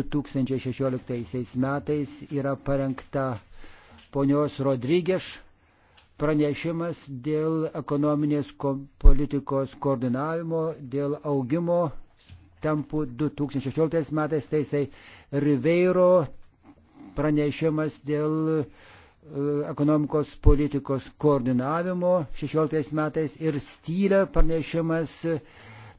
2016 metais yra parengta ponios Rodrygėš pranešimas dėl ekonominės politikos koordinavimo, dėl augimo tempų 2016 metais, tai jisai Riveiro pranešimas dėl e, ekonomikos politikos koordinavimo 16 metais ir stylė pranešimas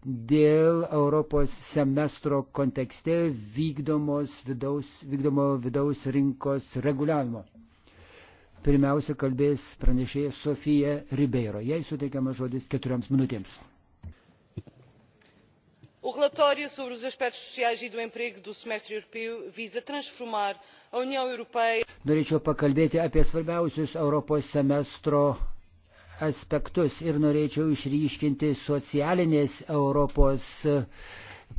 dėl Europos semestro kontekste vykdomos vidaus, vykdomo vidaus rinkos reguliavimo. Pirmiausia, kalbės pranešėja Sofija Ribeiro. Jai suteikiama žodis keturioms minutėms. O relatório sobre os aspectos sociais e do emprego do semestre europeu visa transformar a União Europeia. Norėčiau pakalbėti apie svarbiausius Europos semestro aspektus ir norėčiau išryškinti socialinės Europos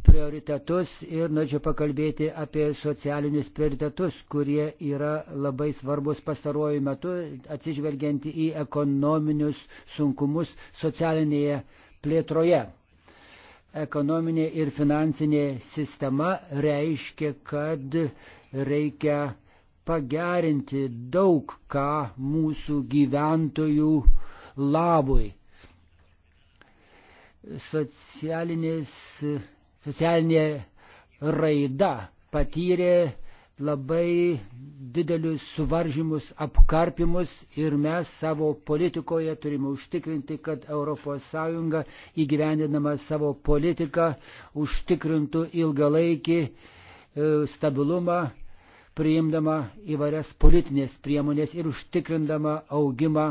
prioritetus ir norėčiau pakalbėti apie socialinius prioritetus, kurie yra labai svarbus pastaruoju metu, atsižvelgianti į ekonominius sunkumus socialinėje plėtroje. Ekonominė ir finansinė sistema reiškia, kad reikia pagerinti daug ką mūsų gyventojų labui. Socialinės, socialinė raida patyrė labai didelius suvaržymus, apkarpimus ir mes savo politikoje turime užtikrinti, kad ES įgyvendinama savo politiką užtikrintų ilgalaikį e, stabilumą, priimdama įvairias politinės priemonės ir užtikrindama augimą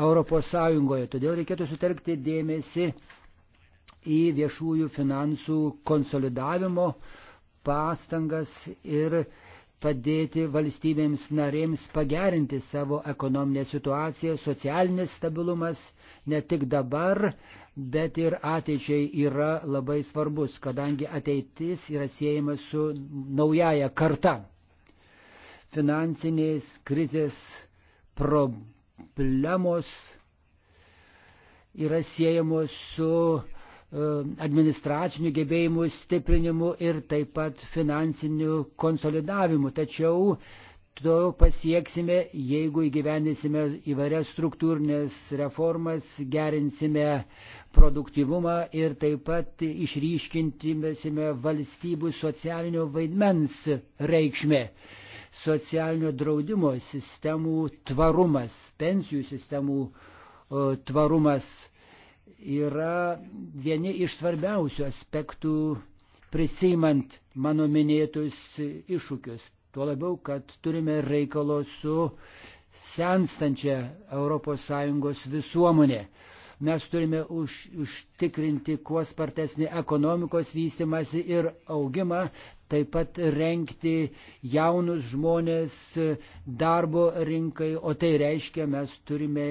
Europos Sąjungoje. Todėl reikėtų sutelkti dėmesį į viešųjų finansų konsolidavimo pastangas ir padėti valstybėms narėms pagerinti savo ekonominę situaciją, socialinis stabilumas ne tik dabar, bet ir ateičiai yra labai svarbus, kadangi ateitis yra siejama su naujaja karta. Finansinės krizės problemas problemos yra siejamos su e, administracinių gebėjimų stiprinimu ir taip pat finansiniu konsolidavimu. Tačiau to pasieksime, jeigu įgyvendysime įvairias struktūrinės reformas, gerinsime produktivumą ir taip pat išryškintimėsime valstybių socialinio vaidmens reikšmę socialinio draudimo sistemų tvarumas, pensijų sistemų tvarumas yra vieni iš svarbiausių aspektų prisimant mano minėtus iššūkius. Tuo labiau, kad turime reikalo su senstančia ES visuomonė. Mes turime už, užtikrinti kuo spartesnį ekonomikos vystimąsi ir augimą, taip pat renkti jaunus žmonės darbo rinkai, o tai reiškia mes turime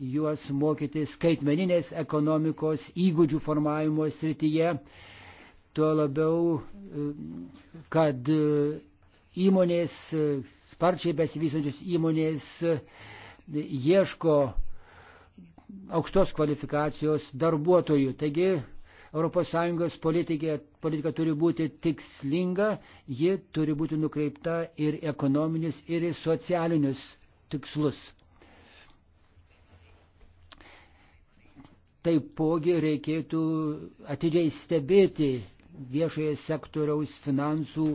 juos mokyti skaitmeninės ekonomikos įgūdžių formavimo srityje. Tuo labiau, kad įmonės, sparčiai besivysančios įmonės ieško aukštos kvalifikacijos darbuotojų. Taigi ES politikė, politika turi būti tikslinga, ji turi būti nukreipta ir ekonominius, ir socialinius tikslus. Taipogi reikėtų atidžiai stebėti viešoje sektoriaus finansų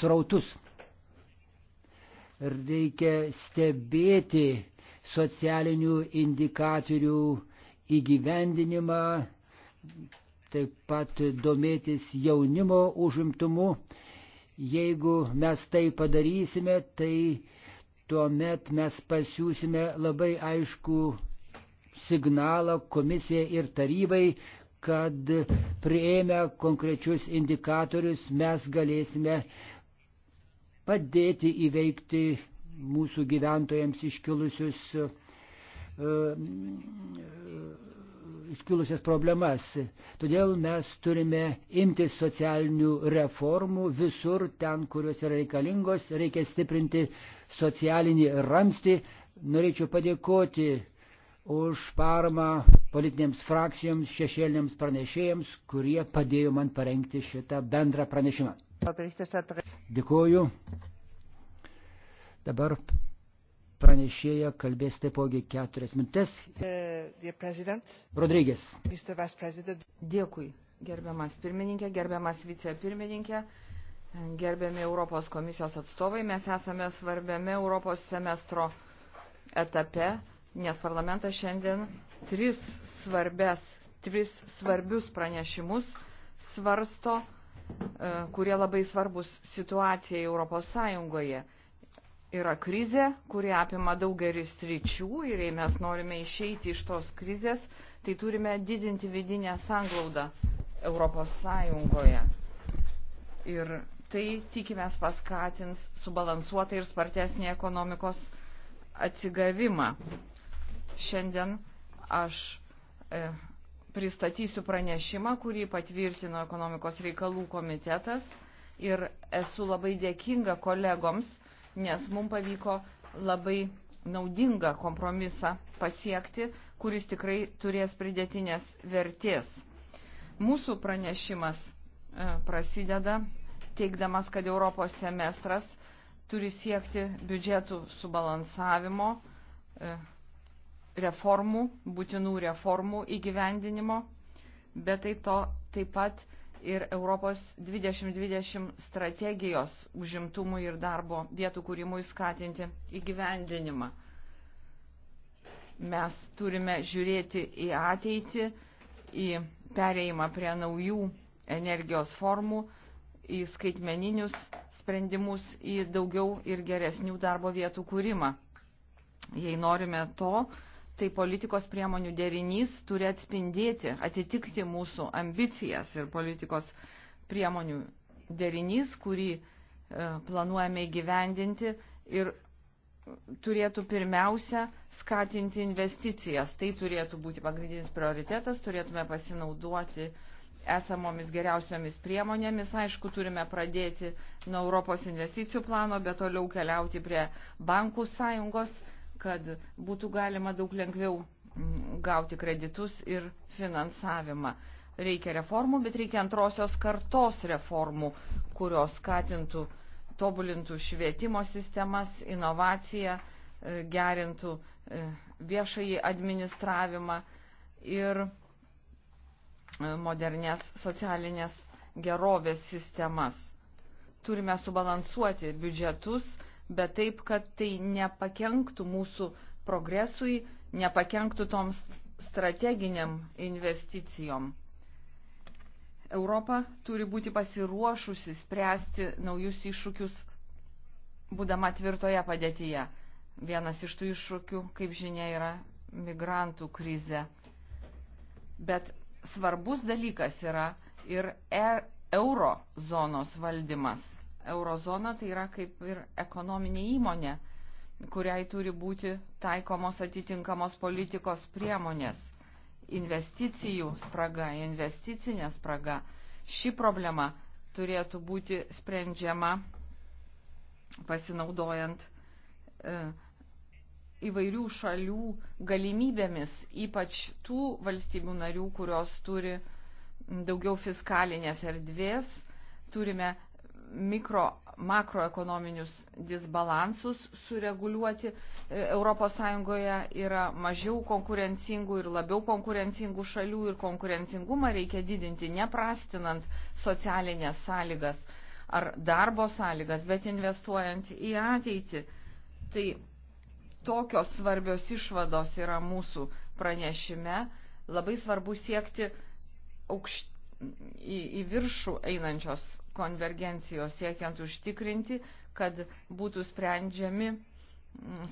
srautus. Reikia stebėti socialinių indikatorių įgyvendinimą, taip pat domėtis jaunimo užimtumu. Jeigu mes tai padarysime, tai tuomet mes pasiūsime labai aišku signalą komisijai ir tarybai, kad prieėmę konkrečius indikatorius mes galėsime padėti įveikti mūsų gyventojams iškilusius uh, uh, iškilusias problemas. Todėl mes turime imtis socialinių reformų visur ten, kurios yra reikalingos, reikia stiprinti socialinį ramstį. Norėčiau padėkoti už paramą politinėms frakcijoms, šešėliniams pranešėjams, kurie padėjo man parengti šitą bendrą pranešimą. Dėkuoju. Dabar pranešėja kalbės taipogi keturias mintes. Rodrygės. Dėkui, gerbiamas pirmininkė, gerbiamas vicepirmininkė, gerbiami Europos komisijos atstovai. Mes esame svarbiame Europos semestro etape, nes parlamentas šiandien tris, svarbės, tris svarbius pranešimus svarsto e, kurie labai svarbus situacijai Europos Sąjungoje yra krizė, kuri apima daugelį sričių ir jei mes norime išeiti iš tos krizės, tai turime didinti vidinę sanglaudą Europos Sąjungoje. Ir tai tikimės paskatins subalansuotą ir spartesnį ekonomikos atsigavimą. Šiandien aš e, pristatysiu pranešimą, kurį patvirtino ekonomikos reikalų komitetas ir esu labai dėkinga kolegoms, nes mums pavyko labai naudingą kompromisą pasiekti, kuris tikrai turės pridėtinės vertės. Mūsų pranešimas e, prasideda teikdamas, kad Europos semestras turi siekti biudžetų subalansavimo, e, reformų, būtinų reformų įgyvendinimo, bet tai to taip pat ir Europos 2020 strategijos užimtumui ir darbo vietų kūrimui skatinti įgyvendinimą. Mes turime žiūrėti į ateitį, į pereimą prie naujų energijos formų, į skaitmeninius sprendimus, į daugiau ir geresnių darbo vietų kūrimą. Jei norime to, tai politikos priemonių derinys turi atspindėti, atitikti mūsų ambicijas ir politikos priemonių derinys, kurį e, planuojame įgyvendinti ir turėtų pirmiausia skatinti investicijas. Tai turėtų būti pagrindinis prioritetas, turėtume pasinaudoti esamomis geriausiomis priemonėmis. Aišku, turime pradėti nuo Europos investicijų plano, bet toliau keliauti prie bankų sąjungos kad būtų galima daug lengviau mm, gauti kreditus ir finansavimą. Reikia reformų, bet reikia antrosios kartos reformų, kurios skatintų, tobulintų švietimo sistemas, inovaciją, e, gerintų e, viešąjį administravimą ir e, modernės socialinės gerovės sistemas. Turime subalansuoti biudžetus bet taip, kad tai nepakenktų mūsų progresui, nepakenktų toms strateginiam investicijom. Europa turi būti pasiruošusi spręsti naujus iššūkius, būdama tvirtoje padėtyje. Vienas iš tų iššūkių, kaip žinia, yra migrantų krize. Bet svarbus dalykas yra ir e- euro zonos valdymas eurozona tai yra kaip ir ekonominė įmonė, kuriai turi būti taikomos atitinkamos politikos priemonės. Investicijų spraga, investicinė spraga. Ši problema turėtų būti sprendžiama pasinaudojant e, įvairių šalių galimybėmis, ypač tų valstybių narių, kurios turi daugiau fiskalinės erdvės. Turime mikro, makroekonominius disbalansus sureguliuoti ES yra mažiau konkurencingų ir labiau konkurencingų šalių ir konkurencingumą reikia didinti, neprastinant socialinės sąlygas ar darbo sąlygas, bet investuojant į ateitį. Tai tokios svarbios išvados yra mūsų pranešime. Labai svarbu siekti aukšt, į, į viršų einančios konvergencijos siekiant užtikrinti, kad būtų sprendžiami,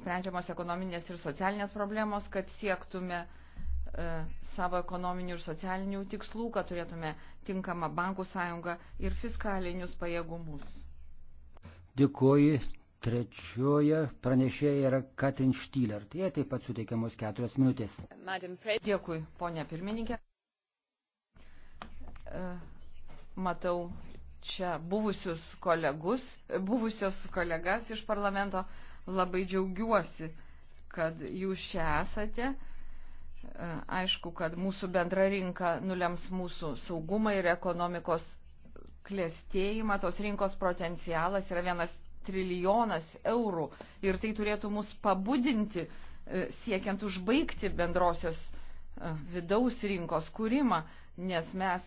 sprendžiamos ekonominės ir socialinės problemos, kad siektume e, savo ekonominių ir socialinių tikslų, kad turėtume tinkamą bankų sąjungą ir fiskalinius pajėgumus. Dėkuoju. Trečioje pranešėja yra Katrin Štyler. Tai taip pat suteikiamos keturios minutės. Dėkui, ponė pirmininkė. E, matau čia buvusius kolegus, buvusios kolegas iš parlamento. Labai džiaugiuosi, kad jūs čia esate. E, aišku, kad mūsų bendra rinka nulems mūsų saugumą ir ekonomikos klėstėjimą. Tos rinkos potencialas yra vienas trilijonas eurų ir tai turėtų mus pabudinti e, siekiant užbaigti bendrosios e, vidaus rinkos kūrimą, nes mes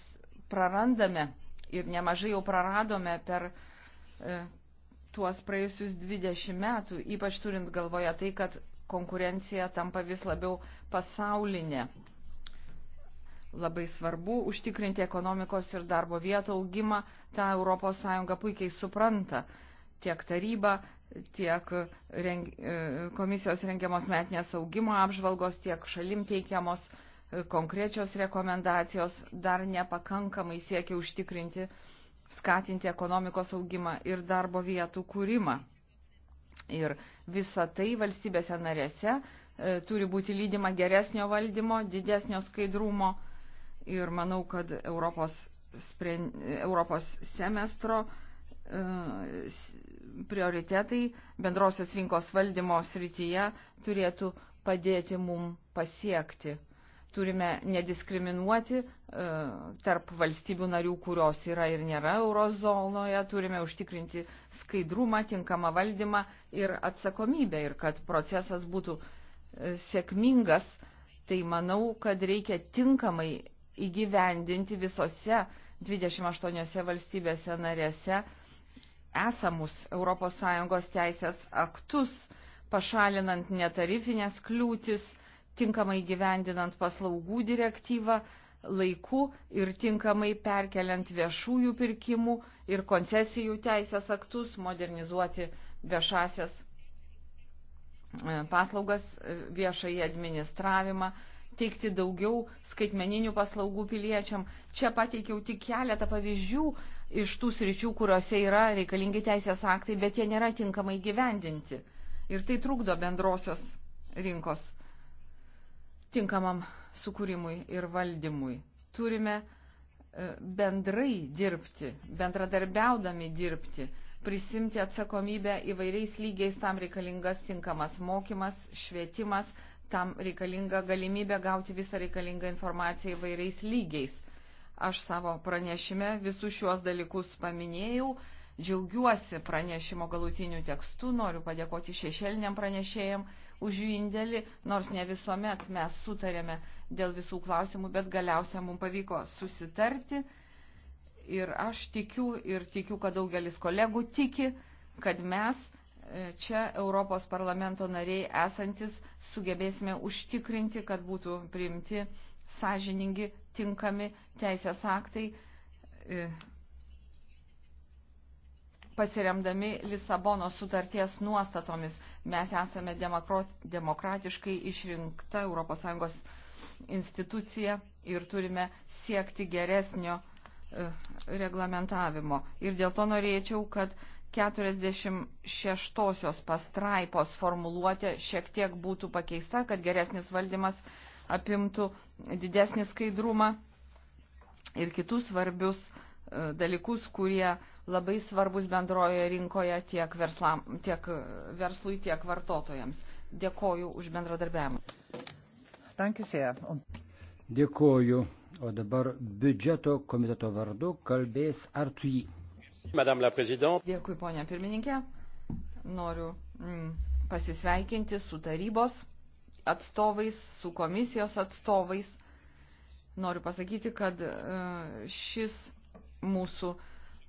prarandame ir nemažai jau praradome per e, tuos praėjusius 20 metų, ypač turint galvoje tai, kad konkurencija tampa vis labiau pasaulinė. Labai svarbu užtikrinti ekonomikos ir darbo vietų augimą, tą ES puikiai supranta tiek taryba, tiek reng, e, komisijos rengiamos metinės augimo apžvalgos, tiek šalim teikiamos uh, konkrečios rekomendacijos dar nepakankamai siekia užtikrinti, skatinti ekonomikos augimą ir darbo vietų kūrimą. Ir visa tai valstybėse narėse e, turi būti lydima geresnio valdymo, didesnio skaidrumo ir manau, kad Europos, spren, Europos semestro e, prioritetai bendrosios rinkos valdymo srityje turėtų padėti mum pasiekti turime nediskriminuoti e, tarp valstybių narių, kurios yra ir nėra eurozonoje, turime užtikrinti skaidrumą, tinkamą valdymą ir atsakomybę ir kad procesas būtų e, sėkmingas, tai manau, kad reikia tinkamai įgyvendinti visose 28 valstybėse narėse esamus ES teisės aktus, pašalinant netarifinės kliūtis, tinkamai gyvendinant paslaugų direktyvą laiku ir tinkamai perkeliant viešųjų pirkimų ir koncesijų teisės aktus, modernizuoti viešasias e, paslaugas, e, viešai administravimą, teikti daugiau skaitmeninių paslaugų piliečiam. Čia pateikiau tik keletą pavyzdžių iš tų sričių, kuriuose yra reikalingi teisės aktai, bet jie nėra tinkamai gyvendinti. Ir tai trukdo bendrosios rinkos tinkamam sukūrimui ir valdymui. Turime e, bendrai dirbti, bendradarbiaudami dirbti, prisimti atsakomybę įvairiais lygiais, tam reikalingas tinkamas mokymas, švietimas, tam reikalinga galimybė gauti visą reikalingą informaciją įvairiais lygiais. Aš savo pranešime visus šiuos dalykus paminėjau, džiaugiuosi pranešimo galutiniu tekstu, noriu padėkoti šešėliniam pranešėjam, už jų indėlį, nors ne visuomet mes sutarėme dėl visų klausimų, bet galiausia mums pavyko susitarti. Ir aš tikiu, ir tikiu, kad daugelis kolegų tiki, kad mes e, čia Europos parlamento nariai esantis sugebėsime užtikrinti, kad būtų priimti sąžiningi, tinkami teisės aktai, e, pasiremdami Lisabono sutarties nuostatomis. Mes esame demokratiškai išrinkta ES institucija ir turime siekti geresnio e, reglamentavimo. Ir dėl to norėčiau, kad 46 pastraipos formuluotė šiek tiek būtų pakeista, kad geresnis valdymas apimtų didesnį skaidrumą ir kitus svarbius e, dalykus, kurie labai svarbus bendroje rinkoje tiek, verslam, tiek e, verslui, tiek vartotojams. Dėkoju už bendradarbiavimą. Dėkoju. O dabar biudžeto komiteto vardu kalbės Artui. Dėkui, ponia pirmininkė. Noriu mm, pasisveikinti su tarybos atstovais, su komisijos atstovais. Noriu pasakyti, kad e, šis mūsų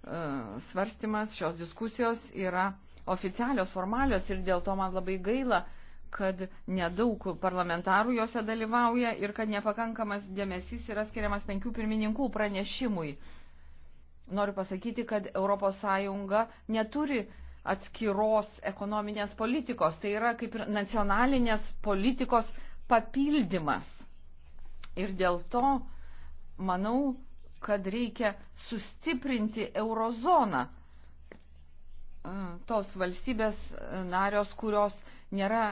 E, svarstymas, šios diskusijos yra oficialios, formalios ir dėl to man labai gaila, kad nedaug parlamentarų juose dalyvauja ir kad nepakankamas dėmesys yra skiriamas penkių pirmininkų pranešimui. Noriu pasakyti, kad ES neturi atskiros ekonominės politikos, tai yra kaip ir nacionalinės politikos papildymas. Ir dėl to, manau, kad reikia sustiprinti eurozoną. E, tos valstybės e, narios, kurios nėra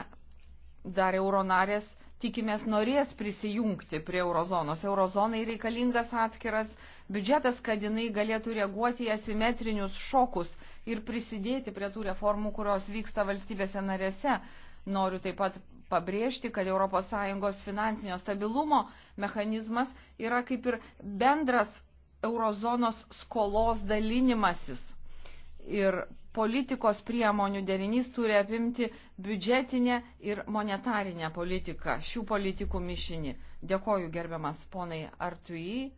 dar euronarės, tikimės norės prisijungti prie eurozonos. Eurozonai reikalingas atskiras biudžetas, kad jinai galėtų reaguoti į asimetrinius šokus ir prisidėti prie tų reformų, kurios vyksta valstybėse narėse. Noriu taip pat pabrėžti, kad ES finansinio stabilumo mechanizmas yra kaip ir bendras eurozonos skolos dalinimasis. Ir politikos priemonių derinys turi apimti biudžetinę ir monetarinę politiką, šių politikų mišinį. Dėkoju gerbiamas ponai Artui.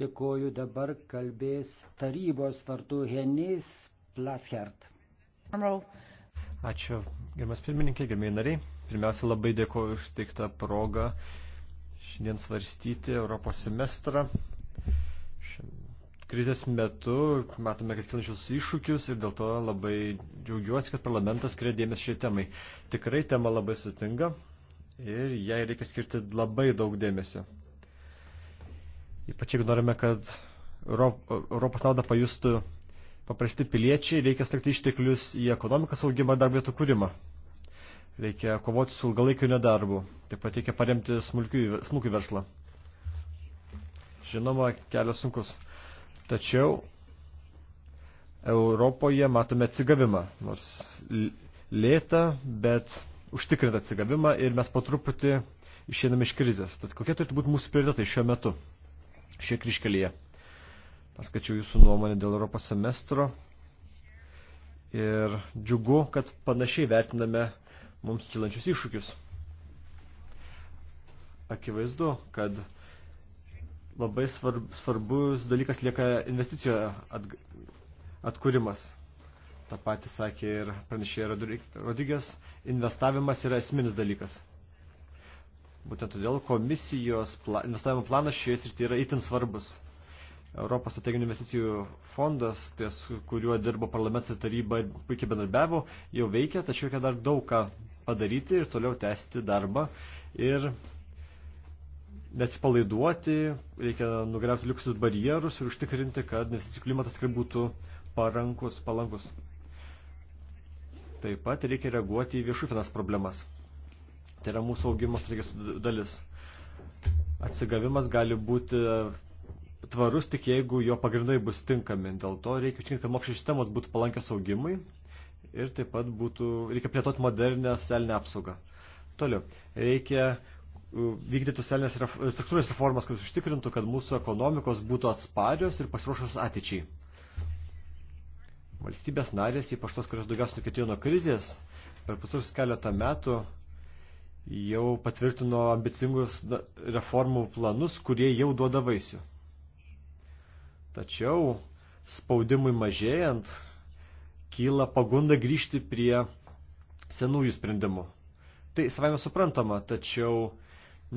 Dėkoju dabar kalbės tarybos vardu Henis Plaschert. Honorable Ačiū, gerbiamas pirmininkai, gerbiai nariai. Pirmiausia, labai dėkuoju už teiktą progą šiandien svarstyti Europos semestrą. Krizės metu matome, kad kilančius iššūkius ir dėl to labai džiaugiuosi, kad parlamentas skiria dėmesį šiai temai. Tikrai tema labai sutinga ir jai reikia skirti labai daug dėmesio. Ypač jeigu norime, kad Europos naudą pajustų paprasti piliečiai, reikia slėgti išteklius į ekonomikos augimą ir darbėtų kūrimą. Reikia kovoti su ilgalaikiu nedarbu. Taip pat reikia paremti smulkių verslą. Žinoma, kelias sunkus. Tačiau Europoje matome atsigavimą. Nors lėtą, bet užtikrintą atsigavimą ir mes po truputį išeiname iš krizės. Tad kokie turėtų būti mūsų prioritetai šiuo metu, šioje kryškelėje? Paskačiau jūsų nuomonę dėl Europos semestro ir džiugu, kad panašiai vertiname mums kilančius iššūkius. Akivaizdu, kad labai svarb, svarbus dalykas lieka investicijų at, atkūrimas. Ta pati sakė ir pranešė Rodrygės, investavimas yra esminis dalykas. Būtent todėl komisijos pla, investavimo planas šioje srityje yra itin svarbus. Europos strateginių investicijų fondas, ties kuriuo dirbo parlamentas ir taryba puikiai bendarbiavo, jau veikia, tačiau reikia dar daug ką padaryti ir toliau tęsti darbą ir neatsipalaiduoti, reikia nugriauti likusius barjerus ir užtikrinti, kad investicijų klimatas tikrai būtų parankus, palankus. Taip pat reikia reaguoti į viešų finans problemas. Tai yra mūsų augimo strategijos dalis. Atsigavimas gali būti tvarus tik jeigu jo pagrindai bus tinkami. Dėl to reikia užtikrinti, kad mokesčių sistemos būtų palankios augimui ir taip pat būtų, reikia plėtoti modernę socialinę apsaugą. Toliau, reikia vykdyti socialinės struktūros reformas, kad užtikrintų, kad mūsų ekonomikos būtų atsparios ir pasiruošusios ateičiai. Valstybės narės, ypač tos, kurios daugiausiai nukentėjo nuo krizės, per pastarus keletą metų jau patvirtino ambicingus reformų planus, kurie jau duoda vaisių. Tačiau spaudimui mažėjant kyla pagunda grįžti prie senųjų sprendimų. Tai savai suprantama, tačiau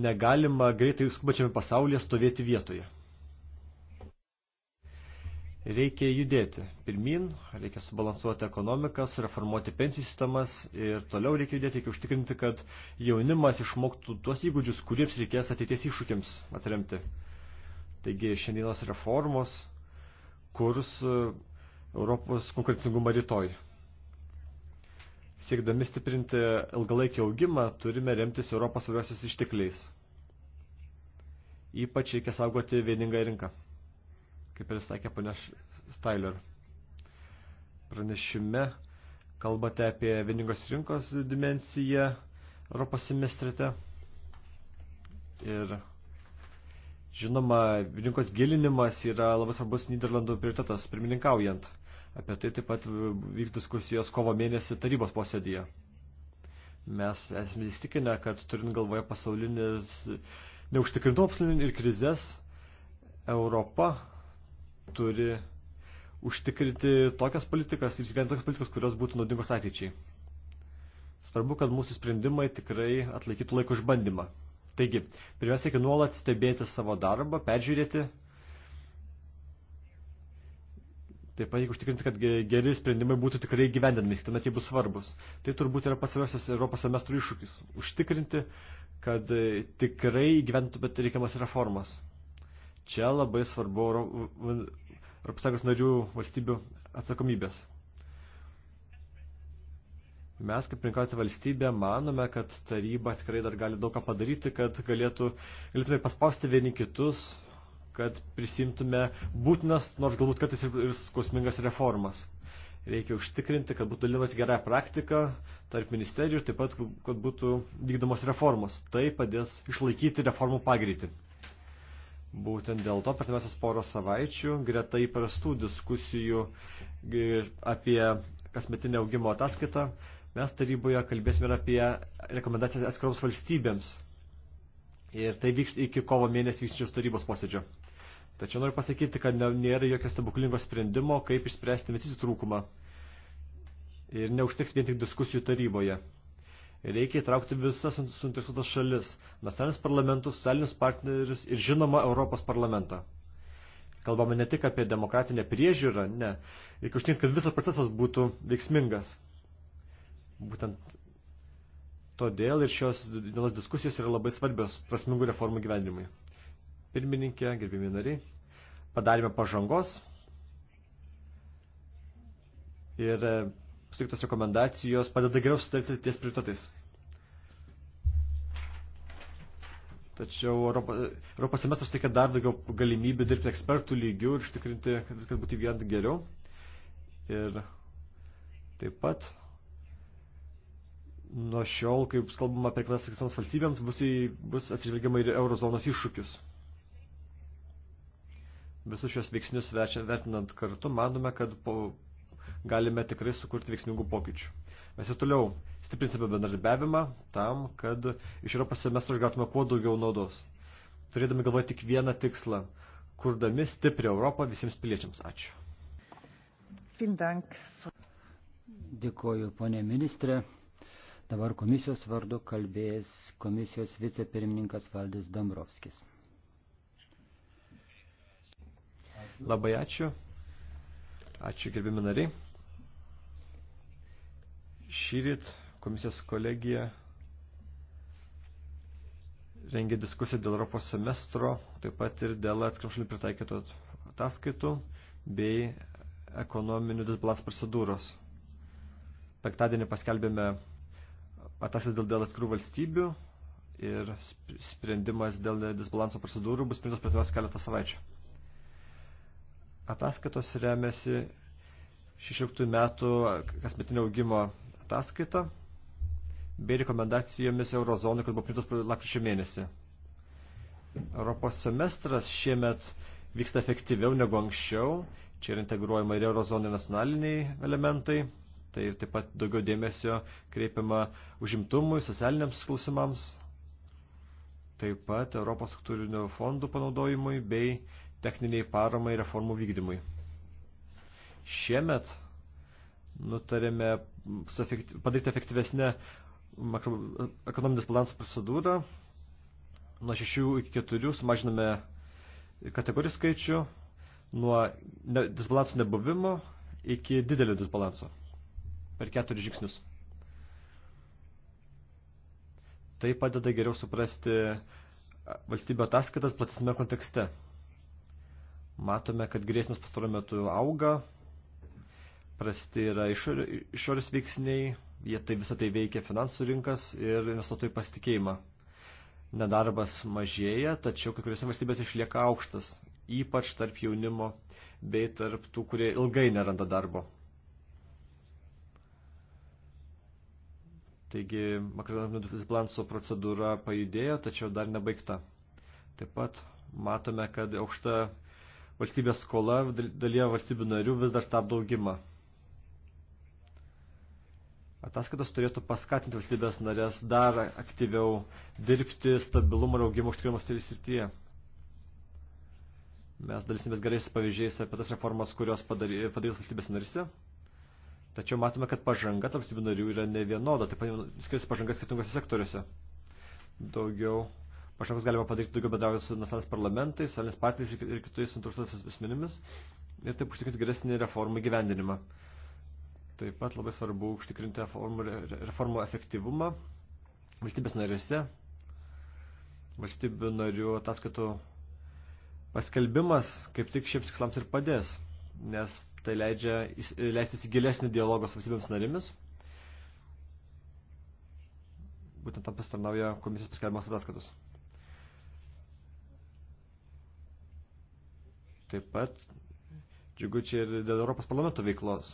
negalima greitai skubačiame pasaulyje stovėti vietoje. Reikia judėti pirmin, reikia subalansuoti ekonomikas, reformuoti pensijų sistemas ir toliau reikia judėti, reikia užtikrinti, kad jaunimas išmoktų tuos įgūdžius, kuriems reikės ateities iššūkiams atremti. Taigi šiandienos reformos kurs e, Europos konkurencingumą rytoj. Siekdami stiprinti ilgalaikį augimą, turime remtis Europos svarbiausiais ištekliais. Ypač reikia saugoti vieningą rinką, kaip ir sakė ponia Styler. Pranešime kalbate apie vieningos rinkos dimensiją Europos semestrite ir Žinoma, rinkos gilinimas yra labai svarbus Niderlandų prioritetas pirmininkaujant. Apie tai taip pat vyks diskusijos kovo mėnesį tarybos posėdėje. Mes esame įstikinę, kad turint galvoje pasaulinis neužtikrintų apsaulinių ir krizės, Europa turi užtikrinti tokias politikas ir įsigyventi tokias politikas, kurios būtų naudingos ateičiai. Svarbu, kad mūsų sprendimai tikrai atlaikytų laiko išbandymą. Taigi, pirmiausia, reikia nuolat stebėti savo darbą, peržiūrėti. Taip pat reikia užtikrinti, kad geri sprendimai būtų tikrai gyvendinami, tuomet jie bus svarbus. Tai turbūt yra pasvariausias Europos semestro iššūkis. Užtikrinti, kad e, tikrai gyventumėte reikiamas reformas. Čia labai svarbu Europos Sąjungos narių valstybių atsakomybės. Mes, kaip rinkauti valstybė, manome, kad taryba tikrai dar gali daug ką padaryti, kad galėtų, galėtume paspausti vieni kitus, kad prisimtume būtinas, nors galbūt kartais ir, ir skausmingas reformas. Reikia užtikrinti, kad būtų dalyvas gera praktika tarp ministerijų ir taip pat, kad būtų vykdomos reformos. Tai padės išlaikyti reformų pagreitį. Būtent dėl to per pirmasis porą savaičių greta įprastų diskusijų e, apie kasmetinę augimo ataskaitą Mes taryboje kalbėsime ir apie rekomendacijas atskiroms valstybėms. Ir tai vyks iki kovo mėnesį vykstančios tarybos posėdžio. Tačiau noriu pasakyti, kad nėra jokio stebuklingo sprendimo, kaip išspręsti investicijų trūkumą. Ir neužteks vien tik diskusijų taryboje. Reikia įtraukti visas suinteresuotas šalis, nacionalinius parlamentus, socialinius partnerius ir žinoma Europos parlamentą. Kalbame ne tik apie demokratinę priežiūrą, ne, reikia užtikrinti, kad visas procesas būtų veiksmingas. Būtent todėl ir šios dienos diskusijos yra labai svarbios prasmingų reformų gyvenimui. Pirmininkė, gerbimi nariai, padarėme pažangos ir e, sutiktos rekomendacijos padeda geriau sutarti ties prioritetais. Tačiau Europos, Europos semestras teikia dar daugiau galimybių dirbti ekspertų lygių ir ištikrinti, kad viskas būtų vien geriau. Ir taip pat nuo šiol, kaip kalbama per kvinas visoms valstybėms, bus, į, bus atsižvelgiama ir eurozonos iššūkius. Visus šios veiksnius vertinant kartu, manome, kad po, galime tikrai sukurti veiksmingų pokyčių. Mes ir toliau stiprinsime bendradarbiavimą tam, kad iš Europos semestro išgautume kuo daugiau naudos. Turėdami galvoje tik vieną tikslą – kurdami stiprią Europą visiems piliečiams. Ačiū. Dėkuoju, ponė ministrė. Dabar komisijos vardu kalbės komisijos vicepirmininkas Valdis Dambrovskis. Labai ačiū. Ačiū gerbimi nariai. Šyrit komisijos kolegija rengia diskusiją dėl Europos semestro, taip pat ir dėl atskiršalių pritaikytų ataskaitų bei ekonominių disbalans procedūros. Penktadienį paskelbėme ataskaitas dėl, dėl atskirų valstybių ir sprendimas dėl disbalanso procedūrų bus priimtas per keletą savaičių. Ataskaitos remiasi 16 metų kasmetinio augimo ataskaita bei rekomendacijomis eurozonai, kur buvo priimtas lapkričio mėnesį. Europos semestras šiemet vyksta efektyviau negu anksčiau. Čia yra integruojama ir eurozonai nacionaliniai elementai Tai taip pat daugiau dėmesio kreipiama užimtumui, socialiniams klausimams, taip pat Europos struktūrinių fondų panaudojimui bei techniniai paramai reformų vykdymui. Šiemet nutarėme padaryti efektyvesnę ekonominės balanso procedūrą. Nuo 6 iki 4 sumažiname kategorijų skaičių nuo disbalanso nebuvimo iki didelio disbalanso per keturis žingsnius. Tai padeda geriau suprasti valstybių ataskaitas platesnėme kontekste. Matome, kad grėsmės pastaruoju metu auga, prasti yra išorės veiksniai, jie tai visą tai veikia finansų rinkas ir investuotojų pasitikėjimą. Nedarbas mažėja, tačiau kai kuriuose valstybėse išlieka aukštas, ypač tarp jaunimo bei tarp tų, kurie ilgai neranda darbo. Taigi makroekonominio disbalanso procedūra pajudėjo, tačiau dar nebaigta. Taip pat matome, kad aukšta valstybės skola dalyje valstybių narių vis dar stabdo augimą. Ataskaitos turėtų paskatinti valstybės narės dar aktyviau dirbti stabilumo ir augimo užtikrimo stilių srityje. Mes dalysimės gerais pavyzdžiais apie tas reformas, kurios padarys valstybės narise. Tačiau matome, kad pažanga tarp valstybių narių yra nevienoda, taip pat skiriasi pažanga skirtingose sektoriuose. Daugiau pažangos galima padaryti daugiau bendraujant su nacionaliniais parlamentais, socialiniais partneriais ir kitais interesuotais asmenimis ir taip užtikrinti geresnį reformų gyvendinimą. Taip pat labai svarbu užtikrinti reformų, reformų efektyvumą valstybės narėse. Valstybių narių ataskaitų paskelbimas kaip tik šiems tikslams ir padės nes tai leidžia leistis į gilesnį dialogą su valstybėms narimis. Būtent tam pasitarnauja komisijos paskelbimas ataskatos. Taip pat džiugu čia ir dėl Europos parlamento veiklos.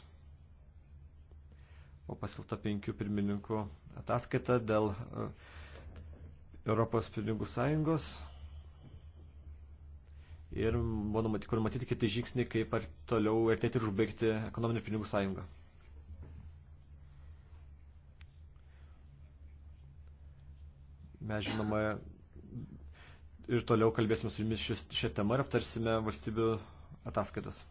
O paskelbta penkių pirmininkų ataskaita dėl e, Europos pinigų sąjungos ir bandoma tik matyti kiti žingsniai, kaip ar toliau artėti ir užbaigti ekonominį pinigų sąjungą. Mes žinoma ir toliau kalbėsime su jumis šią temą ir aptarsime valstybių ataskaitas.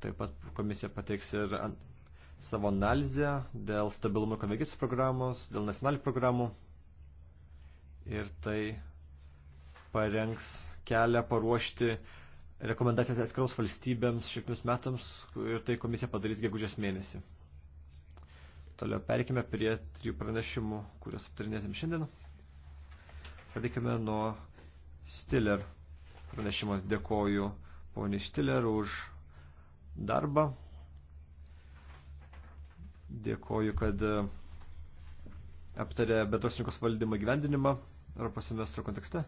Taip pat komisija pateiks ir savo analizę dėl stabilumo konvergencijos programos, dėl nacionalinių programų ir tai parengs kelią paruošti rekomendacijas atskiroms valstybėms šimtams metams ir tai komisija padarys gegužės mėnesį. Toliau perkime prie trijų pranešimų, kuriuos aptarinėsim šiandien. Pradėkime nuo Stiller pranešimo. Dėkoju poniai Stiller už darbą. Dėkoju, kad e, aptarė bendros rinkos valdymo gyvendinimą Europos semestro kontekste.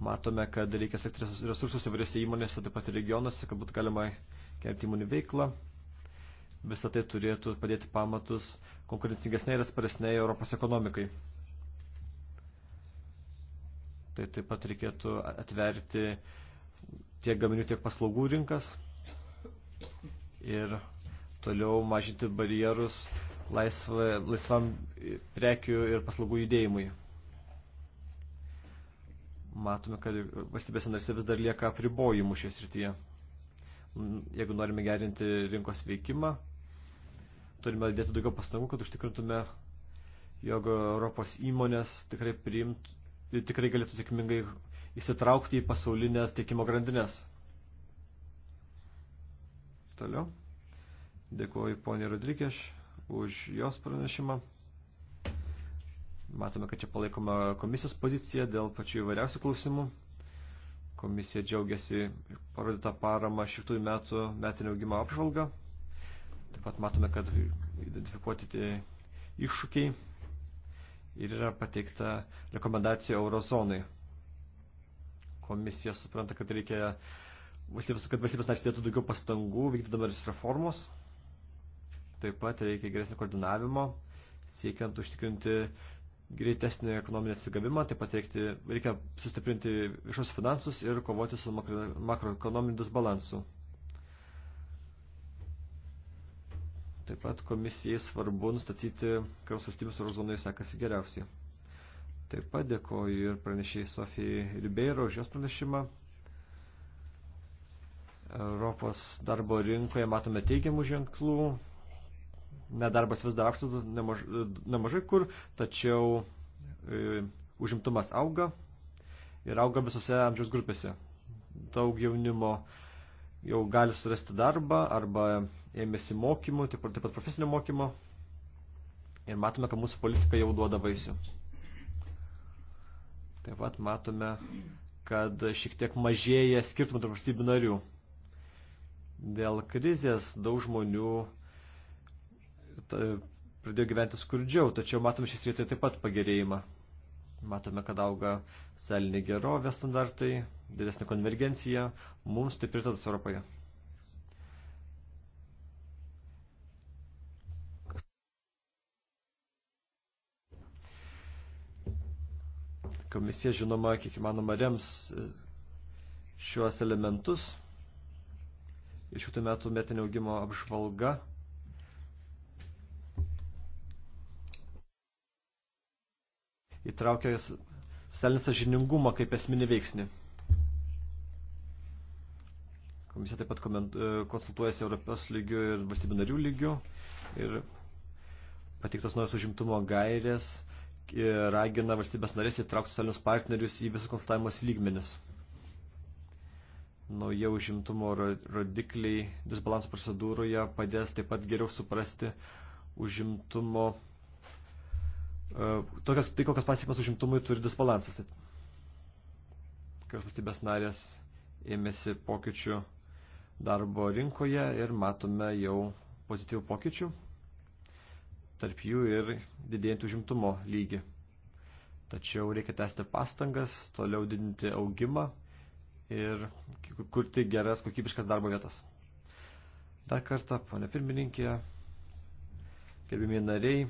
Matome, kad reikia sekti resursus įvairiose įmonėse, taip pat ir regionuose, kad būtų galima kelti įmonių veiklą. Visą tai turėtų padėti pamatus konkurencingesnei ir atsparesnei Europos ekonomikai. Tai taip pat reikėtų atverti tiek gaminių, tiek paslaugų rinkas ir toliau mažinti barjerus laisva, laisvam prekių ir paslaugų judėjimui matome, kad valstybės narse vis dar lieka apribojimų šioje srityje. Mm, jeigu norime gerinti rinkos veikimą, turime dėti daugiau pastangų, kad užtikrintume, jog Europos įmonės tikrai, priimt, tikrai galėtų sėkmingai įsitraukti į pasaulinės tiekimo grandinės. Toliau. Dėkuoju poniai Rodrikėš už jos pranešimą. Matome, kad čia palaikoma komisijos pozicija dėl pačių įvairiausių klausimų. Komisija džiaugiasi parodytą paramą šimtųjų metų metinio augimo apžvalgą. Taip pat matome, kad identifikuoti tie iššūkiai ir yra pateikta rekomendacija eurozonai. Komisija supranta, kad reikia, kad valstybės narės dėtų daugiau pastangų vykdydamas reformos. Taip pat reikia geresnio koordinavimo, siekiant užtikrinti greitesnį ekonominį atsigavimą, taip pat reikti, reikia sustiprinti viešos finansus ir kovoti su makro, makroekonominiu disbalansu. Taip pat komisijai svarbu nustatyti, kurios valstybės oro zonoje sekasi geriausiai. Taip pat dėkoju ir pranešėjai Sofijai Ribeiro už jos pranešimą. Europos darbo rinkoje matome teigiamų ženklų, nedarbas vis dar aukštas nemažai, nemažai kur, tačiau e, užimtumas auga ir auga visose amžiaus grupėse. Daug jaunimo jau gali surasti darbą arba ėmėsi mokymų, taip, taip pat profesinio mokymo. Ir matome, kad mūsų politika jau duoda vaisių. Taip pat matome, kad šiek tiek mažėja skirtumų tarp valstybių narių. Dėl krizės daug žmonių pradėjo gyventi skurdžiau, tačiau matome šis rytai taip pat pagerėjimą. Matome, kad auga selinė gerovė standartai, didesnė konvergencija, mums tai pritartas Europoje. Komisija, žinoma, kiek įmanoma rems e, šiuos elementus. Iš šių metų metinio augimo apžvalga įtraukia socialinį sažiningumą kaip esminį veiksnį. Komisija taip pat e, konsultuojasi Europos lygių ir valstybių narių lygių ir patiktos naujos užimtumo gairės ragina valstybės narės įtraukti socialinius partnerius į visus konsultavimus lygmenis. Nauja užimtumo rodikliai disbalanso procedūroje padės taip pat geriau suprasti užimtumo E, tokios, tai kokias pasiekmes užimtumui turi disbalansas. Tai Kas valstybės narės ėmėsi pokyčių darbo rinkoje ir matome jau pozityvų pokyčių, tarp jų ir didėjantį užimtumo lygį. Tačiau reikia tęsti pastangas, toliau didinti augimą ir kurti geras kokybiškas darbo vietas. Dar kartą, ponė pirmininkė, gerbimi nariai,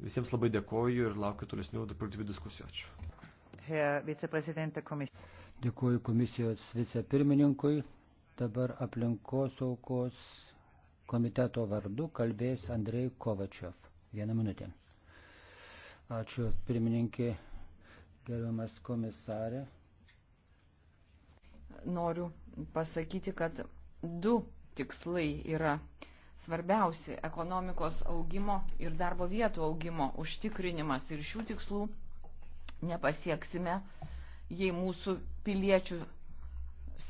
Visiems labai dėkoju ir laukiu tolesnių produktyvių diskusijų. Ačiū. Dėkoju komisijos vicepirmininkui. Dabar aplinkosaugos komiteto vardu kalbės Andrei Kovačiev. Vieną minutę. Ačiū pirmininkė, gerbiamas komisarė. Noriu pasakyti, kad du tikslai yra svarbiausi - ekonomikos augimo ir darbo vietų augimo užtikrinimas. Ir šių tikslų nepasieksime, jei mūsų piliečių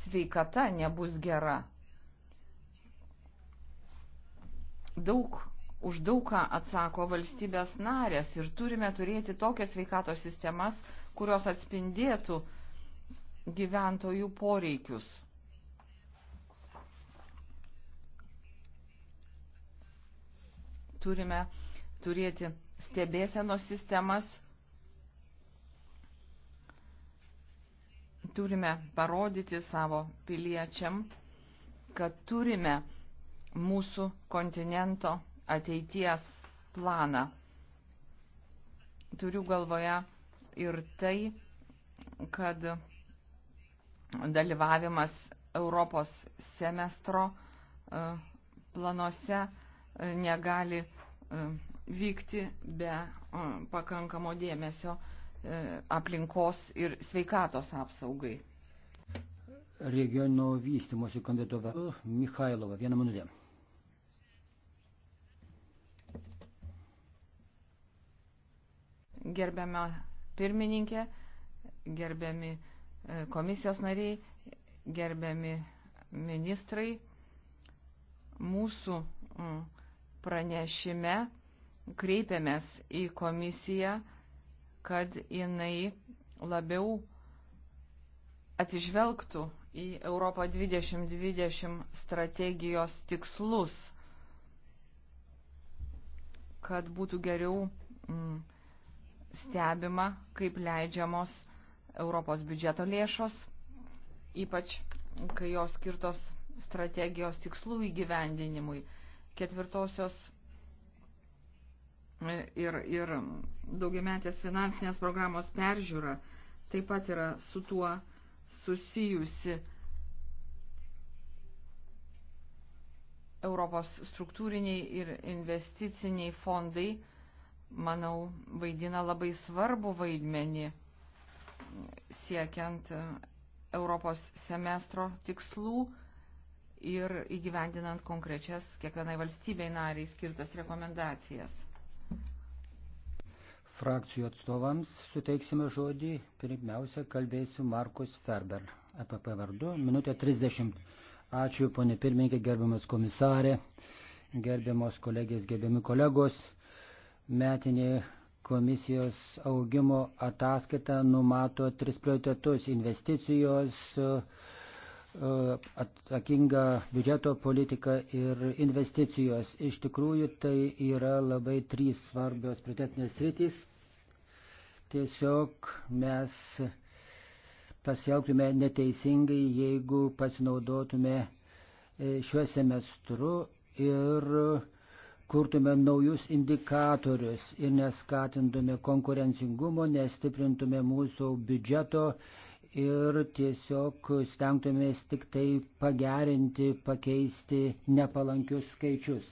sveikata nebus gera. Daug, už daugą atsako valstybės narės ir turime turėti tokias sveikatos sistemas, kurios atspindėtų gyventojų poreikius. turime turėti stebėsenos sistemas, turime parodyti savo piliečiam, kad turime mūsų kontinento ateities planą. Turiu galvoje ir tai, kad dalyvavimas Europos semestro e, planuose negali e, vykti be e, pakankamo dėmesio e, aplinkos ir sveikatos apsaugai. Regiono vystimosi komiteto vardu Mikhailova. Vieną minutę. Gerbiama pirmininkė, gerbiami komisijos nariai, gerbiami ministrai, mūsų mm, pranešime kreipiamės į komisiją, kad jinai labiau atsižvelgtų į Europą 2020 strategijos tikslus, kad būtų geriau mm, stebima, kaip leidžiamos Europos biudžeto lėšos, ypač kai jos skirtos strategijos tikslų įgyvendinimui ketvirtosios ir, ir daugiametės finansinės programos peržiūra taip pat yra su tuo susijusi Europos struktūriniai ir investiciniai fondai, manau, vaidina labai svarbu vaidmenį siekiant Europos semestro tikslų ir įgyvendinant konkrečias kiekvienai valstybei nariai skirtas rekomendacijas. Frakcijų atstovams suteiksime žodį. Pirmiausia, kalbėsiu Markus Ferber. EPP vardu. Minutė 30. Ačiū, ponė pirmininkė, gerbiamas komisarė, gerbiamos kolegės, gerbiami kolegos. Metinė komisijos augimo ataskaita numato tris prioritetus - investicijos, uh, E, atsakinga biudžeto politika ir investicijos. Iš tikrųjų, tai yra labai trys svarbios prioritetinės rytis. Tiesiog mes pasielgtume neteisingai, jeigu pasinaudotume e, šiuo semestru ir kurtume naujus indikatorius ir neskatintume konkurencingumo, nestiprintume mūsų biudžeto ir tiesiog stengtumės tik tai pagerinti, pakeisti nepalankius skaičius.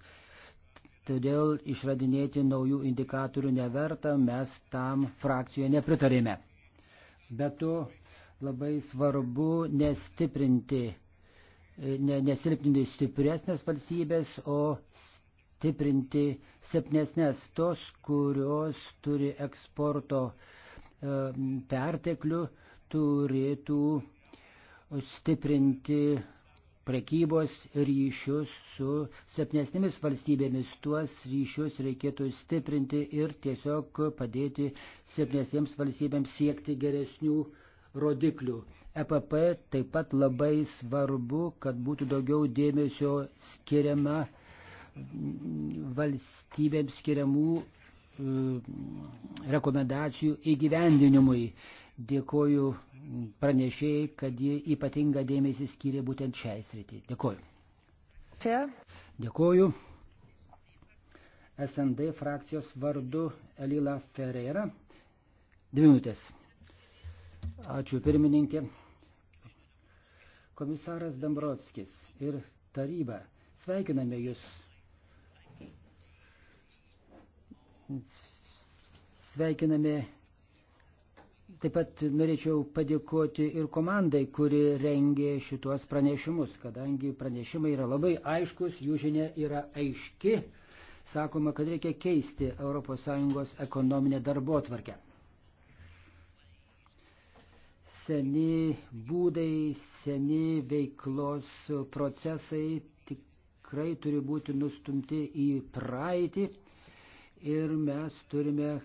Todėl išradinėti naujų indikatorių neverta, mes tam frakcijoje nepritarėme. Bet tu labai svarbu nestiprinti, ne, nesilpninti stipresnės valstybės, o stiprinti silpnesnės tos, kurios turi eksporto e, perteklių, e, turėtų stiprinti prekybos ryšius su septynesnėmis valstybėmis. Tuos ryšius reikėtų stiprinti ir tiesiog padėti septynesnėms valstybėms siekti geresnių rodiklių. EPP taip pat labai svarbu, kad būtų daugiau dėmesio skiriama valstybėms skiriamų e, rekomendacijų įgyvendinimui. Dėkoju pranešėjai, kad ji ypatingą dėmesį skyrė būtent šiai srity. Dėkoju. Čia. Dėkoju. SND frakcijos vardu Elila Ferreira. Dvi minutės. Ačiū pirmininkė. Komisaras Dambrovskis ir taryba. Sveikiname Jūs. Sveikiname Taip pat norėčiau padėkoti ir komandai, kuri rengė šituos pranešimus, kadangi pranešimai yra labai aiškus, jų žinia yra aiški. Sakoma, kad reikia keisti ES ekonominę darbo tvarkę. Seni būdai, seni veiklos procesai tikrai turi būti nustumti į praeitį ir mes turime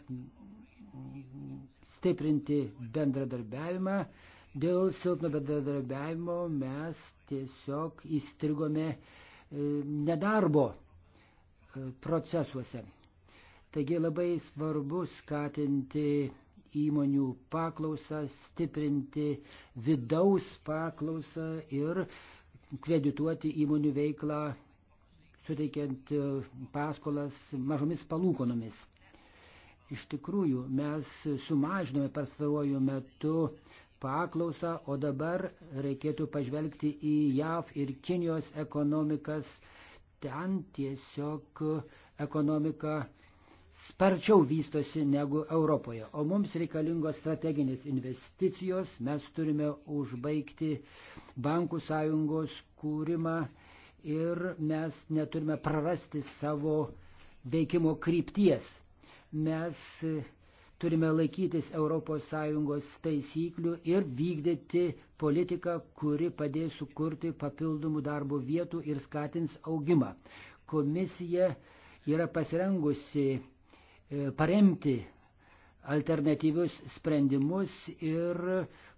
stiprinti bendradarbiavimą. Dėl silpno bendradarbiavimo mes tiesiog įstrigome e, nedarbo e, procesuose. Taigi labai svarbu skatinti įmonių paklausą, stiprinti vidaus paklausą ir kredituoti įmonių veiklą, suteikiant e, paskolas mažomis palūkonomis. Iš tikrųjų, mes sumažinome pastaruoju metu paklausą, o dabar reikėtų pažvelgti į JAV ir Kinijos ekonomikas. Ten tiesiog ekonomika sparčiau vystosi negu Europoje. O mums reikalingos strateginės investicijos, mes turime užbaigti bankų sąjungos kūrimą ir mes neturime prarasti savo veikimo krypties mes e, turime laikytis ES taisyklių ir vykdyti politiką, kuri padės sukurti papildomų darbo vietų ir skatins augimą. Komisija yra pasirengusi e, paremti alternatyvius sprendimus ir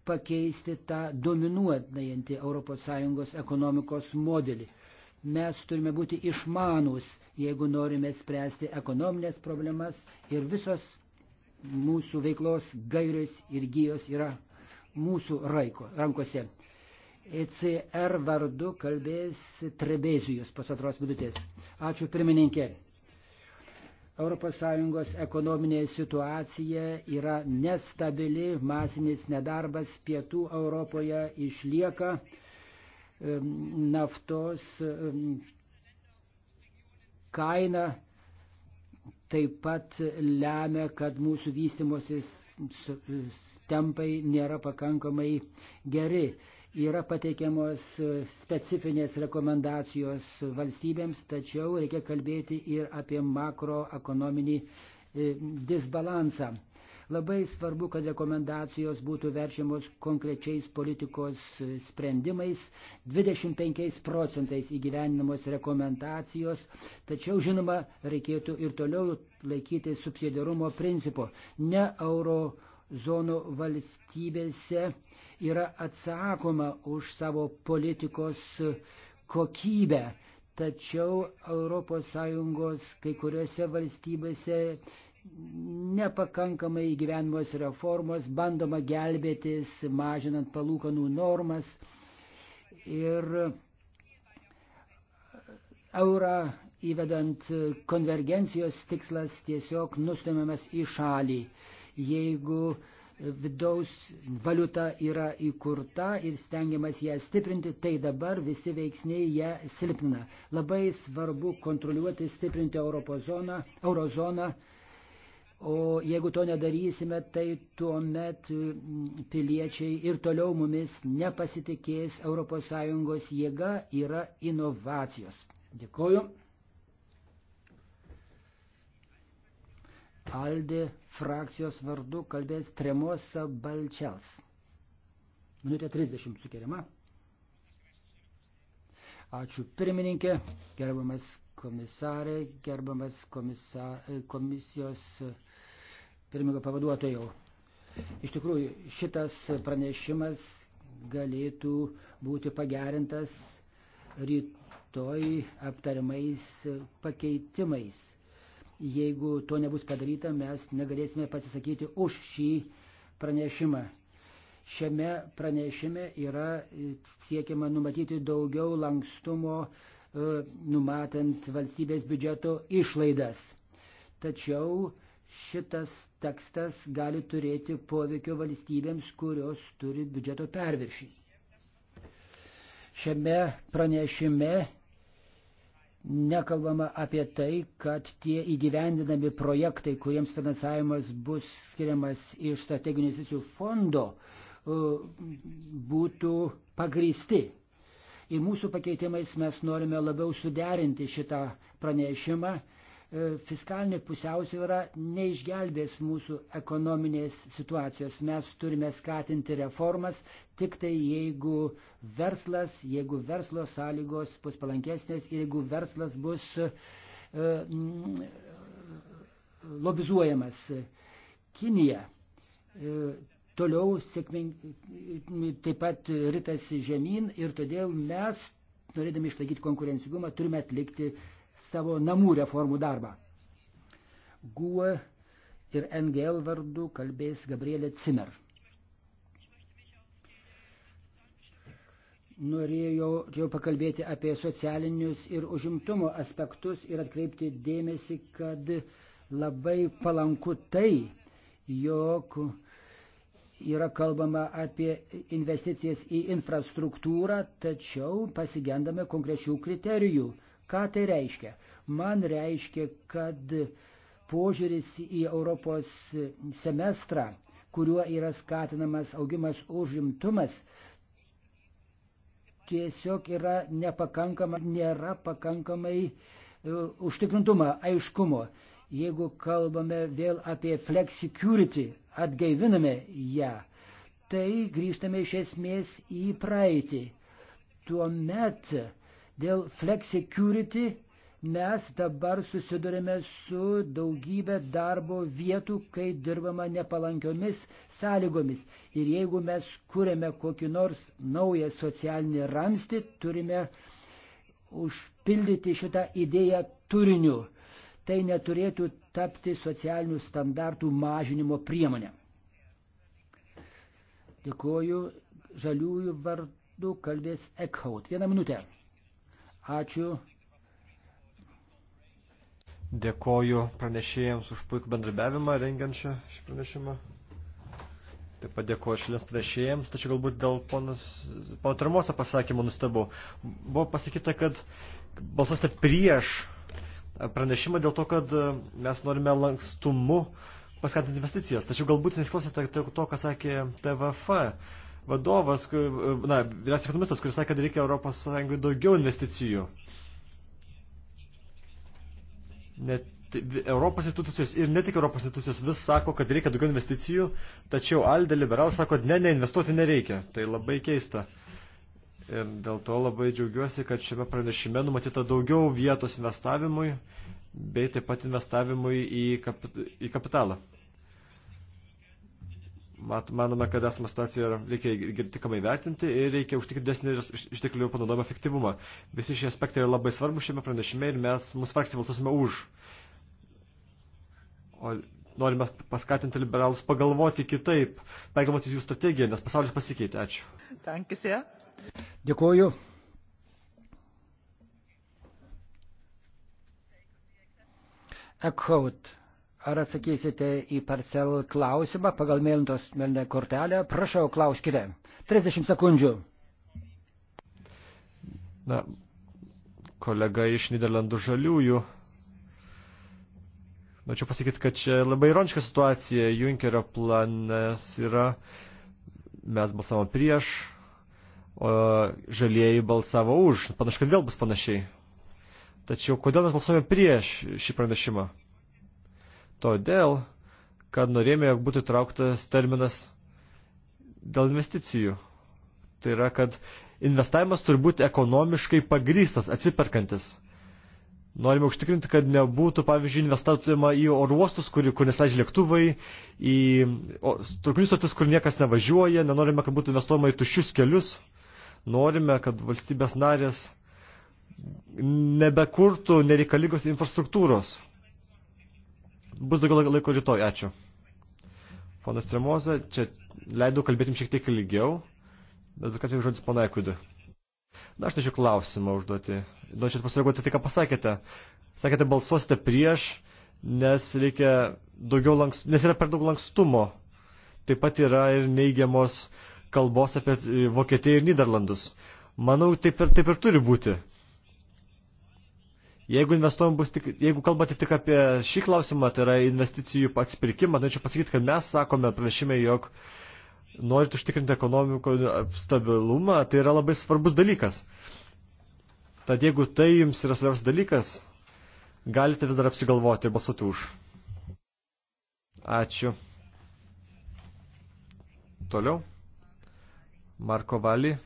pakeisti tą dominuotnajantį ES ekonomikos modelį. Mes turime būti išmanus, jeigu norime spręsti ekonominės problemas ir visos mūsų veiklos gairės ir gyjos yra mūsų raiko, rankose. ECR vardu kalbės Trebezijus pusantros minutės. Ačiū pirmininkė. ES ekonominė situacija yra nestabili, masinis nedarbas pietų Europoje išlieka naftos kaina taip pat lemia, kad mūsų vystimosis tempai nėra pakankamai geri. Yra pateikiamos specifinės rekomendacijos valstybėms, tačiau reikia kalbėti ir apie makroekonominį e, disbalansą. Labai svarbu, kad rekomendacijos būtų verčiamos konkrečiais politikos sprendimais, 25 procentais įgyveninamos rekomendacijos, tačiau žinoma, reikėtų ir toliau laikyti subsidiarumo principo. Ne euro zonų valstybėse yra atsakoma už savo politikos kokybę. Tačiau ES kai kuriuose valstybėse nepakankamai gyvenimos reformos, bandoma gelbėtis, mažinant palūkanų normas ir eurą įvedant konvergencijos tikslas tiesiog nustumiamas į šalį. Jeigu vidaus valiuta yra įkurta ir stengiamas ją stiprinti, tai dabar visi veiksniai ją silpnina. Labai svarbu kontroliuoti, stiprinti eurozoną, eurozoną O jeigu to nedarysime, tai tuomet mm, piliečiai ir toliau mumis nepasitikės ES jėga yra inovacijos. Dėkoju. Aldi frakcijos vardu kalbės Tremosa Balčels. Minutė 30 sukeriama. Ačiū pirmininkė, gerbamas komisarė, gerbamas komisar, komisijos pirmininko pavaduotojau. Iš tikrųjų, šitas pranešimas galėtų būti pagerintas rytoj aptariamais pakeitimais. Jeigu to nebus padaryta, mes negalėsime pasisakyti už šį pranešimą. Šiame pranešime yra siekiama numatyti daugiau lankstumo, e, numatant valstybės biudžeto išlaidas. Tačiau šitas tekstas gali turėti poveikio valstybėms, kurios turi biudžeto perviršį. Šiame pranešime nekalbama apie tai, kad tie įgyvendinami projektai, kuriems finansavimas bus skiriamas iš strateginių investicijų fondo, e, būtų pagristi. Į mūsų pakeitimais mes norime labiau suderinti šitą pranešimą E, fiskalinė pusiausvėra neišgelbės mūsų ekonominės situacijos. Mes turime skatinti reformas tik tai jeigu verslas, jeigu verslo sąlygos bus palankesnės, jeigu verslas bus e, mm, lobizuojamas. Kinija e, toliau sėkmingai taip pat ritasi žemyn ir todėl mes, norėdami išlaikyti konkurencingumą, turime atlikti savo namų reformų darbą. GUE ir NGL vardu kalbės Gabrielė Cimer. Norėjau jau pakalbėti apie socialinius ir užimtumo aspektus ir atkreipti dėmesį, kad labai palanku tai, jog yra kalbama apie investicijas į infrastruktūrą, tačiau pasigendame konkrečių kriterijų. Ką tai reiškia? man reiškia, kad požiūris į Europos semestrą, kuriuo yra skatinamas augimas užimtumas, tiesiog yra nepakankama, nėra pakankamai e, užtikrintumo, aiškumo. Jeigu kalbame vėl apie flexicurity, atgaiviname ją, tai grįžtame iš esmės į praeitį. Tuomet dėl flexicurity Mes dabar susidurime su daugybė darbo vietų, kai dirbama nepalankiomis sąlygomis. Ir jeigu mes kūrėme kokį nors naują socialinį ramstį, turime užpildyti šitą idėją turiniu. Tai neturėtų tapti socialinių standartų mažinimo priemonė. Dėkuoju žaliųjų vardu kalbės Ekhaut. Vieną minutę. Ačiū Dėkoju pranešėjams už puikų bendrabiavimą rengiant šią pranešimą. Taip pat dėkoju šalies pranešėjams, tačiau galbūt dėl ponas Pautramosio pasakymo nustebau. Buvo pasakyta, kad balsuosite prieš pranešimą dėl to, kad e, mes norime lankstumu paskatinti investicijas. Tačiau galbūt nesiklausėte to, ką sakė TVF vadovas, na, vyriausias ekonomistas, kuris sakė, kad reikia Europos Sąjungai daugiau investicijų. Net Europos institucijos ir ne tik Europos institucijos vis sako, kad reikia daugiau investicijų, tačiau Alde liberal sako, ne, ne, investuoti nereikia. Tai labai keista. Ir dėl to labai džiaugiuosi, kad šiame pranešime numatyta daugiau vietos investavimui, bei taip pat investavimui į, kapit į kapitalą. Mat, manome, kad esamą situaciją reikia tikamai vertinti ir reikia užtikrinti desnį išteklių panaudojimo efektyvumą. Visi šie aspektai yra labai svarbus šiame pranešime ir mes mūsų frakcija balsuosime už. O norime paskatinti liberalus pagalvoti kitaip, pagalvoti jų strategiją, nes pasaulis pasikeitė. Ačiū. Dankisė. Dėkuoju. Ekhaut. Ar atsakysite į parcel klausimą pagal mėlyntos mėlyną kortelę? Prašau, klauskite. 30 sekundžių. Na, kolega iš Niderlandų žaliųjų. Norėčiau nu, pasakyti, kad čia labai ironiška situacija. Junkerio planas yra, mes balsavome prieš, o žalieji balsavo už. Panašu, kad vėl bus panašiai. Tačiau kodėl mes balsuojame prieš šį pranešimą? todėl, kad norėjome, jog būtų trauktas terminas dėl investicijų. Tai yra, kad investavimas turi būti ekonomiškai pagrystas, atsiperkantis. Norime užtikrinti, kad nebūtų, pavyzdžiui, investuojama į oruostus, kur, kur nesleidžia lėktuvai, į traukinių stotis, kur niekas nevažiuoja, nenorime, kad būtų investuojama į tuščius kelius. Norime, kad valstybės narės nebekurtų nereikalingos infrastruktūros. Bus daugiau laiko rytoj, ačiū. Ponas Tremoza, čia leidau kalbėti jums šiek tiek ilgiau, bet kad jau žodis ponai Kudi. Na, aš tačiau klausimą užduoti. Norėčiau pasireaguoti tai, ką pasakėte. Sakėte, balsuosite prieš, nes reikia daugiau lanks... nes yra per daug lankstumo. Taip pat yra ir neigiamos kalbos apie e, Vokietiją ir Niderlandus. Manau, taip ir, taip ir turi būti. Jeigu investuojam bus tik, jeigu kalbate tik apie šį klausimą, tai yra investicijų atsipirkimą, norėčiau nu, pasakyti, kad mes sakome pranešime, jog norint užtikrinti ekonomikų stabilumą, tai yra labai svarbus dalykas. Tad jeigu tai jums yra svarbus dalykas, galite vis dar apsigalvoti ir balsuoti už. Ačiū. Toliau. Marko Valį,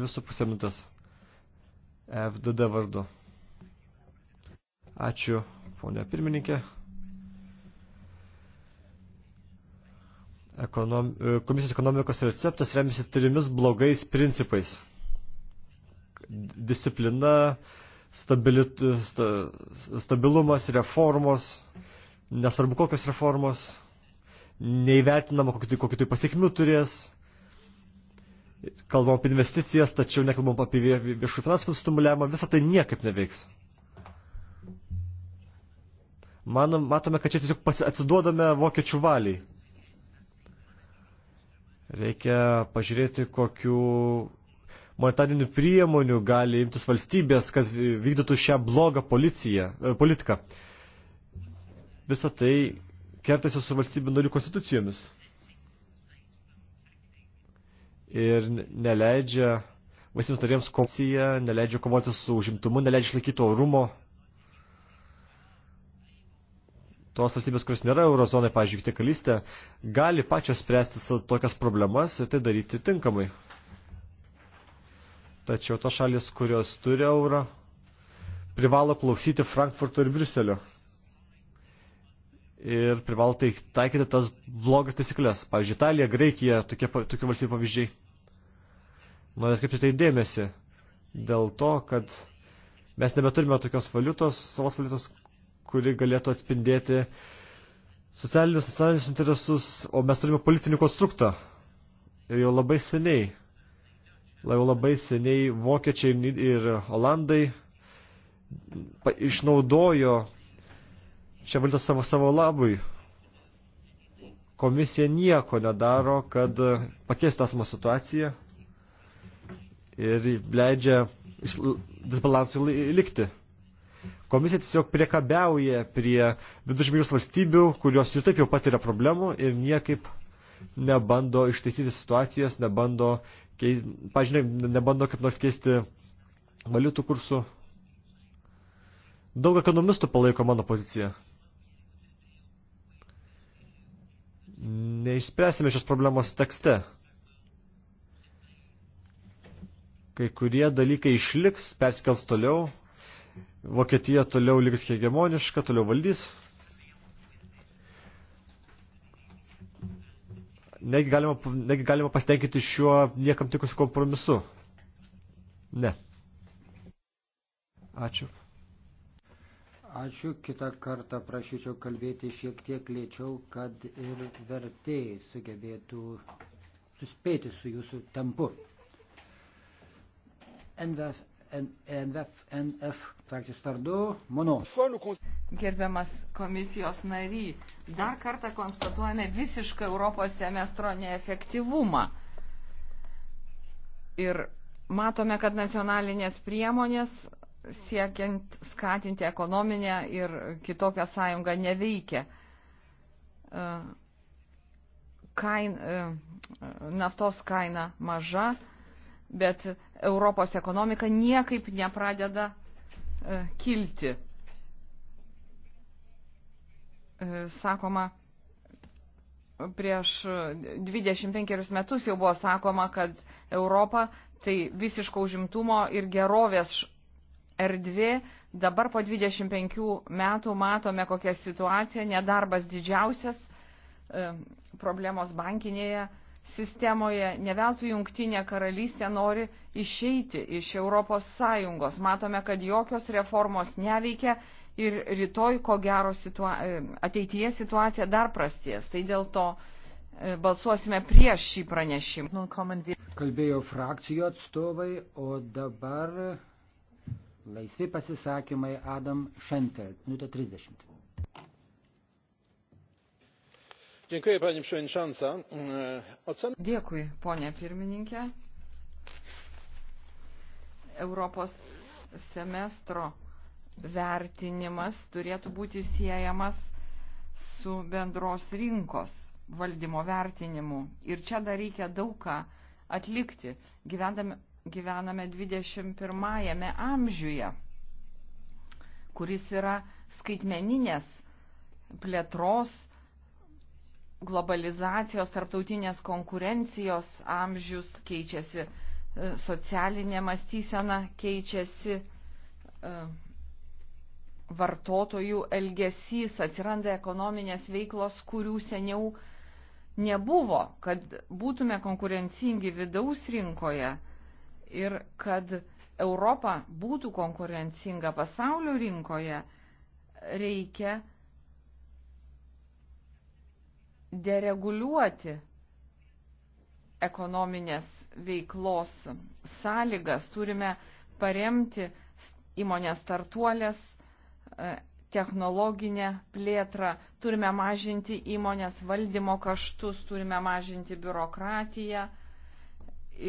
2,5 minutės. FDD vardu. Ačiū, ponia pirmininkė. Ekonom... Komisijos ekonomikos receptas remiasi trimis blogais principais. Disciplina, stabilit... sta... stabilumas, reformos, nesvarbu kokios reformos, neįvertinama, kokiu tai, kokiu tai pasiekmių turės. Kalbam apie investicijas, tačiau nekalbam apie viešų finansų stimuliavimą, visą tai niekaip neveiks. Man, matome, kad čia tiesiog atsiduodame vokiečių valiai. Reikia pažiūrėti, kokiu monetarinių priemonių gali imtis valstybės, kad vykdytų šią blogą policiją, e, politiką. Visą tai kertasi su valstybių narių konstitucijomis. Ir neleidžia valstybės narėms konstituciją, neleidžia kovoti su užimtumu, neleidžia išlaikyti orumo tos valstybės, kuris nėra eurozonai, pažiūrėk, tiek kalystė, gali pačios spręsti tokias problemas ir tai daryti tinkamai. Tačiau tos šalis, kurios turi eurą, privalo klausyti Frankfurto ir Briuselio. Ir privalo tai, taikyti tas blogas taisyklės. Pavyzdžiui, Italija, Graikija, tokie, tokie valstybių pavyzdžiai. Norės kaip tai dėmesį. Dėl to, kad mes nebeturime tokios valiutos, savos valiutos, kuri galėtų atspindėti socialinius, socialinius interesus, o mes turime politinį konstruktą. Ir jau labai seniai, jau labai seniai vokiečiai ir olandai išnaudojo šią valdžią savo, savo labui. Komisija nieko nedaro, kad pakeistų esamą situaciją ir leidžia disbalansui likti. Komisija tiesiog priekabiauja prie viduržmėjus valstybių, kurios ir taip jau patiria problemų ir niekaip nebando ištaisyti situacijos, nebando, pažiūrėjau, nebando kaip nors keisti valiutų kursų. Daug ekonomistų palaiko mano poziciją. Neišspręsime šios problemos tekste. Kai kurie dalykai išliks, perskels toliau Vokietija toliau liks hegemoniška, toliau valdys. Negi galima, negi galima pasitenkinti šiuo niekam tikusiu kompromisu. Ne. Ačiū. Ačiū, kitą kartą prašyčiau kalbėti šiek tiek lėčiau, kad ir vertėjai sugebėtų suspėti su jūsų tempu. NVF NF, NF frakcijos vardu, mano. Gerbiamas komisijos nary, dar kartą konstatuojame visišką Europos semestro neefektyvumą. Ir matome, kad nacionalinės priemonės siekiant skatinti ekonominę ir kitokią sąjungą neveikia. E, kain, e, naftos kaina maža, bet Europos ekonomika niekaip nepradeda e, kilti. E, sakoma, prieš 25 metus jau buvo sakoma, kad Europa tai visiško užimtumo ir gerovės erdvė. Dabar po 25 metų matome, kokia situacija, nedarbas didžiausias, e, problemos bankinėje sistemoje, ne veltui jungtinė karalystė nori išeiti iš Europos Sąjungos. Matome, kad jokios reformos neveikia ir rytoj, ko gero, situa e, ateityje situacija dar prasties. Tai dėl to e, balsuosime prieš šį pranešimą. Kalbėjo frakcijų atstovai, o dabar laisvi pasisakymai Adam Šenfeld, minutė 30. Dėkui, ponė pirmininkė. Europos semestro vertinimas turėtų būti siejamas su bendros rinkos valdymo vertinimu. Ir čia dar reikia daug ką atlikti. Gyvendame, gyvename 21 amžiuje, kuris yra skaitmeninės plėtros globalizacijos, tarptautinės konkurencijos amžius, keičiasi e, socialinė mąstysena, keičiasi e, vartotojų elgesys, atsiranda ekonominės veiklos, kurių seniau nebuvo, kad būtume konkurencingi vidaus rinkoje ir kad Europa būtų konkurencinga pasaulio rinkoje, reikia dereguliuoti ekonominės veiklos sąlygas, turime paremti įmonės startuolės e, technologinę plėtrą, turime mažinti įmonės valdymo kaštus, turime mažinti biurokratiją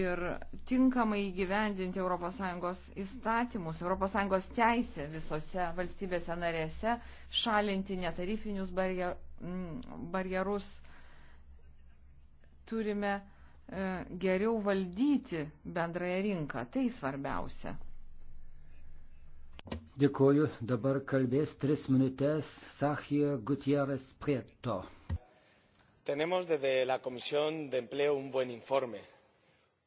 ir tinkamai įgyvendinti ES įstatymus, ES teisę visose valstybėse narėse, šalinti netarifinius barjerus Mm, barjerus turime e, geriau valdyti bendrąją rinką. Tai svarbiausia. Dėkuoju. Dabar kalbės tris minutės Sahija Gutierrez Prieto. Tenemos desde la Comisión de Empleo un buen informe.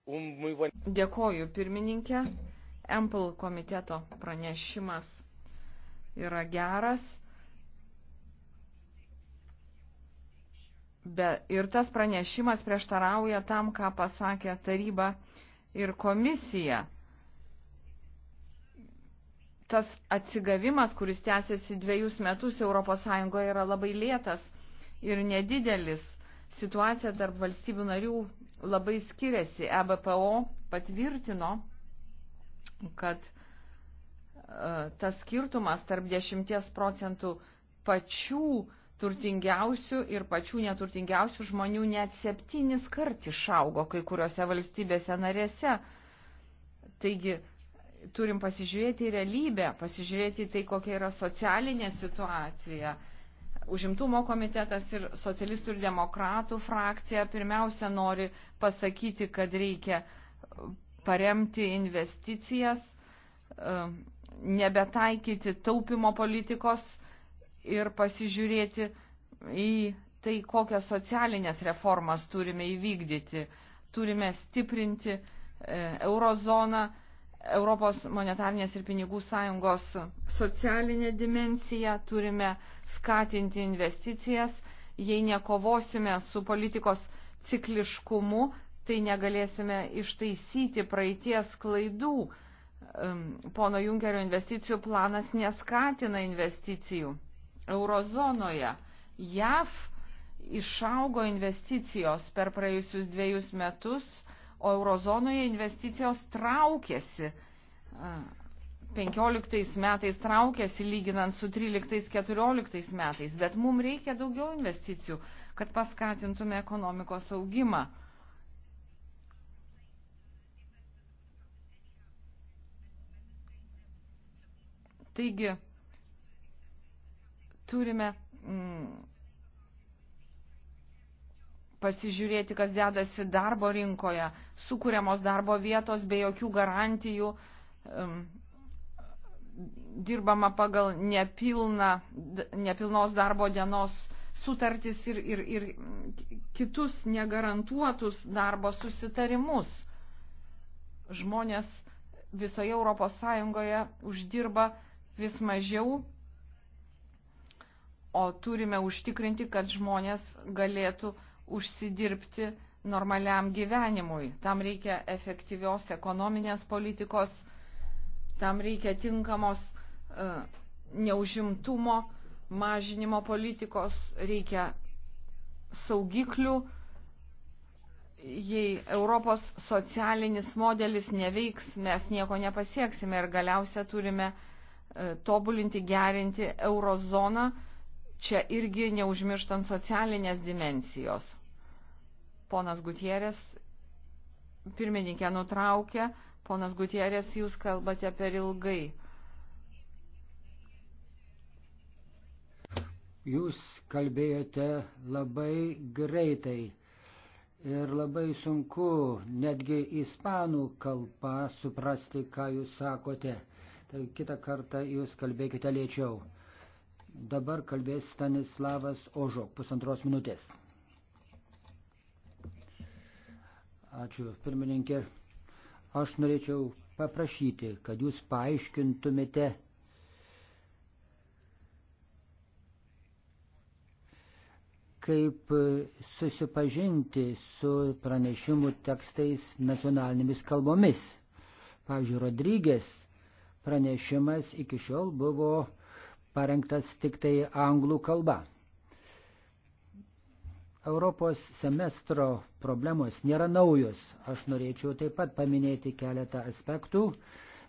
Un muy buen... Dėkuoju, pirmininkė. Ample komiteto pranešimas yra geras Be, ir tas pranešimas prieštarauja tam, ką pasakė taryba ir komisija. Tas atsigavimas, kuris tęsiasi dviejus metus ES, yra labai lėtas ir nedidelis. Situacija tarp valstybių narių labai skiriasi. EBPO patvirtino, kad e, tas skirtumas tarp 10 procentų pačių turtingiausių ir pačių neturtingiausių žmonių net septynis kart išaugo kai kuriuose valstybėse narėse. Taigi turim pasižiūrėti į realybę, pasižiūrėti į tai, kokia yra socialinė situacija. Užimtumo komitetas ir socialistų ir demokratų frakcija pirmiausia nori pasakyti, kad reikia paremti investicijas, e, nebetaikyti taupimo politikos ir pasižiūrėti į tai, kokias socialinės reformas turime įvykdyti. Turime stiprinti e, eurozoną, Europos monetarnės ir pinigų sąjungos socialinę dimenciją, turime skatinti investicijas. Jei nekovosime su politikos cikliškumu, tai negalėsime ištaisyti praeities klaidų. Pono Junkerio investicijų planas neskatina investicijų eurozonoje. JAV išaugo investicijos per praėjusius dviejus metus, o eurozonoje investicijos traukėsi. 15 metais traukėsi lyginant su 13-14 metais, bet mums reikia daugiau investicijų, kad paskatintume ekonomikos augimą. Taigi, Turime mm, pasižiūrėti, kas dedasi darbo rinkoje, sukūriamos darbo vietos be jokių garantijų, mm, dirbama pagal nepilną, nepilnos darbo dienos sutartis ir, ir, ir kitus negarantuotus darbo susitarimus. Žmonės visoje Europos Sąjungoje uždirba vis mažiau o turime užtikrinti, kad žmonės galėtų užsidirbti normaliam gyvenimui. Tam reikia efektyvios ekonominės politikos, tam reikia tinkamos uh, neužimtumo mažinimo politikos, reikia saugiklių. Jei Europos socialinis modelis neveiks, mes nieko nepasieksime ir galiausia turime uh, tobulinti, gerinti eurozoną, uh, čia irgi neužmirštant socialinės dimensijos. Ponas Gutierės pirmininkė nutraukė, ponas Gutierės, jūs kalbate per ilgai. Jūs kalbėjote labai greitai ir labai sunku netgi ispanų kalbą suprasti, ką jūs sakote. Tai kitą kartą jūs kalbėkite lėčiau. Dabar kalbės Stanislavas Ožo, pusantros minutės. Ačiū, pirmininkė. Aš norėčiau paprašyti, kad jūs paaiškintumėte kaip susipažinti su pranešimų tekstais nacionalinėmis kalbomis. Pavyzdžiui, Rodrygės pranešimas iki šiol buvo parengtas tik tai anglų kalba. Europos semestro problemos nėra naujos. Aš norėčiau taip pat paminėti keletą aspektų.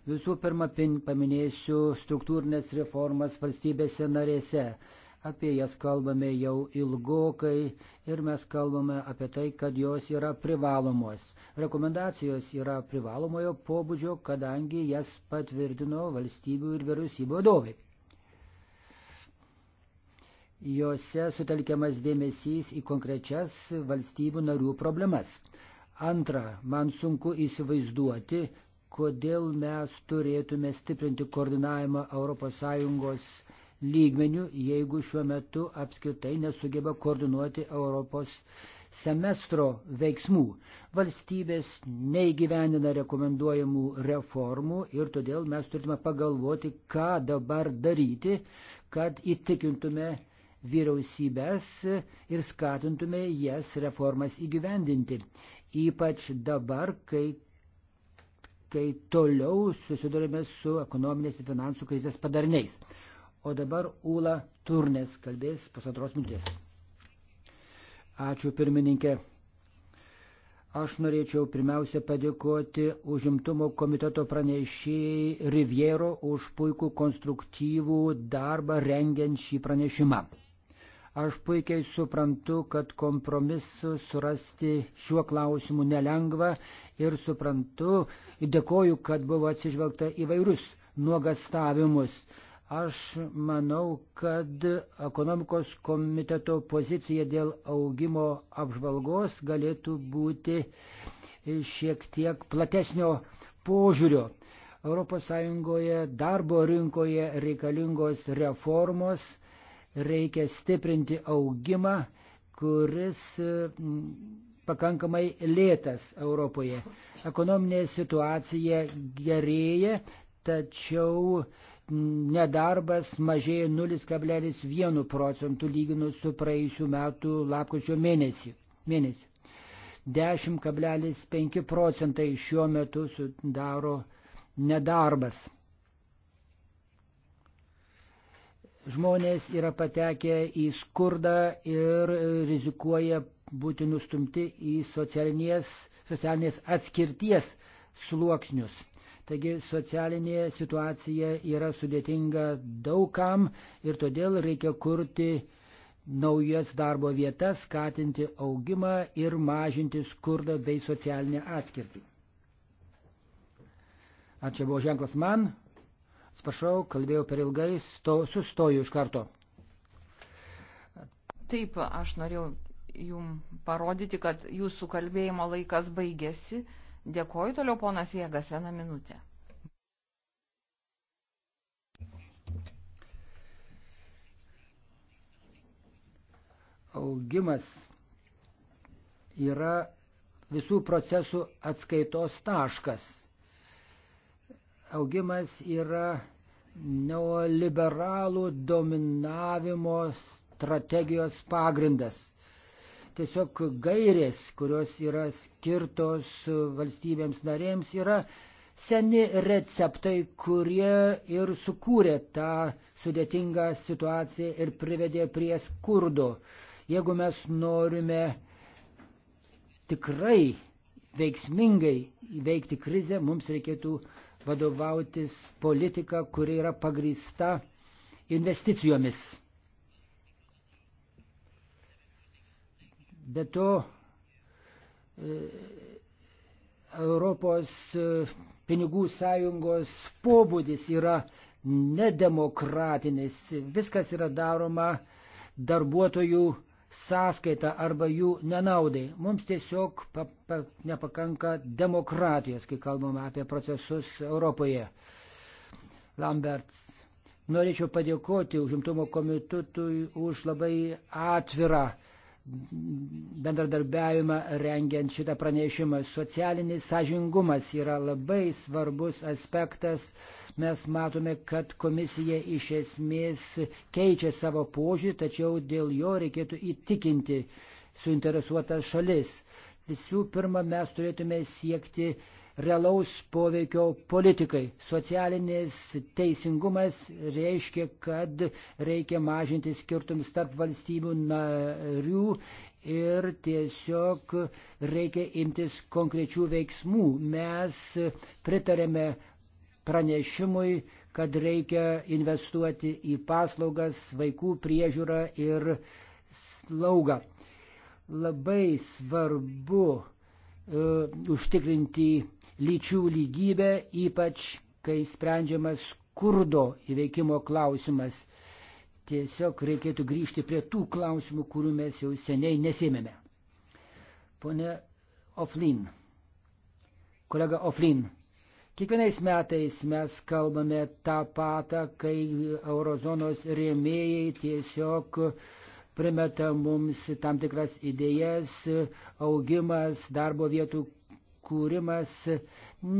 Visų pirma, paminėsiu struktūrinės reformas valstybėse narėse. Apie jas kalbame jau ilgokai ir mes kalbame apie tai, kad jos yra privalomos. Rekomendacijos yra privalomojo pobūdžio, kadangi jas patvirtino valstybių ir vyriausybių vadovai. Jose sutelkiamas dėmesys į konkrečias valstybių narių problemas. Antra, man sunku įsivaizduoti, kodėl mes turėtume stiprinti koordinavimą ES lygmenių, jeigu šiuo metu apskritai nesugeba koordinuoti Europos semestro veiksmų. Valstybės neįgyvenina rekomenduojamų reformų ir todėl mes turime pagalvoti, ką dabar daryti, kad įtikintume vyriausybės ir skatintume jas reformas įgyvendinti. Ypač dabar, kai, kai toliau susidurime su ekonominės ir finansų krizės padarniais. O dabar Ūla Turnės kalbės pusantros minutės. Ačiū pirmininkė. Aš norėčiau pirmiausia padėkoti užimtumo komiteto pranešėjai Riviero už puikų konstruktyvų darbą rengiant šį pranešimą. Aš puikiai suprantu, kad kompromisu surasti šiuo klausimu nelengva ir suprantu, dėkoju, kad buvo atsižvelgta įvairius nuogastavimus. Aš manau, kad ekonomikos komiteto pozicija dėl augimo apžvalgos galėtų būti šiek tiek platesnio požiūrio. ES darbo rinkoje reikalingos reformos Reikia stiprinti augimą, kuris pakankamai lėtas Europoje. Ekonominė situacija gerėja, tačiau nedarbas mažėja 0,1 procentų lyginus su praėjusiu metu lapkričio mėnesį. mėnesį. 10,5 procentai šiuo metu sudaro nedarbas. žmonės yra patekę į skurdą ir rizikuoja būti nustumti į socialinės, socialinės atskirties sluoksnius. Taigi socialinė situacija yra sudėtinga daugam ir todėl reikia kurti naujas darbo vietas, skatinti augimą ir mažinti skurdą bei socialinę atskirtį. Ar čia buvo ženklas man? Atsiprašau, kalbėjau per ilgai, sto, sustoju iš karto. Taip, aš norėjau jum parodyti, kad jūsų kalbėjimo laikas baigėsi. Dėkoju toliau, ponas Jėgas, vieną minutę. Augimas yra visų procesų atskaitos taškas augimas yra neoliberalų dominavimo strategijos pagrindas. Tiesiog gairės, kurios yra skirtos valstybėms narėms, yra seni receptai, kurie ir sukūrė tą sudėtingą situaciją ir privedė prie skurdo. Jeigu mes norime tikrai veiksmingai įveikti krizę, mums reikėtų uh, vadovautis politika, kuri yra pagrįsta investicijomis. Be to, e, Europos e, pinigų sąjungos pobūdis yra nedemokratinis. Viskas yra daroma darbuotojų sąskaita arba jų nenaudai. Mums tiesiog pa, pa, nepakanka demokratijos, kai kalbame apie procesus Europoje. Lamberts, norėčiau padėkoti užimtumo komitetui už labai atvirą bendradarbiavimą rengiant šitą pranešimą. Socialinis sąžingumas yra labai svarbus aspektas mes matome, kad komisija iš esmės keičia savo požiūrį, tačiau dėl jo reikėtų įtikinti suinteresuotas šalis. Visų pirma, mes turėtume siekti realaus poveikio politikai. Socialinis teisingumas reiškia, kad reikia mažinti skirtumus tarp valstybių narių ir tiesiog reikia imtis konkrečių veiksmų. Mes pritarėme pranešimui, kad reikia investuoti į paslaugas, vaikų priežiūrą ir slaugą. Labai svarbu e, užtikrinti lyčių lygybę, ypač kai sprendžiamas skurdo įveikimo klausimas. Tiesiog reikėtų grįžti prie tų klausimų, kurių mes jau seniai nesėmėme. Pone Oflin, kolega Oflin. Kiekvienais metais mes kalbame tą patą, kai eurozonos rėmėjai tiesiog primeta mums tam tikras idėjas, augimas, darbo vietų kūrimas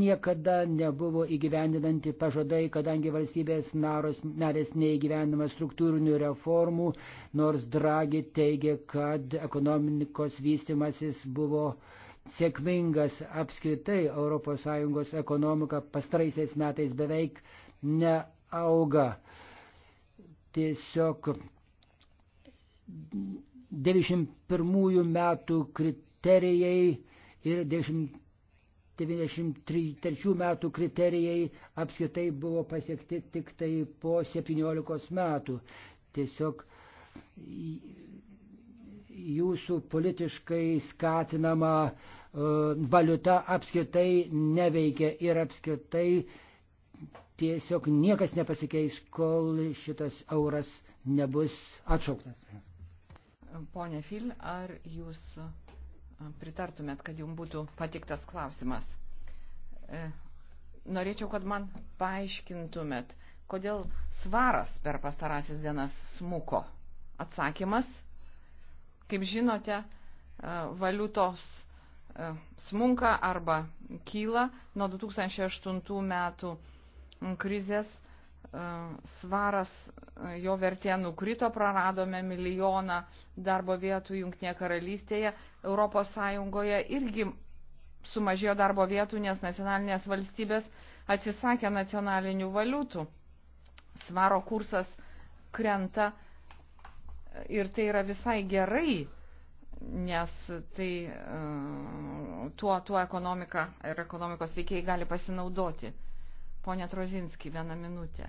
niekada nebuvo įgyvendinanti pažadai, kadangi valstybės naros, narės neįgyvendama struktūrinių reformų, nors Dragi teigia, kad ekonomikos vystimasis buvo uh, sėkmingas apskritai ES ekonomika pastaraisiais metais beveik neauga. Tiesiog 91 metų kriterijai ir 93 metų kriterijai apskritai buvo pasiekti tik tai po 17 metų. Tiesiog jūsų politiškai skatinama e, valiuta apskritai neveikia ir apskritai tiesiog niekas nepasikeis, kol šitas euras nebus atšauktas. Pone Fil, ar jūs e, pritartumėt, kad jums būtų patiktas klausimas? E, norėčiau, kad man paaiškintumėt, kodėl svaras per pastarąsias dienas smuko. Atsakymas Kaip žinote, e, valiutos e, smunka arba kyla nuo 2008 metų krizės e, svaras, jo vertė nukrito, praradome milijoną darbo vietų Junktinėje karalystėje, Europos Sąjungoje irgi sumažėjo darbo vietų, nes nacionalinės valstybės atsisakė nacionalinių valiutų. Svaro kursas krenta Ir tai yra visai gerai, nes tai e, tuo, tuo ekonomika ir ekonomikos veikiai gali pasinaudoti. Pone Trozinski, vieną minutę.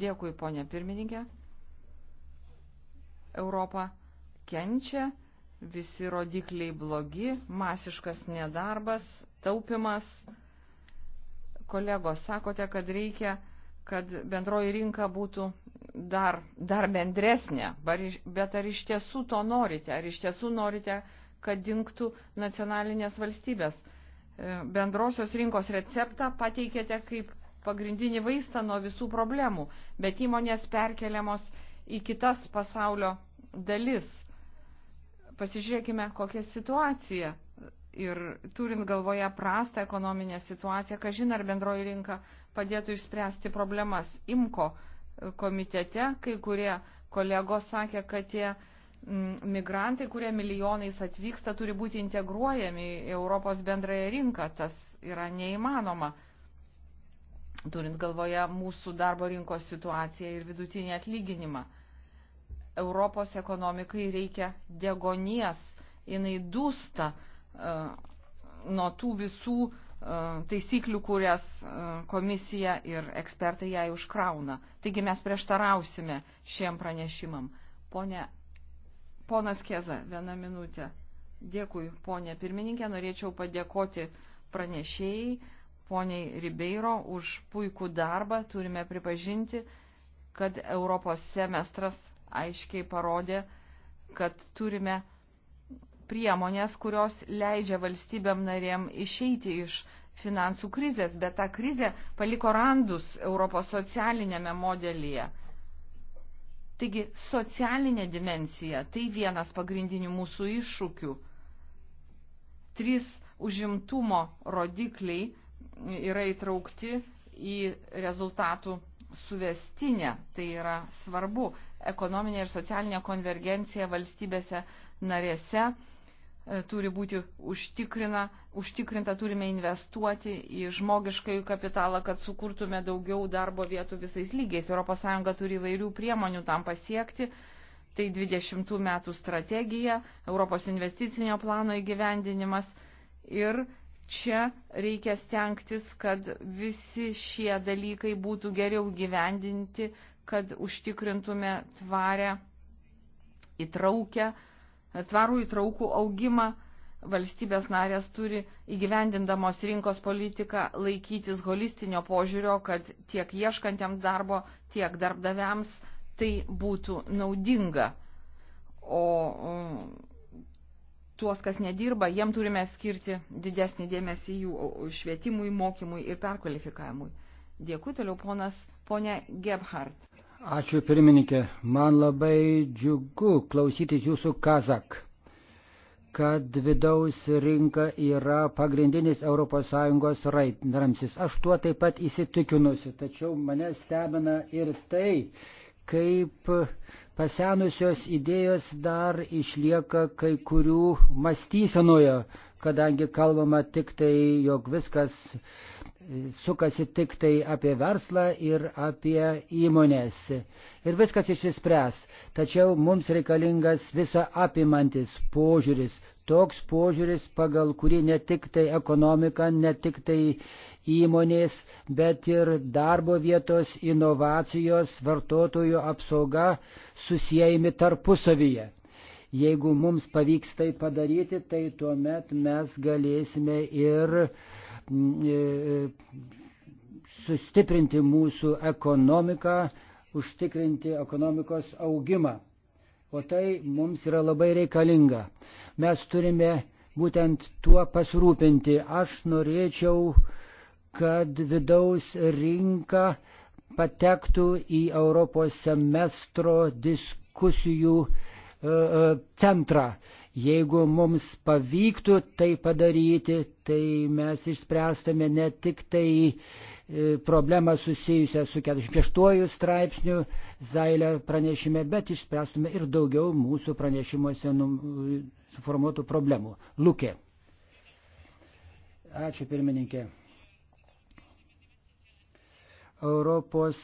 Dėkui, ponė pirmininkė. Europa kenčia, visi rodikliai blogi, masiškas nedarbas, taupimas. Kolegos, sakote, kad reikia, kad bendroji rinka būtų dar, dar bendresnė, bet ar iš tiesų to norite, ar iš tiesų norite, kad dinktų nacionalinės valstybės. E, bendrosios rinkos receptą pateikėte kaip pagrindinį vaistą nuo visų problemų, bet įmonės perkeliamos į kitas pasaulio dalis. Pasižiūrėkime, kokia situacija ir turint galvoje prastą ekonominę situaciją, kažin ar bendroji rinka padėtų išspręsti problemas. Imko komitete kai kurie kolegos sakė, kad tie mm, migrantai, kurie milijonais atvyksta, turi būti integruojami į Europos bendrąją rinką. Tas yra neįmanoma, turint galvoje mūsų darbo rinkos situaciją ir vidutinį atlyginimą. Europos ekonomikai reikia degonies, jinai dūsta uh, nuo tų visų uh, E, taisyklių, kurias e, komisija ir ekspertai jai užkrauna. Taigi mes prieštarausime šiem pranešimam. Pone, ponas Keza, vieną minutę. Dėkui, ponė pirmininkė, norėčiau padėkoti pranešėjai, poniai Ribeiro, už puikų darbą. Turime pripažinti, kad Europos semestras aiškiai parodė, kad turime priemonės, kurios leidžia valstybėm narėm išeiti iš finansų krizės, bet ta krizė paliko randus Europos socialinėme modelyje. Taigi socialinė dimensija tai vienas pagrindinių mūsų iššūkių. Trys užimtumo rodikliai yra įtraukti į rezultatų suvestinę. Tai yra svarbu. Ekonominė ir socialinė konvergencija valstybėse narėse E, turi būti užtikrina, užtikrinta, turime investuoti į žmogiškai kapitalą, kad sukurtume daugiau darbo vietų visais lygiais. ES turi įvairių priemonių tam pasiekti. Tai 20 metų strategija, Europos investicinio plano įgyvendinimas ir čia reikia stengtis, kad visi šie dalykai būtų geriau gyvendinti, kad užtikrintume tvarę, įtraukę tvarų įtraukų augimą. Valstybės narės turi įgyvendindamos rinkos politiką laikytis holistinio požiūrio, kad tiek ieškantiems darbo, tiek darbdaviams tai būtų naudinga. O mm, tuos, kas nedirba, jiem turime skirti didesnį dėmesį jų švietimui, mokymui ir perkvalifikavimui. Dėkui toliau ponas, ponė Gebhardt. Ačiū pirmininkė. Man labai džiugu klausytis jūsų kazak, kad vidaus rinka yra pagrindinis ES ramsis. Aš tuo taip pat įsitikinusi, tačiau mane stebina ir tai, kaip pasenusios idėjos dar išlieka kai kurių mąstysenoje, kadangi kalbama tik tai, jog viskas sukasi tik tai apie verslą ir apie įmonės. Ir viskas išsispręs. Tačiau mums reikalingas visa apimantis požiūris. Toks požiūris, pagal kurį ne tik tai ekonomika, ne tik tai įmonės, bet ir darbo vietos, inovacijos, vartotojų apsauga susijęjami tarpusavyje. Jeigu mums pavyks tai padaryti, tai tuomet mes galėsime ir uh, E, sustiprinti mūsų ekonomiką, užtikrinti ekonomikos augimą. O tai mums yra labai reikalinga. Mes turime būtent tuo pasirūpinti. Aš norėčiau, kad vidaus rinka patektų į Europos semestro diskusijų e, e, centrą. Jeigu mums pavyktų tai padaryti, tai mes išspręstume ne tik tai e, problemą susijusią su 45 straipsniu Zailė pranešime, bet išspręstume ir daugiau mūsų pranešimuose e, suformuotų problemų. Lukė. Ačiū pirmininkė. Europos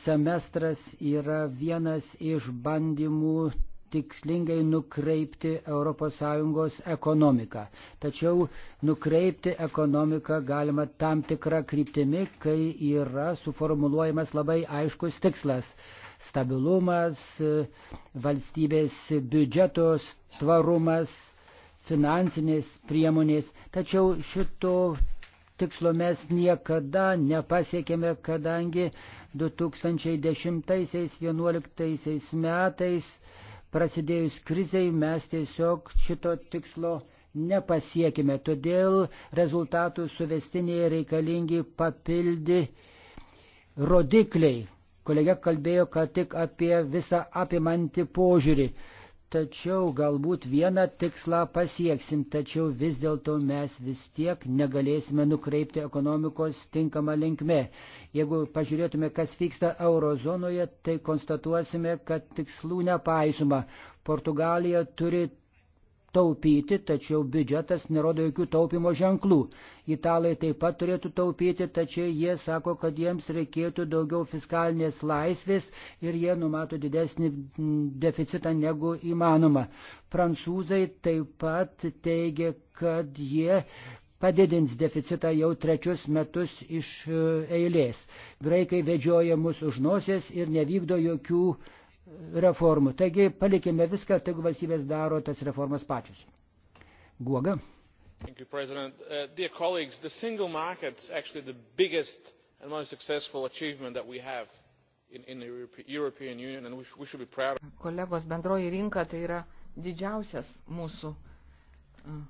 semestras yra vienas iš bandymų tikslingai nukreipti ES ekonomiką. Tačiau nukreipti ekonomiką galima tam tikrą kryptimį, kai yra suformuluojamas labai aiškus tikslas - stabilumas, valstybės biudžetos, tvarumas, finansinės priemonės. Tačiau šito tikslo mes niekada nepasiekėme, kadangi 2010-2011 metais prasidėjus kriziai mes tiesiog šito tikslo nepasiekime. Todėl rezultatų suvestinėje reikalingi papildi rodikliai. Kolega kalbėjo, kad tik apie visą apimantį požiūrį tačiau galbūt vieną tikslą pasieksim, tačiau vis dėlto mes vis tiek negalėsime nukreipti ekonomikos tinkamą linkmę. Jeigu pažiūrėtume, kas vyksta eurozonoje, tai konstatuosime, kad tikslų nepaisoma. Portugalija turi taupyti, tačiau biudžetas nerodo jokių taupimo ženklų. Italai taip pat turėtų taupyti, tačiau jie sako, kad jiems reikėtų daugiau fiskalinės laisvės ir jie numato didesnį deficitą negu įmanoma. Prancūzai taip pat teigia, kad jie padidins deficitą jau trečius metus iš e, eilės. Graikai vedžioja mus už nosies ir nevykdo jokių reformų. Taigi palikime viską, tegu valstybės daro tas reformas pačios. Guoga. You, uh, dear colleagues, the single market is actually the biggest and most successful achievement that we have in, in the Europe, European Union, and we, sh we should be proud. Kolegos, bendroji rinka tai yra didžiausias mūsų uh,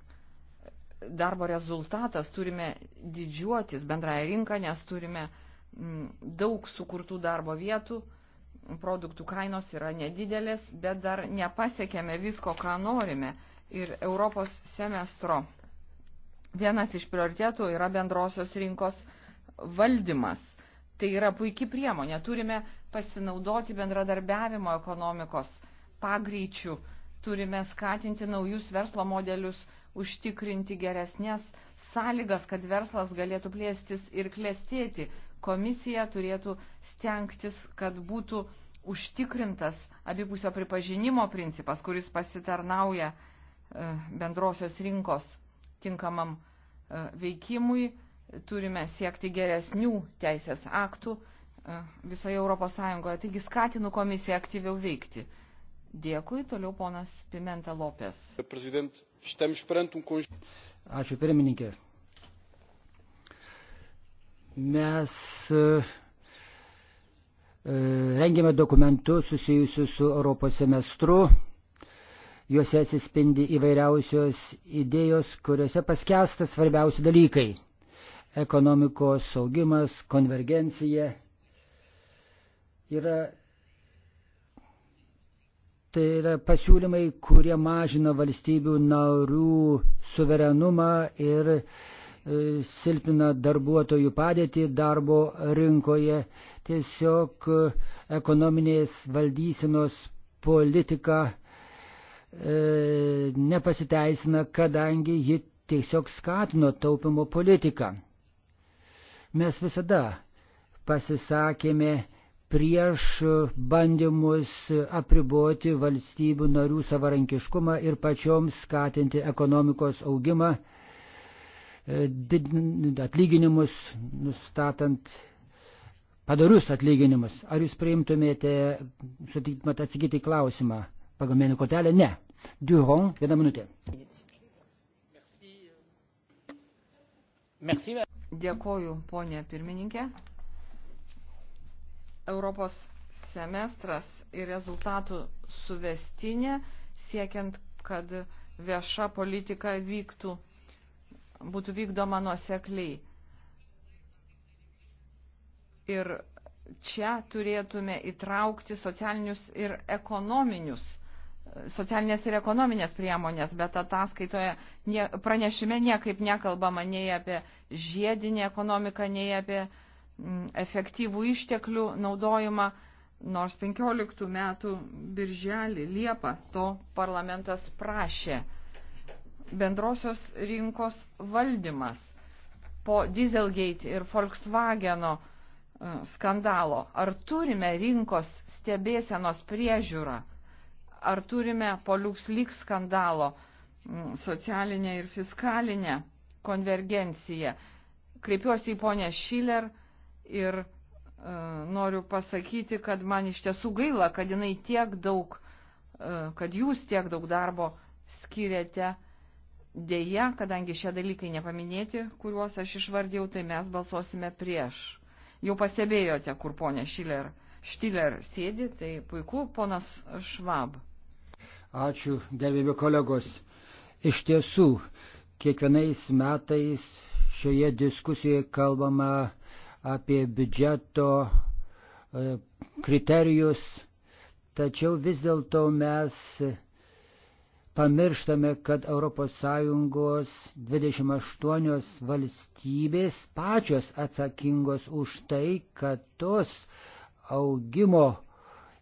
darbo rezultatas. Turime didžiuotis bendrąją rinką, nes turime mm, daug sukurtų darbo vietų. Uh, produktų kainos yra nedidelės, bet dar nepasiekėme visko, ką norime. Ir Europos semestro vienas iš prioritėtų yra bendrosios rinkos valdymas. Tai yra puikia priemonė. Turime pasinaudoti bendradarbiavimo ekonomikos pagreičių, turime skatinti naujus verslo modelius, užtikrinti geresnės sąlygas, kad verslas galėtų plėstis ir klėstėti komisija turėtų stengtis, kad būtų užtikrintas abipusio pripažinimo principas, kuris pasitarnauja e, bendrosios rinkos tinkamam e, veikimui. Turime siekti geresnių teisės aktų e, visoje Europos Sąjungoje. Taigi skatinu komisiją aktyviau veikti. Dėkui, toliau ponas Pimenta Lopės. Ačiū pirmininkė mes e, e, rengiame dokumentus susijusius su Europos semestru. Juose atsispindi įvairiausios idėjos, kuriuose paskęsta svarbiausi dalykai - ekonomikos saugimas, konvergencija. Yra, tai yra pasiūlymai, kurie mažina valstybių narių suverenumą ir uh, E, silpina darbuotojų padėtį darbo rinkoje, tiesiog e, ekonominės valdysenos politika e, nepasiteisina, kadangi ji tiesiog skatino taupimo politiką. Mes visada pasisakėme prieš bandymus apriboti valstybių narių savarankiškumą ir pačioms skatinti ekonomikos augimą atlyginimus, nustatant padarius atlyginimus. Ar jūs priimtumėte, sutiktumėte atsakyti į klausimą pagal mėnų kotelę? Ne. Duron, vieną minutę. Dėkoju, ponė pirmininkė. Europos semestras ir rezultatų suvestinė siekiant, kad vieša politika vyktų būtų vykdoma nuosekliai. Ir čia turėtume įtraukti socialinius ir ekonominius, socialinės ir ekonominės priemonės, bet ataskaitoje nie, pranešime niekaip nekalbama nei apie žiedinį ekonomiką, nei apie m, mm, efektyvų išteklių naudojimą, nors 15 metų birželį, liepą to parlamentas prašė bendrosios rinkos valdymas po Dieselgate ir Volkswageno uh, skandalo. Ar turime rinkos stebėsenos priežiūrą? Ar turime po LuxLeaks skandalo mm, socialinę ir fiskalinę konvergenciją? Kreipiuosi į ponę Šiler ir uh, noriu pasakyti, kad man iš tiesų gaila, kad jinai tiek daug, uh, kad jūs tiek daug darbo skiriate Deja, kadangi šie dalykai nepaminėti, kuriuos aš išvardėjau, tai mes balsuosime prieš. Jau pastebėjote, kur ponė Šiler, Štiler sėdi, tai puiku, ponas Švab. Ačiū, gerbėmi kolegos. Iš tiesų, kiekvienais metais šioje diskusijoje kalbama apie biudžeto e, kriterijus, tačiau vis dėlto mes pamirštame, kad ES 28 valstybės pačios atsakingos už tai, kad tos augimo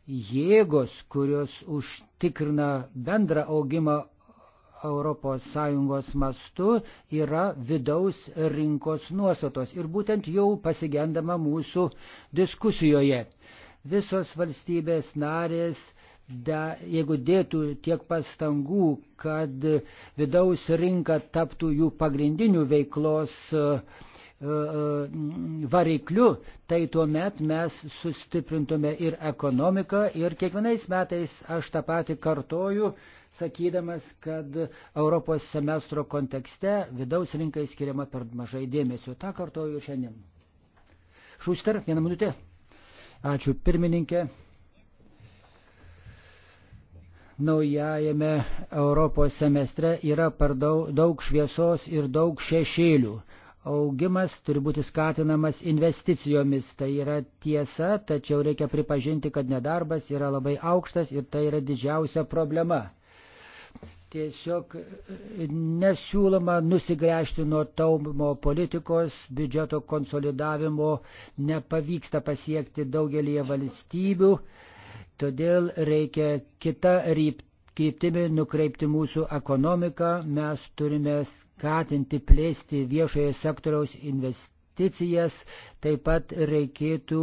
jėgos, kurios užtikrina bendrą augimą ES mastu, yra vidaus rinkos nuostatos. Ir būtent jau pasigendama mūsų diskusijoje. Visos valstybės narės da, jeigu dėtų tiek pastangų, kad vidaus rinka taptų jų pagrindinių veiklos e, e, varikliu, tai tuomet mes sustiprintume ir ekonomiką ir kiekvienais metais aš tą patį kartoju, sakydamas, kad Europos semestro kontekste vidaus rinkai skiriama per mažai dėmesio. Ta kartoju šiandien. Šuster, vieną minutę. Ačiū pirmininkė naujajame Europos semestre yra per daug, daug šviesos ir daug šešėlių. Augimas turi būti skatinamas investicijomis, tai yra tiesa, tačiau reikia pripažinti, kad nedarbas yra labai aukštas ir tai yra didžiausia problema tiesiog e, nesiūloma nusigręžti nuo taupimo politikos, biudžeto konsolidavimo nepavyksta pasiekti daugelį valstybių, Todėl reikia kitą kryptimį nukreipti mūsų ekonomiką. Mes turime skatinti plėsti viešojo sektoriaus investicijas. Taip pat reikėtų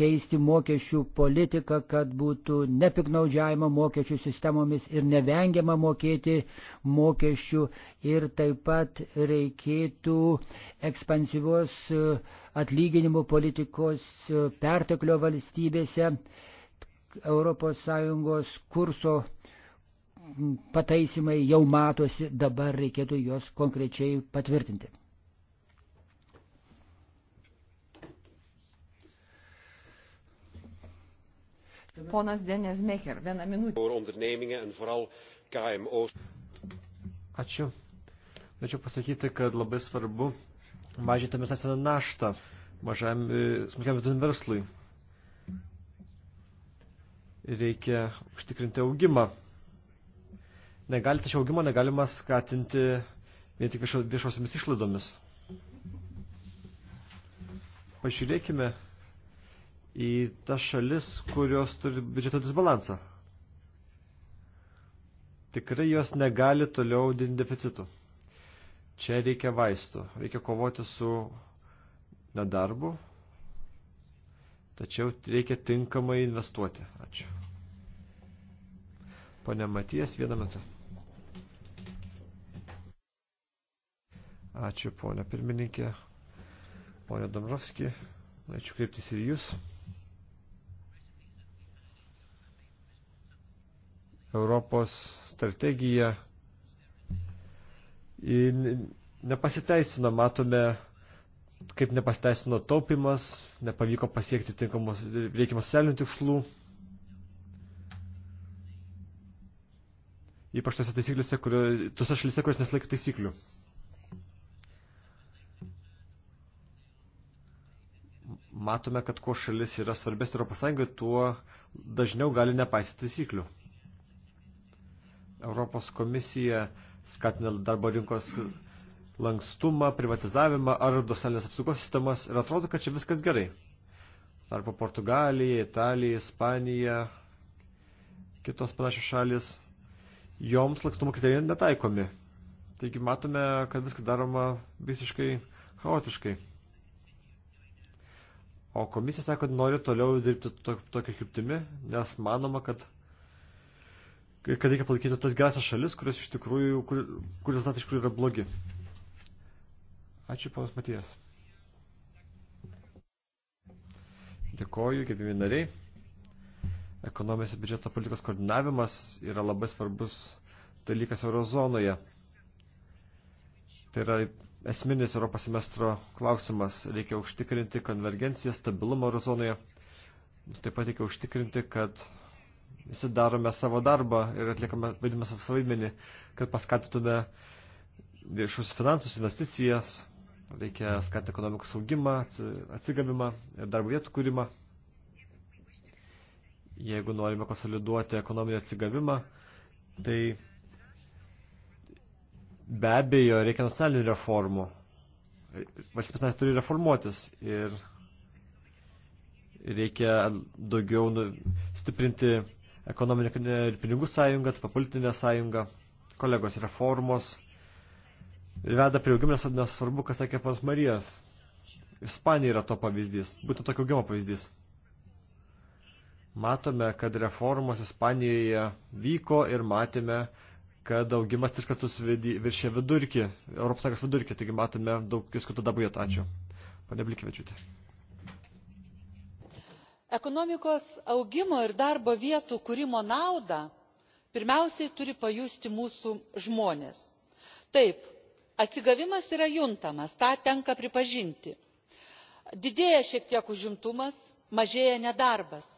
keisti mokesčių politiką, kad būtų nepiknaudžiavimo mokesčių sistemomis ir nevengiama mokėti mokesčių. Ir taip pat reikėtų ekspansyvos atlyginimų politikos perteklio valstybėse ES kurso pataisimai jau matosi, dabar reikėtų juos konkrečiai patvirtinti. Ponas Denės Mecher, vieną minutę. Ačiū. Norėčiau pasakyti, kad labai svarbu mažinti visą naštą mažam smulkiam vidutiniam verslui reikia užtikrinti augimą. Negali, tačiau augimo negalima skatinti vien tik viešosiomis išlaidomis. Pažiūrėkime į tas šalis, kurios turi biudžeto disbalansą. Tikrai jos negali toliau didinti deficitų. Čia reikia vaistų, reikia kovoti su nedarbu, Tačiau reikia tinkamai investuoti. Ačiū. Pane Matijas, vieną minutę. Ačiū, ponė pirmininkė. Ponė Domrovski, norėčiau kreiptis ir jūs. Europos strategija nepasiteisina, matome kaip nepasteisino taupimas, nepavyko pasiekti tinkamos reikiamos socialinių tikslų. Ypač tose taisyklėse, kurio, tose šalyse, kurios nesilaikė taisyklių. Matome, kad kuo šalis yra svarbės Europos Sąjungoje, tuo dažniau gali nepaisyti taisyklių. Europos komisija skatina darbo rinkos lankstumą, privatizavimą ar dosalinės apsaugos sistemas ir atrodo, kad čia viskas gerai. Arba Portugalija, Italija, Ispanija, kitos panašios šalis, joms lankstumo kriterijai netaikomi. Taigi matome, kad viskas daroma visiškai chaotiškai. O komisija sako, kad nori toliau dirbti tokią kryptimį, nes manoma, kad kad reikia palaikyti tas gerasias šalis, kurios iš tikrųjų, kur, kur rezultatai iš tikrųjų yra blogi. Ačiū, panas Matijas. Dėkoju, gerbimi nariai. Ekonomijos ir biudžeto politikos koordinavimas yra labai svarbus dalykas eurozonoje. Tai yra esminis Europos semestro klausimas. Reikia užtikrinti konvergenciją, stabilumą eurozonoje. Taip pat reikia užtikrinti, kad visi darome savo darbą ir atliekame vaidimą savo vaidmenį, kad paskatytume viešus finansus, investicijas, reikia skatinti ekonomikos augimą, atsigavimą ir darbo vietų kūrimą. Jeigu norime konsoliduoti ekonominį atsigavimą, tai be abejo reikia nacionalinių reformų. Valstybės narės turi reformuotis ir reikia daugiau nu, stiprinti ekonominę ir pinigų sąjungą, taip politinę sąjungą, kolegos reformos ir veda prie augimo, nes svarbu, kas sakė pas Marijas. Ispanija yra to pavyzdys, būtent tokio augimo pavyzdys. Matome, kad reformos Ispanijoje vyko ir matėme, kad augimas tris kartus viršė vidurkį, Europos Sąjungos vidurkį, taigi matome daug diskutų dabų jėtų. Ačiū. Pane Blikevičiūtė. Ekonomikos augimo ir darbo vietų kūrimo naudą pirmiausiai turi pajusti mūsų žmonės. Taip, atsigavimas yra juntamas tą tenka pripažinti didėja šiek tiek užimtumas mažėja nedarbas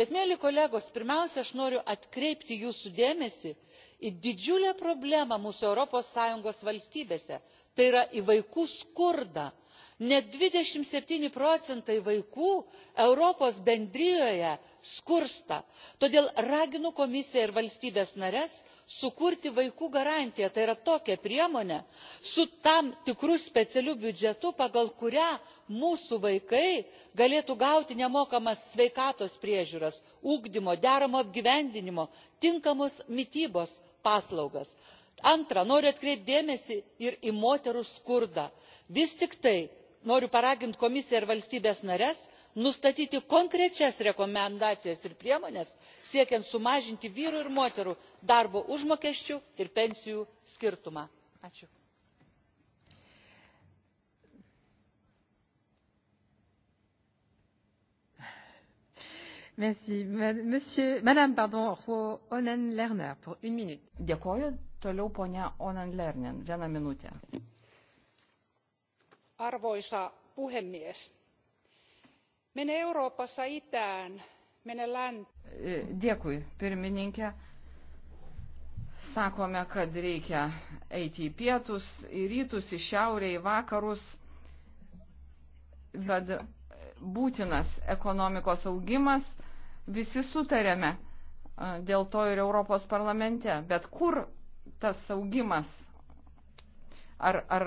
bet mieli kolegos pirmiausia aš noriu atkreipti jūsų dėmesį į didžiulę problemą mūsų europos sąjungos valstybėse tai yra į vaikų skurdą net dvidešimt septyni procentai vaikų europos bendrijoje skursta todėl raginu komisiją ir valstybes nares sukurti vaikų garantiją tai yra tokią priemonę su tam tikru specialiu biudžetu pagal kurią mūsų vaikai galėtų gauti nemokamas sveikatos priežiūros ugdymo deramo apgyvendinimo tinkamos mitybos paslaugas. antra noriu atkreipti dėmesį ir į moterų skurdą. vis tik tai noriu paraginti komisiją ir valstybes nares nustatyti konkrečias rekomendacijas ir priemones siekiant sumažinti vyrų ir moterų darbo užmokesčių ir pensijų skirtumą. dėkoju toliau ponia oomen ruijten vieną minutę arvoisa puhemies mene euroopassa itään mene länteen. E, dėkui pirmininke sakome kad reikia eiti į pietus į rytus į šiaurę į vakarus kad būtinas ekonomikos augimas visi sutarėme e, dėl to ir europos parlamente bet kur tas augimas ar, ar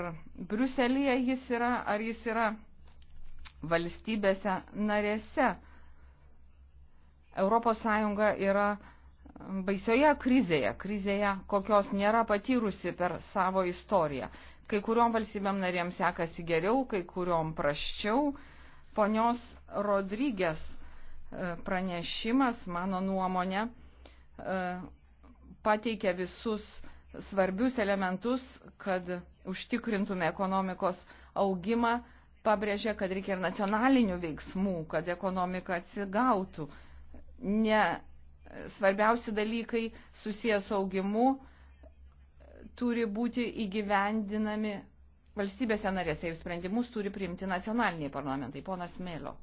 Briuselėje jis yra, ar jis yra valstybėse narėse. ES yra baisioje krizėje, krizėje, kokios nėra patyrusi per savo istoriją. Kai kuriuom valstybėm narėm sekasi geriau, kai kuriuom praščiau. Ponios Rodrygės e, pranešimas, mano nuomonė, e, pateikia visus svarbius elementus, kad užtikrintume ekonomikos augimą, pabrėžė, kad reikia ir nacionalinių veiksmų, kad ekonomika atsigautų. Ne svarbiausi dalykai susijęs augimu turi būti įgyvendinami valstybėse narėse ir sprendimus turi priimti nacionaliniai parlamentai. Ponas Mėlio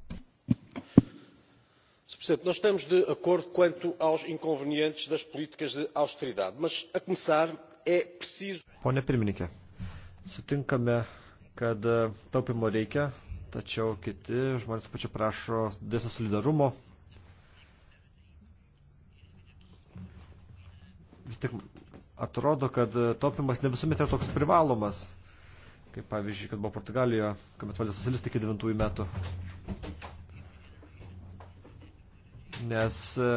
senhor presidente nós estamos de acordo quanto aos inconvenientes das políticas de austeridade mas a começar é preciso. pone pirmininke sutinkame kad e, taupimo reikia tačiau kiti žmonės pačiu prašo didesnio solidarumo vis tik atrodo, kad taupimas ne visuomet yra toks privalomas, kaip pavyzdžiui, kad buvo Portugalijoje, kuomet valdė socialistai iki 9 metų nes e,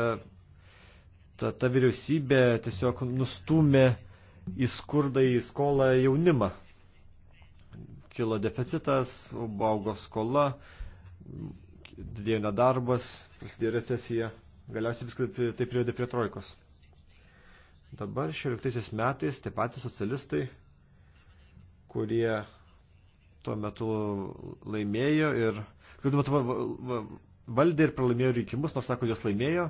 ta, ta vyriausybė tiesiog nustumė į skurdą į skolą jaunimą. Kilo deficitas, augo skola, didėjo nedarbas, prasidėjo recesija. Galiausiai viskas tai privedė prie trojkos. Dabar 16 metais tie patys socialistai, kurie tuo metu laimėjo ir, kad tuo metu valdė ir pralaimėjo rinkimus, nors sako, jos laimėjo,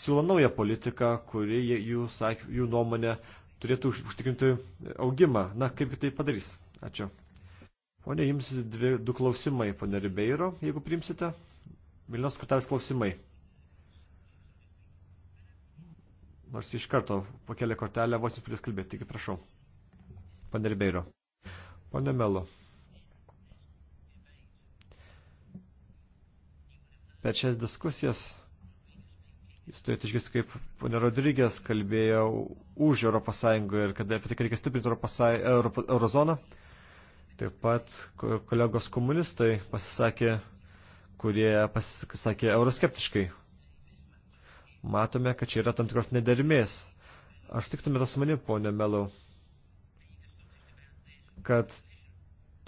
siūlo naują politiką, kuri jų, sak, jų nuomonė turėtų užtikrinti augimą. Na, kaip tai padarys? Ačiū. Pone, jums dvi, du klausimai, pone Ribeiro, jeigu priimsite. Vilnius kortelės klausimai. Nors iš karto pakelia kortelę, vos jūs pradės kalbėti, taigi prašau. Pane Ribeiro. Pane Melo. per šias diskusijas jūs turite išgirsti, kaip ponė Rodrygės kalbėjo už Europos Sąjungą ir kad apie tai, kad reikia stiprinti Europos Sąjungą, Eurozoną. Taip pat kolegos komunistai pasisakė, kurie pasisakė euroskeptiškai. Matome, kad čia yra tam tikros nedermės. Aš tiktumėte su manim, ponė Melau, kad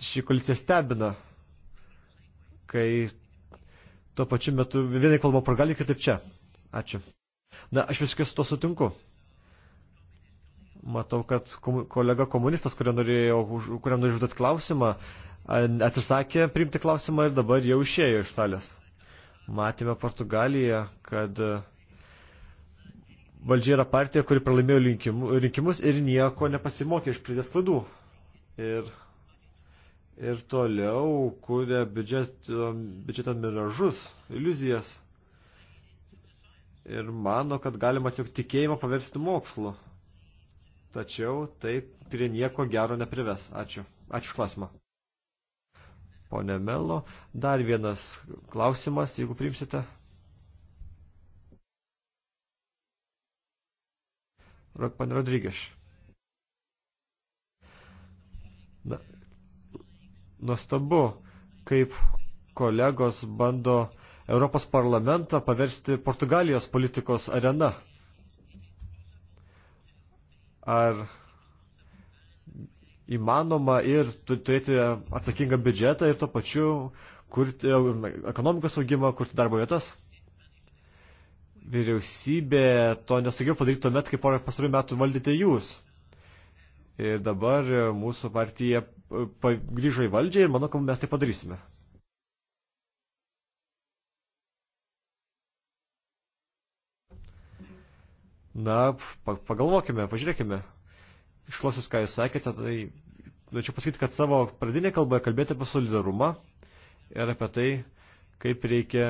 ši koalicija stebina, kai tuo pačiu metu vienai kalba porgaliai, kitaip čia. Ačiū. Na, aš visiškai su to sutinku. Matau, kad komu kolega komunistas, kuriam norėjau, kuriam norėjau užduoti klausimą, atsisakė priimti klausimą ir dabar jau išėjo iš salės. Matėme Portugaliją, kad e, valdžia yra partija, kuri pralaimėjo rinkimus ir nieko nepasimokė iš pridės klaidų. Ir ir toliau kuria biudžeto, biudžeto miražus, iliuzijas ir mano, kad galima tiesiog tikėjimą paversti mokslu. Tačiau tai prie nieko gero neprives. Ačiū. Ačiū už klausimą. Pone Melo, dar vienas klausimas, jeigu priimsite. Pane Rodrygeš. Nuostabu, kaip kolegos bando Europos parlamentą paversti Portugalijos politikos arena. Ar įmanoma ir turėti atsakingą biudžetą ir tuo pačiu kurti e, ekonomikos augimą, kurti darbo vietas? Vyriausybė to nesugebėjo padaryti tuomet, kai porą pastarųjų metų valdyti jūs. Ir dabar e, mūsų partija e, grįžo į valdžią ir manau, kad mes tai padarysime. Na, pagalvokime, pažiūrėkime. Išklausius, ką jūs sakėte, tai norėčiau pasakyti, kad savo pradinė kalboje kalbėti apie solidarumą ir apie tai, kaip reikia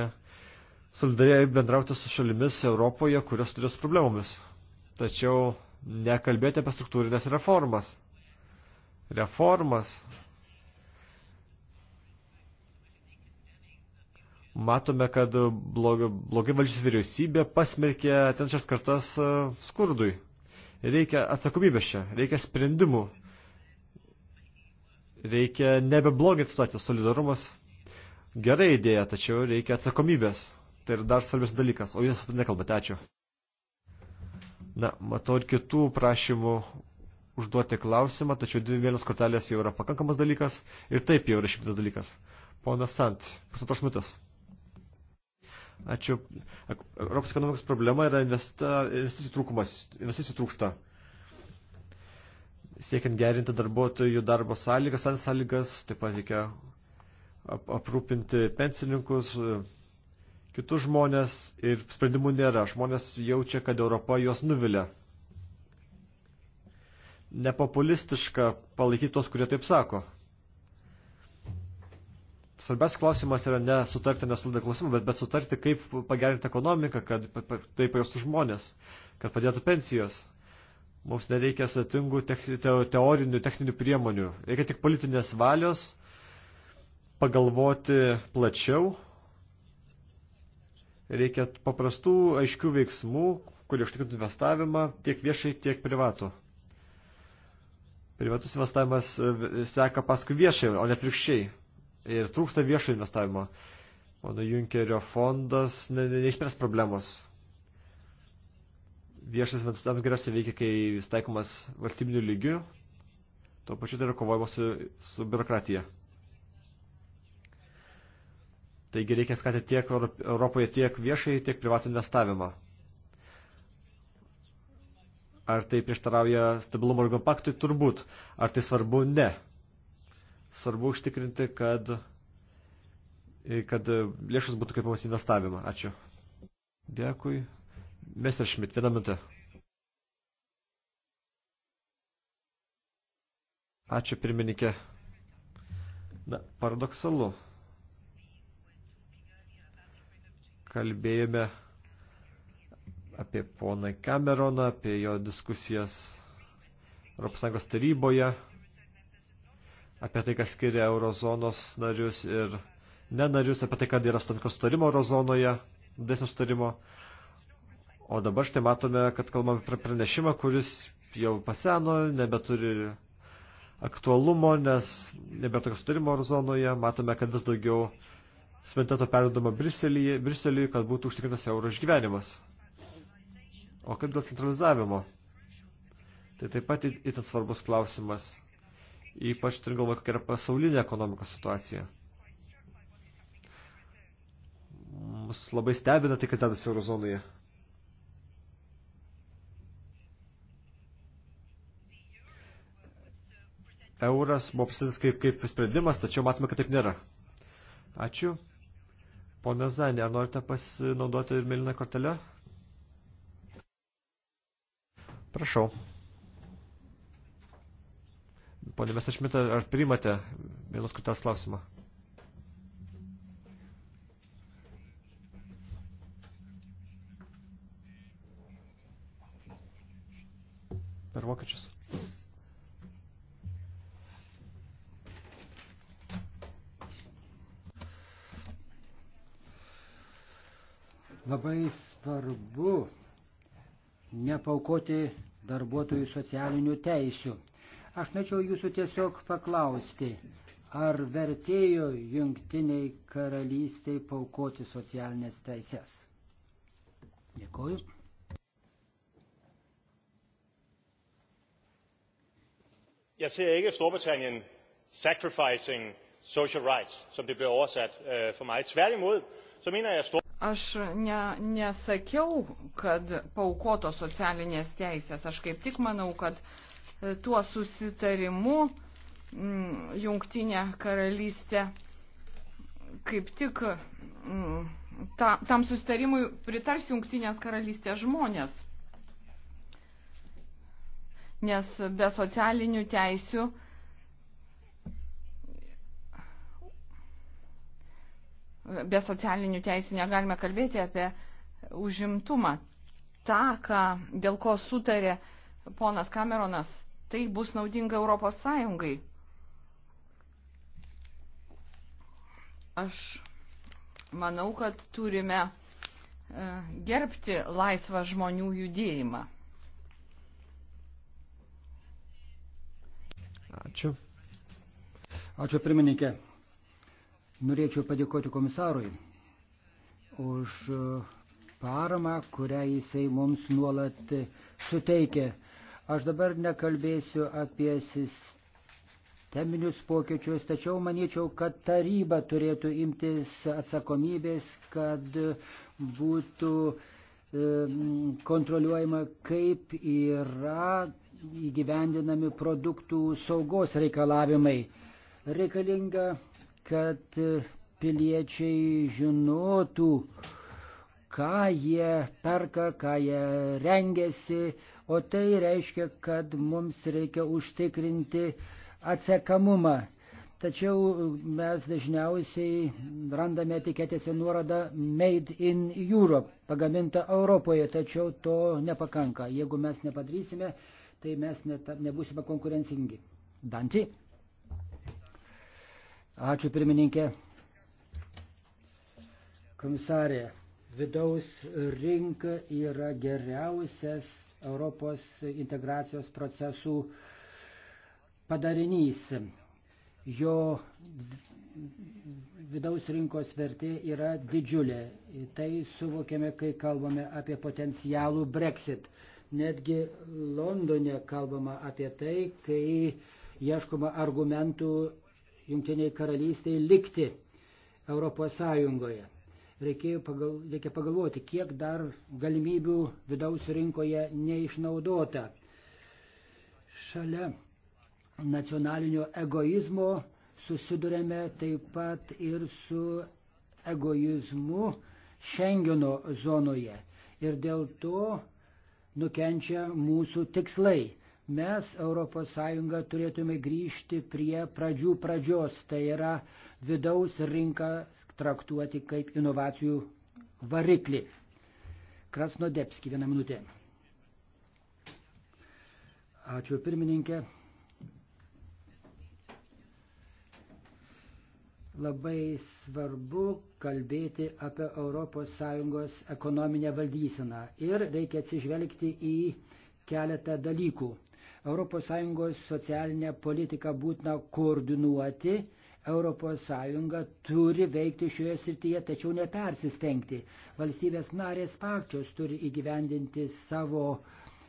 solidariai bendrauti su šalimis Europoje, kurios turės problemomis. Tačiau nekalbėjote apie struktūrinės reformas. Reformas. Matome, kad blogai, blogai valdžios vyriausybė pasmerkė atenčias kartas e, skurdui. Reikia atsakomybės čia, reikia sprendimų, reikia nebebloginti situaciją, solidarumas. Gerai idėja, tačiau reikia atsakomybės. Tai yra dar svarbės dalykas, o jūs tai nekalbate, ačiū. Na, matau ir kitų prašymų užduoti klausimą, tačiau dvi vienas kortelės jau yra pakankamas dalykas ir taip jau yra šimtas dalykas. Ponas Sant, pusantros minutės. Ačiū. Europos ekonomikos problema yra investa, investicijų trūkumas, investicijų trūksta. Siekiant gerinti darbuotojų darbo sąlygas, ant sąlygas, taip pat reikia aprūpinti pensininkus, kitus žmonės ir sprendimų nėra. Žmonės jaučia, kad Europa juos nuvilia. Nepopulistiška palaikyti tos, kurie taip sako. Svarbiausias klausimas yra ne sutarti nesulydą klausimą, bet, bet sutarti, kaip pagerinti ekonomiką, kad tai pajustų žmonės, kad padėtų pensijos. Mums nereikia sudėtingų te, te, teorinių, techninių priemonių. Reikia tik politinės valios pagalvoti plačiau Reikia paprastų, aiškių veiksmų, kurie užtikrintų investavimą tiek viešai, tiek privatų. Privatus investavimas e, seka paskui viešai, o net virkščiai. Ir trūksta viešo investavimo. Mano Junkerio fondas ne, ne, neišpręs problemos. Viešas investavimas geriausiai veikia, kai jis taikomas valstybiniu lygiu. Tuo pačiu tai yra kovojama su, su biurokratija. Taigi reikia skatinti tiek Europoje, tiek viešai, tiek privatų investavimą. Ar tai prieštarauja stabilumo ir kompaktui? Turbūt. Ar tai svarbu? Ne. Svarbu užtikrinti, kad, e, kad lėšus būtų kaipamas investavimą. Ačiū. Dėkui. Mester Šmit, vieną minutę. Ačiū pirmininkė. Na, paradoksalu. kalbėjome apie poną Cameroną, apie jo diskusijas ES taryboje, apie tai, kas skiria eurozonos narius ir nenarius, apie tai, kad yra stamkos sutarimo eurozonoje, desnio sutarimo. O dabar štai matome, kad kalbame apie pranešimą, kuris jau paseno, nebeturi aktualumo, nes nebėra tokio sutarimo eurozonoje. Matome, kad vis daugiau suvereniteto perdodama Briseliui, kad būtų užtikrintas euro išgyvenimas. O kaip dėl centralizavimo? Tai taip pat itin svarbus klausimas, ypač turint galvoje, kokia yra pasaulinė ekonomikos situacija. Mus labai stebina tai, kad dedasi eurozonoje. Euras buvo pristatytas kaip, kaip sprendimas, tačiau matome, kad taip nėra. Ačiū. Pone Zanė, ar norite pasinaudoti ir mėlyną kortelę? Prašau. Pone Mesašmita, ar priimate vienos kortelės klausimą? Per vokiečius. Labai svarbu nepaukoti darbuotojų socialinių teisių. Aš norėčiau jūsų tiesiog paklausti, ar vertėjo jungtiniai karalystiai paukoti socialinės teisės. Dėkuoju. Jeg ser ikke Storbritannien sacrificing social rights, som det blev oversat øh, for mig. Tværtimod, så mener jeg, at Aš ne, nesakiau, kad paukoto socialinės teisės. Aš kaip tik manau, kad e, tuo susitarimu m, mm, jungtinė karalystė kaip tik m, mm, ta, tam susitarimui pritars jungtinės karalystės žmonės. Nes be socialinių teisių be socialinių teisų negalime kalbėti apie užimtumą. Ta, ką, dėl ko sutarė ponas Cameronas, tai bus naudinga Europos Sąjungai. Aš manau, kad turime e, gerbti laisvą žmonių judėjimą. Ačiū. Ačiū pirmininkė. Norėčiau padėkoti komisarui už e, paramą, kurią jisai mums nuolat suteikia. Aš dabar nekalbėsiu apie sisteminius pokyčius, tačiau manyčiau, kad taryba turėtų imtis atsakomybės, kad būtų e, kontroliuojama, kaip yra įgyvendinami produktų saugos reikalavimai. Reikalinga kad e, piliečiai žinotų, ką jie perka, ką jie rengiasi, o tai reiškia, kad mums reikia užtikrinti atsekamumą. Tačiau mes dažniausiai randame etiketėse nuorodą Made in Europe, pagaminta Europoje, tačiau to nepakanka. Jeigu mes nepadarysime, tai mes net, nebusime konkurencingi. Dantį. Ačiū pirmininkė. Komisarė, vidaus rinka yra geriausias Europos integracijos procesų padarinys. Jo vidaus rinkos vertė yra didžiulė. Tai suvokiame, kai kalbame apie potencialų Brexit. Netgi Londone kalbama apie tai, kai ieškoma argumentų jungtiniai karalystiai likti Europos Sąjungoje. Reikėjo pagal, reikia pagalvoti, kiek dar galimybių vidaus rinkoje neišnaudota. Šalia nacionalinio egoizmo susidurėme taip pat ir su egoizmu Šengeno zonoje. Ir dėl to nukenčia mūsų tikslai mes ES turėtume grįžti prie pradžių pradžios, tai yra vidaus rinką traktuoti kaip inovacijų variklį. Krasnodepski, vieną minutę. Ačiū pirmininkė. Labai svarbu kalbėti apie ES ekonominę valdyseną ir reikia atsižvelgti į keletą dalykų ES socialinę politiką būtina koordinuoti, ES turi veikti šioje srityje, tačiau nepersistengti. Valstybės narės pakčios turi įgyvendinti savo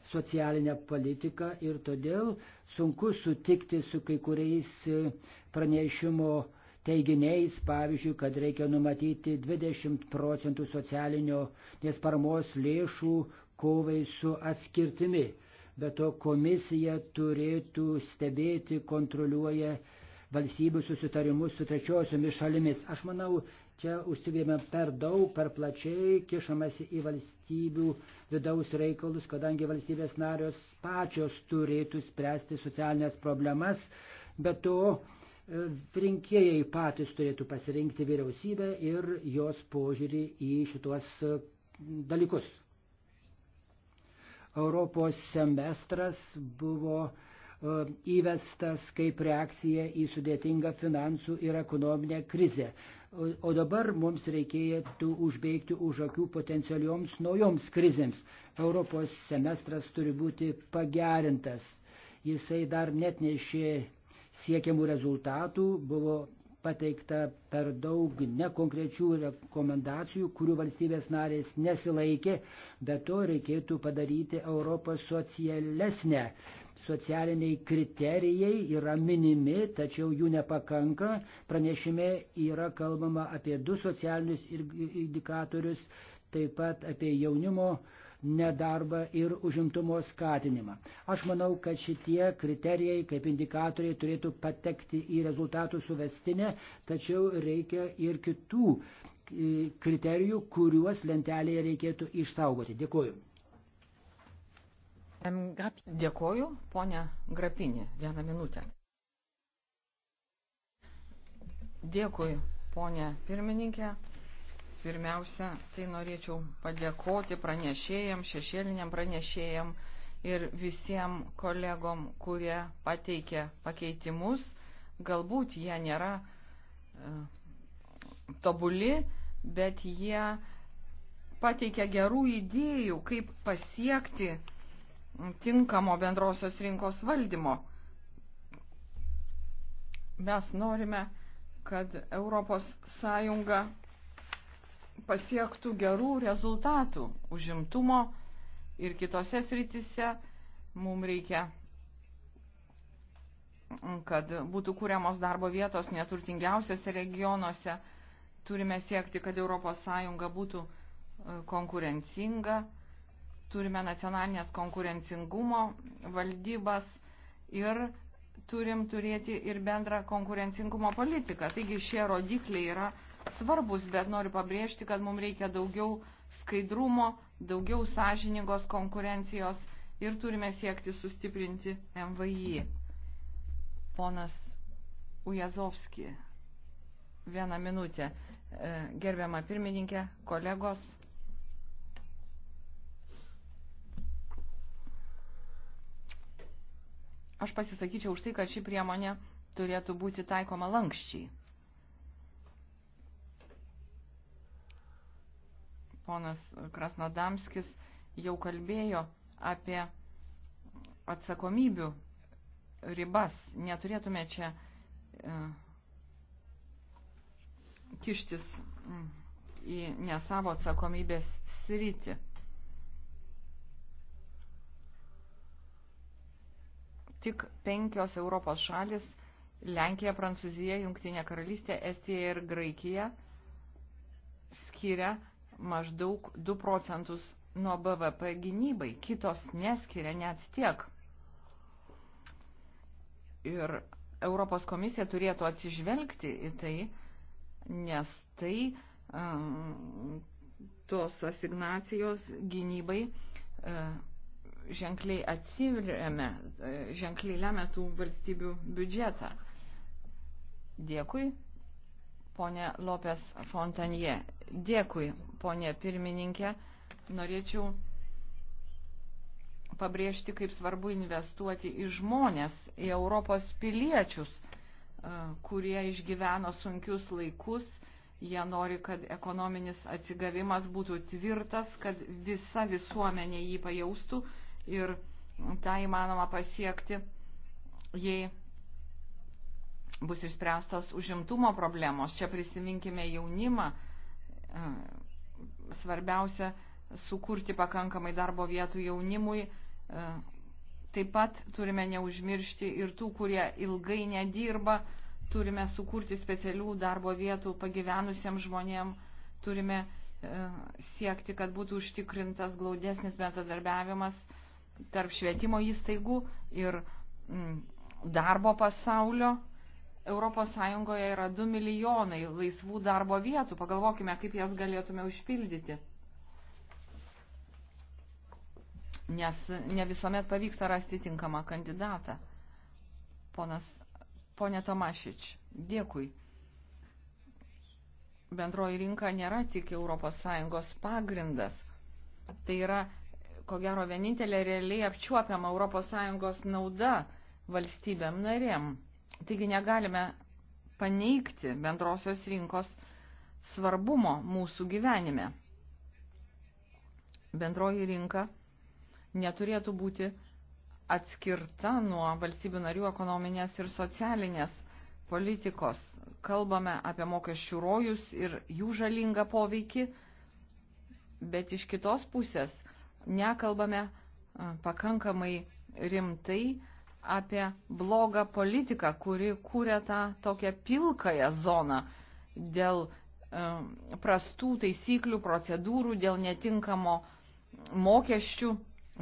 socialinę politiką ir todėl sunku sutikti su kai kuriais e, pranešimo teiginiais, pavyzdžiui, kad reikia numatyti 20 procentų socialinio nesparmos lėšų kovai su atskirtimi bet to komisija turėtų stebėti, kontroliuoja valstybių susitarimus su trečiosiomis šalimis. Aš manau, čia užsigrėmė per daug, per plačiai, kišamasi į valstybių vidaus reikalus, kadangi valstybės narios pačios turėtų spręsti socialinės problemas, bet to e, rinkėjai patys turėtų pasirinkti vyriausybę ir jos požiūrį į šitos e, dalykus. Europos semestras buvo e, įvestas kaip reakcija į sudėtingą finansų ir ekonominę krizę. O dabar mums reikėtų užbėgti už akių potencialioms naujoms krizėms. Europos semestras turi būti pagerintas. Jisai dar net nešė siekiamų rezultatų, buvo pateikta per daug nekonkrečių rekomendacijų, kurių valstybės narės nesilaikė, bet to reikėtų padaryti Europą socialesnę. Socialiniai kriterijai yra minimi, tačiau jų nepakanka. Pranešime yra kalbama apie du socialinius indikatorius, taip pat apie jaunimo uh, nedarbą ir užimtumo skatinimą. Aš manau, kad šitie kriterijai kaip indikatoriai turėtų patekti į rezultatų suvestinę, tačiau reikia ir kitų e, kriterijų, kuriuos lentelėje reikėtų išsaugoti. Dėkuoju. Dėkuoju, ponia Grapinė. Vieną minutę. Dėkui, ponia pirmininkė. Pirmiausia, tai norėčiau padėkoti pranešėjam, šešėliniam pranešėjam ir visiem kolegom, kurie pateikė pakeitimus. Galbūt jie nėra e, tobuli, bet jie pateikia gerų idėjų, kaip pasiekti tinkamo bendrosios rinkos valdymo. Mes norime, kad ES pasiektų gerų rezultatų užimtumo ir kitose sritise. Mums reikia, kad būtų kūriamos darbo vietos neturtingiausiose regionuose. Turime siekti, kad ES būtų e, konkurencinga. Turime nacionalinės konkurencingumo valdybas ir turim turėti ir bendrą konkurencingumo politiką. Taigi šie rodikliai yra svarbus, bet noriu pabrėžti, kad mums reikia daugiau skaidrumo, daugiau sąžiningos konkurencijos ir turime siekti sustiprinti MVI. Ponas Ujazovski, vieną minutę. E, gerbiama pirmininkė, kolegos. Aš pasisakyčiau už tai, kad ši priemonė turėtų būti taikoma lankščiai. ponas Krasnodamskis jau kalbėjo apie atsakomybių ribas. Neturėtume čia e, kištis į nesavo atsakomybės sritį. Tik penkios Europos šalis - Lenkija, Prancūzija, Junktinė karalystė, Estija ir Graikija - skiria maždaug 2 procentus nuo BVP gynybai, kitos neskiria net tiek. Ir Europos komisija turėtų atsižvelgti į tai, nes tai um, tos asignacijos gynybai uh, ženkliai atsiviriame, uh, ženkliai lemia tų valstybių biudžetą. Dėkui ponė Lopės Fontanje. Dėkui, ponė pirmininkė. Norėčiau pabrėžti, kaip svarbu investuoti į žmonės, į Europos piliečius, e, kurie išgyveno sunkius laikus. Jie nori, kad ekonominis atsigavimas būtų tvirtas, kad visa visuomenė jį pajaustų ir tą įmanoma pasiekti, jei bus išspręstos užimtumo problemos. Čia prisiminkime jaunimą. E, svarbiausia sukurti pakankamai darbo vietų jaunimui. E, taip pat turime neužmiršti ir tų, kurie ilgai nedirba. Turime sukurti specialių darbo vietų pagyvenusiems žmonėm. Turime e, siekti, kad būtų užtikrintas glaudesnis bendradarbiavimas tarp švietimo įstaigų ir mm, darbo pasaulio ES yra 2 milijonai laisvų darbo vietų. Pagalvokime, kaip jas galėtume užpildyti. Nes ne visuomet pavyksta rasti tinkamą kandidatą. Ponas, ponė Tomašič, dėkui. Bendroji rinka nėra tik ES pagrindas. Tai yra, ko gero, vienintelė realiai apčiuopiama ES nauda valstybėm narėm. Taigi negalime paneigti bendrosios rinkos svarbumo mūsų gyvenime. Bendroji rinka neturėtų būti atskirta nuo valstybių narių ekonominės ir socialinės politikos. Kalbame apie mokesčių rojus ir jų žalingą poveikį, bet iš kitos pusės nekalbame pakankamai rimtai apie blogą politiką, kuri kūrė tą tokią pilkąją zoną dėl e, prastų taisyklių, procedūrų, dėl netinkamo mokesčių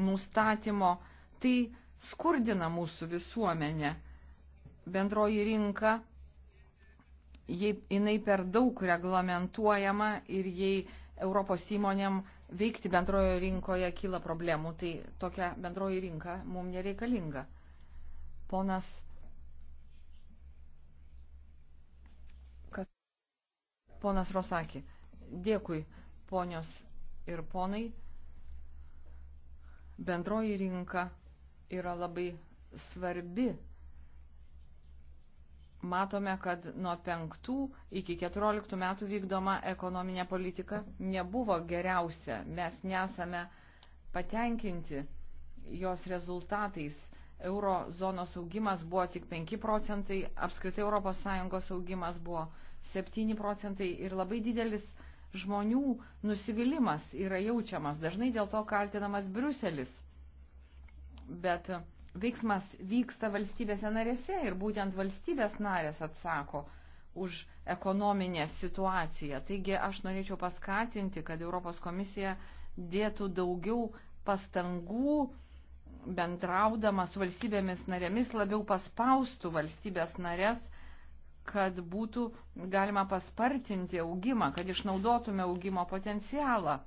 nustatymo. Tai skurdina mūsų visuomenę. Bendroji rinka, jei jinai per daug reglamentuojama ir jei Europos įmonėm veikti bendrojo rinkoje kyla problemų, tai tokia bendroji rinka mums nereikalinga. Ponas Ponas Rosaki, dėkui, ponios ir ponai. Bendroji rinka yra labai svarbi. Matome, kad nuo 5 iki 14 metų vykdoma ekonominė politika nebuvo geriausia. Mes nesame patenkinti jos rezultatais euro zonos augimas buvo tik 5 procentai, apskritai ES augimas buvo 7 procentai ir labai didelis žmonių nusivylimas yra jaučiamas, dažnai dėl to kaltinamas Briuselis. Bet veiksmas vyksta valstybėse narėse ir būtent valstybės narės atsako už ekonominę situaciją. Taigi aš norėčiau paskatinti, kad Europos komisija dėtų daugiau pastangų, bendraudama su valstybėmis narėmis labiau paspaustų valstybės narės, kad būtų galima paspartinti augimą, kad išnaudotume augimo potencialą.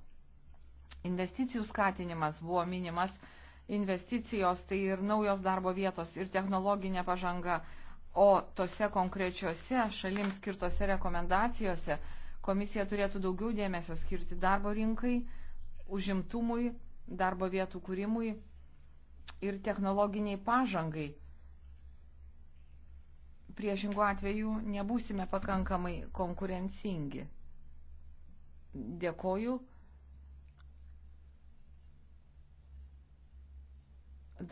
Investicijų skatinimas buvo minimas, investicijos tai ir naujos darbo vietos, ir technologinė pažanga, o tose konkrečiose šalims skirtose rekomendacijose komisija turėtų daugiau dėmesio skirti darbo rinkai, užimtumui, darbo vietų kūrimui ir technologiniai pažangai. Priešingų atveju nebūsime pakankamai konkurencingi. Dėkoju.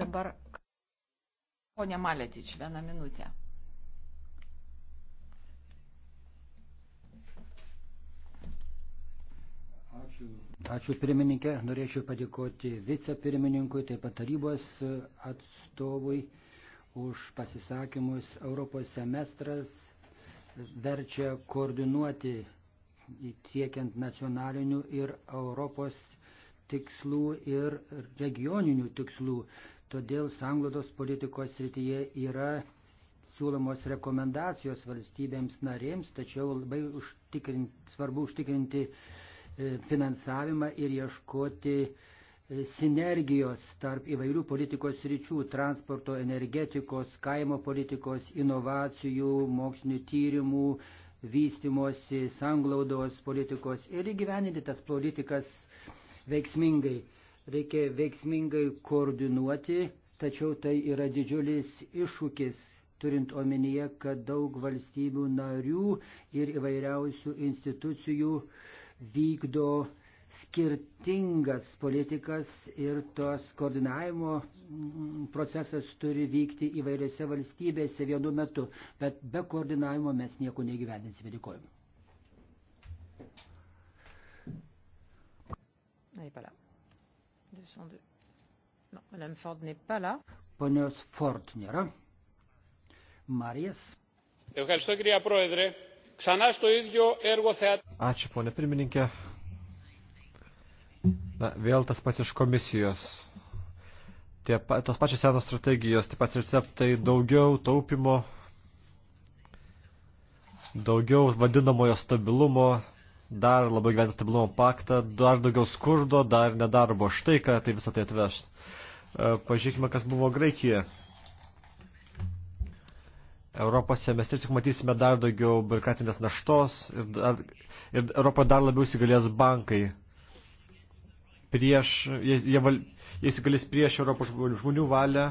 Dabar ponia Maletič, vieną minutę. Ačiū pirmininkė, norėčiau padėkoti vicepirmininkui, taip pat tarybos atstovui už pasisakymus. Europos semestras verčia koordinuoti tiekiant nacionalinių ir Europos tikslų ir regioninių tikslų. Todėl sanglodos politikos srityje yra siūlomos rekomendacijos valstybėms narėms, tačiau labai užtikrint, svarbu užtikrinti E, finansavimą ir ieškoti e, sinergijos tarp įvairių politikos ryčių - transporto, energetikos, kaimo politikos, inovacijų, mokslinių tyrimų, vystimosi, sanglaudos politikos ir įgyveninti tas politikas veiksmingai. Reikia veiksmingai koordinuoti, tačiau tai yra didžiulis iššūkis turint omenyje, kad daug valstybių narių ir įvairiausių institucijų uh, vykdo skirtingas politikas ir tos koordinavimo procesas turi vykti įvairiose valstybėse vienu metu, bet be koordinavimo mes nieko negyvendinsime. Dėkojame. Ponios Ford nėra. Marijas. Ευχαριστώ κυρία Πρόεδρε. Ξανά στο ίδιο έργο θεατρικό. Ačiū, ponė pirmininkė. Na, vėl tas pats iš komisijos. Tie, tos pačios senos strategijos, taip pat receptai daugiau taupimo, daugiau vadinamojo stabilumo, dar labai gyventi stabilumo paktą, dar daugiau skurdo, dar nedarbo. Štai ką tai visą tai atveš. E, pažiūrėkime, kas buvo Graikijoje. Europos semestre tik matysime dar daugiau biurokratinės naštos ir, dar, ir Europoje dar labiau įsigalės bankai. Prieš, jie, jie, val, jie įsigalės prieš Europos žmonių valią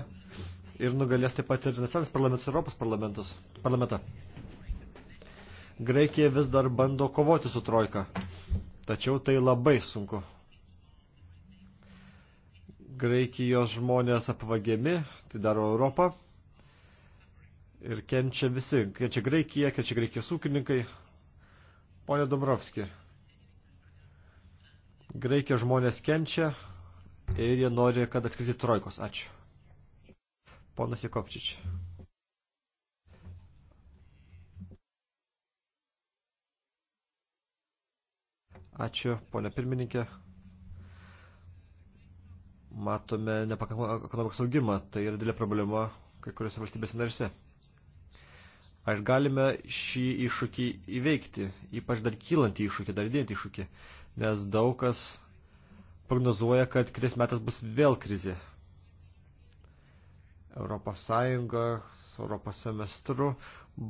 ir nugalės taip pat ir nacionalinis parlamentas ir Europos parlamentus, parlamentą. Graikija vis dar bando kovoti su trojka, tačiau tai labai sunku. Graikijos žmonės apvagiami, tai daro Europą ir kenčia visi, kenčia Graikija, kenčia Graikijos ūkininkai. Pone Dombrovski, Graikijos žmonės kenčia ir jie nori, kad atskirti trojkos. Ačiū. Ponas Jakovčič. Ačiū, ponė pirmininkė. Matome nepakankamą ekonomikos augimą, tai yra didelė problema kai kuriuose valstybėse narėse. Ar galime šį iššūkį įveikti, ypač dar kylantį iššūkį, dar didėjantį iššūkį, nes daug kas prognozuoja, kad kitais metais bus vėl krizė. Europos Sąjunga, Europos semestru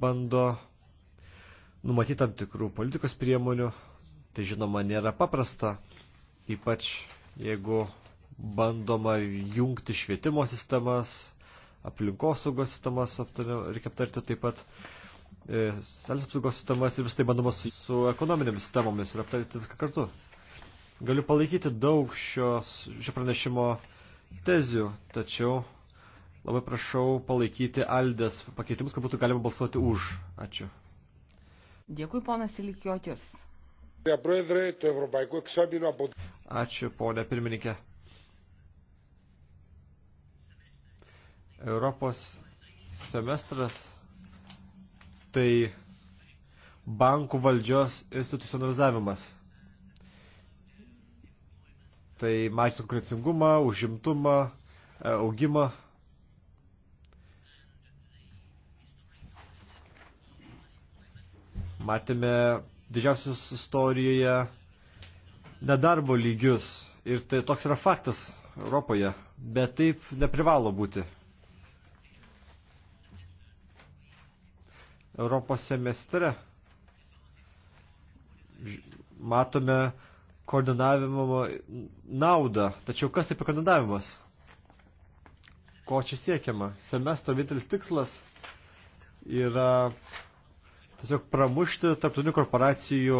bando numatyti tam tikrų politikos priemonių. Tai žinoma nėra paprasta, ypač jeigu bandoma jungti švietimo sistemas, aplinkosaugos sistemas, reikia aptarti taip pat e, socialinės apsaugos sistemas ir vis tai bandoma su, su ekonominėmis sistemomis ir aptarti viską kartu. Galiu palaikyti daug šios, šio pranešimo tezių, tačiau labai prašau palaikyti Aldės pakeitimus, kad būtų galima balsuoti už. Ačiū. Dėkui, ponas Ilikiotis. Ačiū, ponė pirmininkė. Europos semestras tai bankų valdžios institucionalizavimas. Tai mažins konkurencingumą, užimtumą, e, augimą. Matėme didžiausius istorijoje nedarbo lygius ir tai toks yra faktas Europoje, bet taip neprivalo būti. Europos semestre matome koordinavimo naudą. Tačiau kas tai koordinavimas? Ko čia siekiama? Semestro vienintelis tikslas yra tiesiog pramušti tarptautinių korporacijų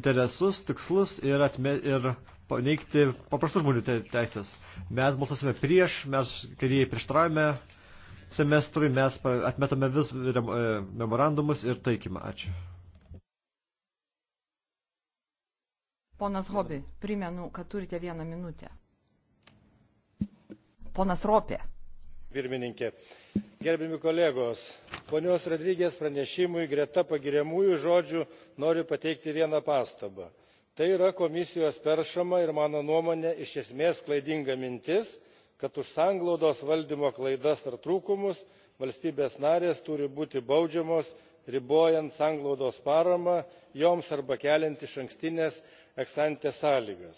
interesus, tikslus ir, atme, ir paneigti paprastų žmonių teisės. Mes balsasime prieš, mes kairieji prieštraujame semestrui mes atmetame vis e, memorandumus ir taikymą. Ačiū. Ponas Hobi, primenu, kad turite vieną minutę. Ponas Ropė. Pirmininkė, gerbimi kolegos, ponios Rodrygės pranešimui greta pagiriamųjų žodžių noriu pateikti vieną pastabą. Tai yra komisijos peršama ir mano nuomonė iš esmės klaidinga mintis, kad už sanglaudos valdymo klaidas ar trūkumus valstybės narės turi būti baudžiamos ribojant sanglaudos paramą joms arba keliant išankstines ex ante sąlygas.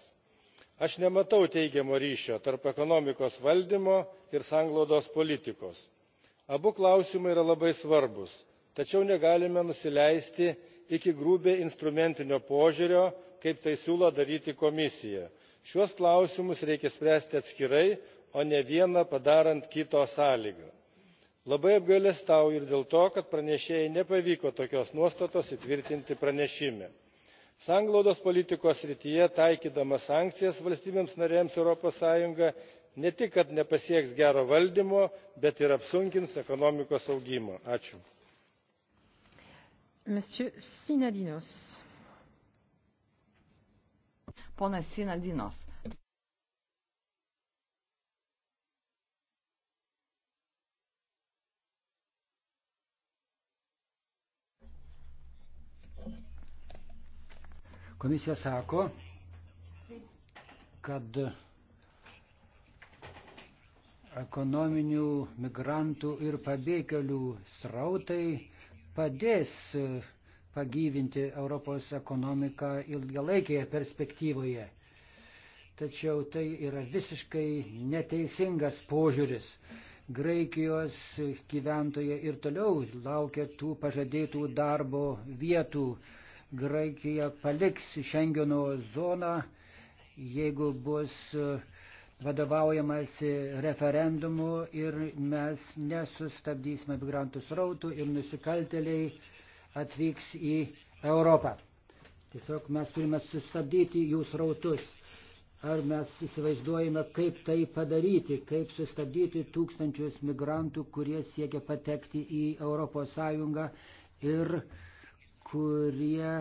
aš nematau teigiamo ryšio tarp ekonomikos valdymo ir sanglaudos politikos. abu klausimai yra labai svarbūs tačiau negalime nusileisti iki grubiai instrumentinio požiūrio kaip tai siūlo daryti komisija. šiuos klausimus reikia spręsti atskirai o ne vieną padarant kito sąlyga. labai apgailestauju ir dėl to kad pranešėjai nepavyko tokios nuostatos įtvirtinti pranešime. sanglaudos politikos srityje taikydama sankcijas valstybėms narėms europos sąjunga ne tik kad nepasieks gero valdymo bet ir apsunkins ekonomikos augimą. ponas sinadinos Komisija sako, kad ekonominių migrantų ir pabėgėlių srautai padės pagyvinti Europos ekonomiką ilgalaikėje perspektyvoje. Tačiau tai yra visiškai neteisingas požiūris. Graikijos gyventojai ir toliau laukia tų pažadėtų darbo vietų, Graikija paliks Šengeno zoną, jeigu bus e, vadovaujamasi referendumu ir mes nesustabdysime migrantų srautų ir nusikalteliai atvyks į Europą. Tiesiog mes turime sustabdyti jų srautus. Ar mes įsivaizduojame, kaip tai padaryti, kaip sustabdyti tūkstančius migrantų, kurie siekia patekti į ES ir kurie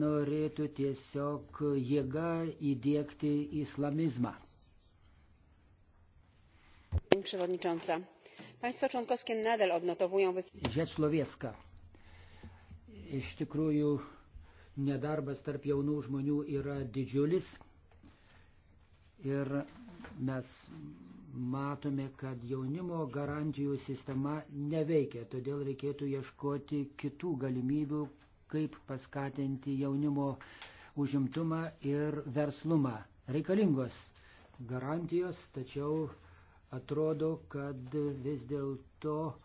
norėtų tiesiog jėga įdėkti islamizmą. Przewodnicząca. Państwo członkowskie nadal odnotowują Žečlovieska. Iš tikrųjų, nedarbas tarp jaunų žmonių yra didžiulis ir mes matome, kad jaunimo garantijų sistema neveikia, todėl reikėtų ieškoti kitų galimybių, kaip paskatinti jaunimo užimtumą ir verslumą. Reikalingos garantijos, tačiau atrodo, kad vis dėlto e,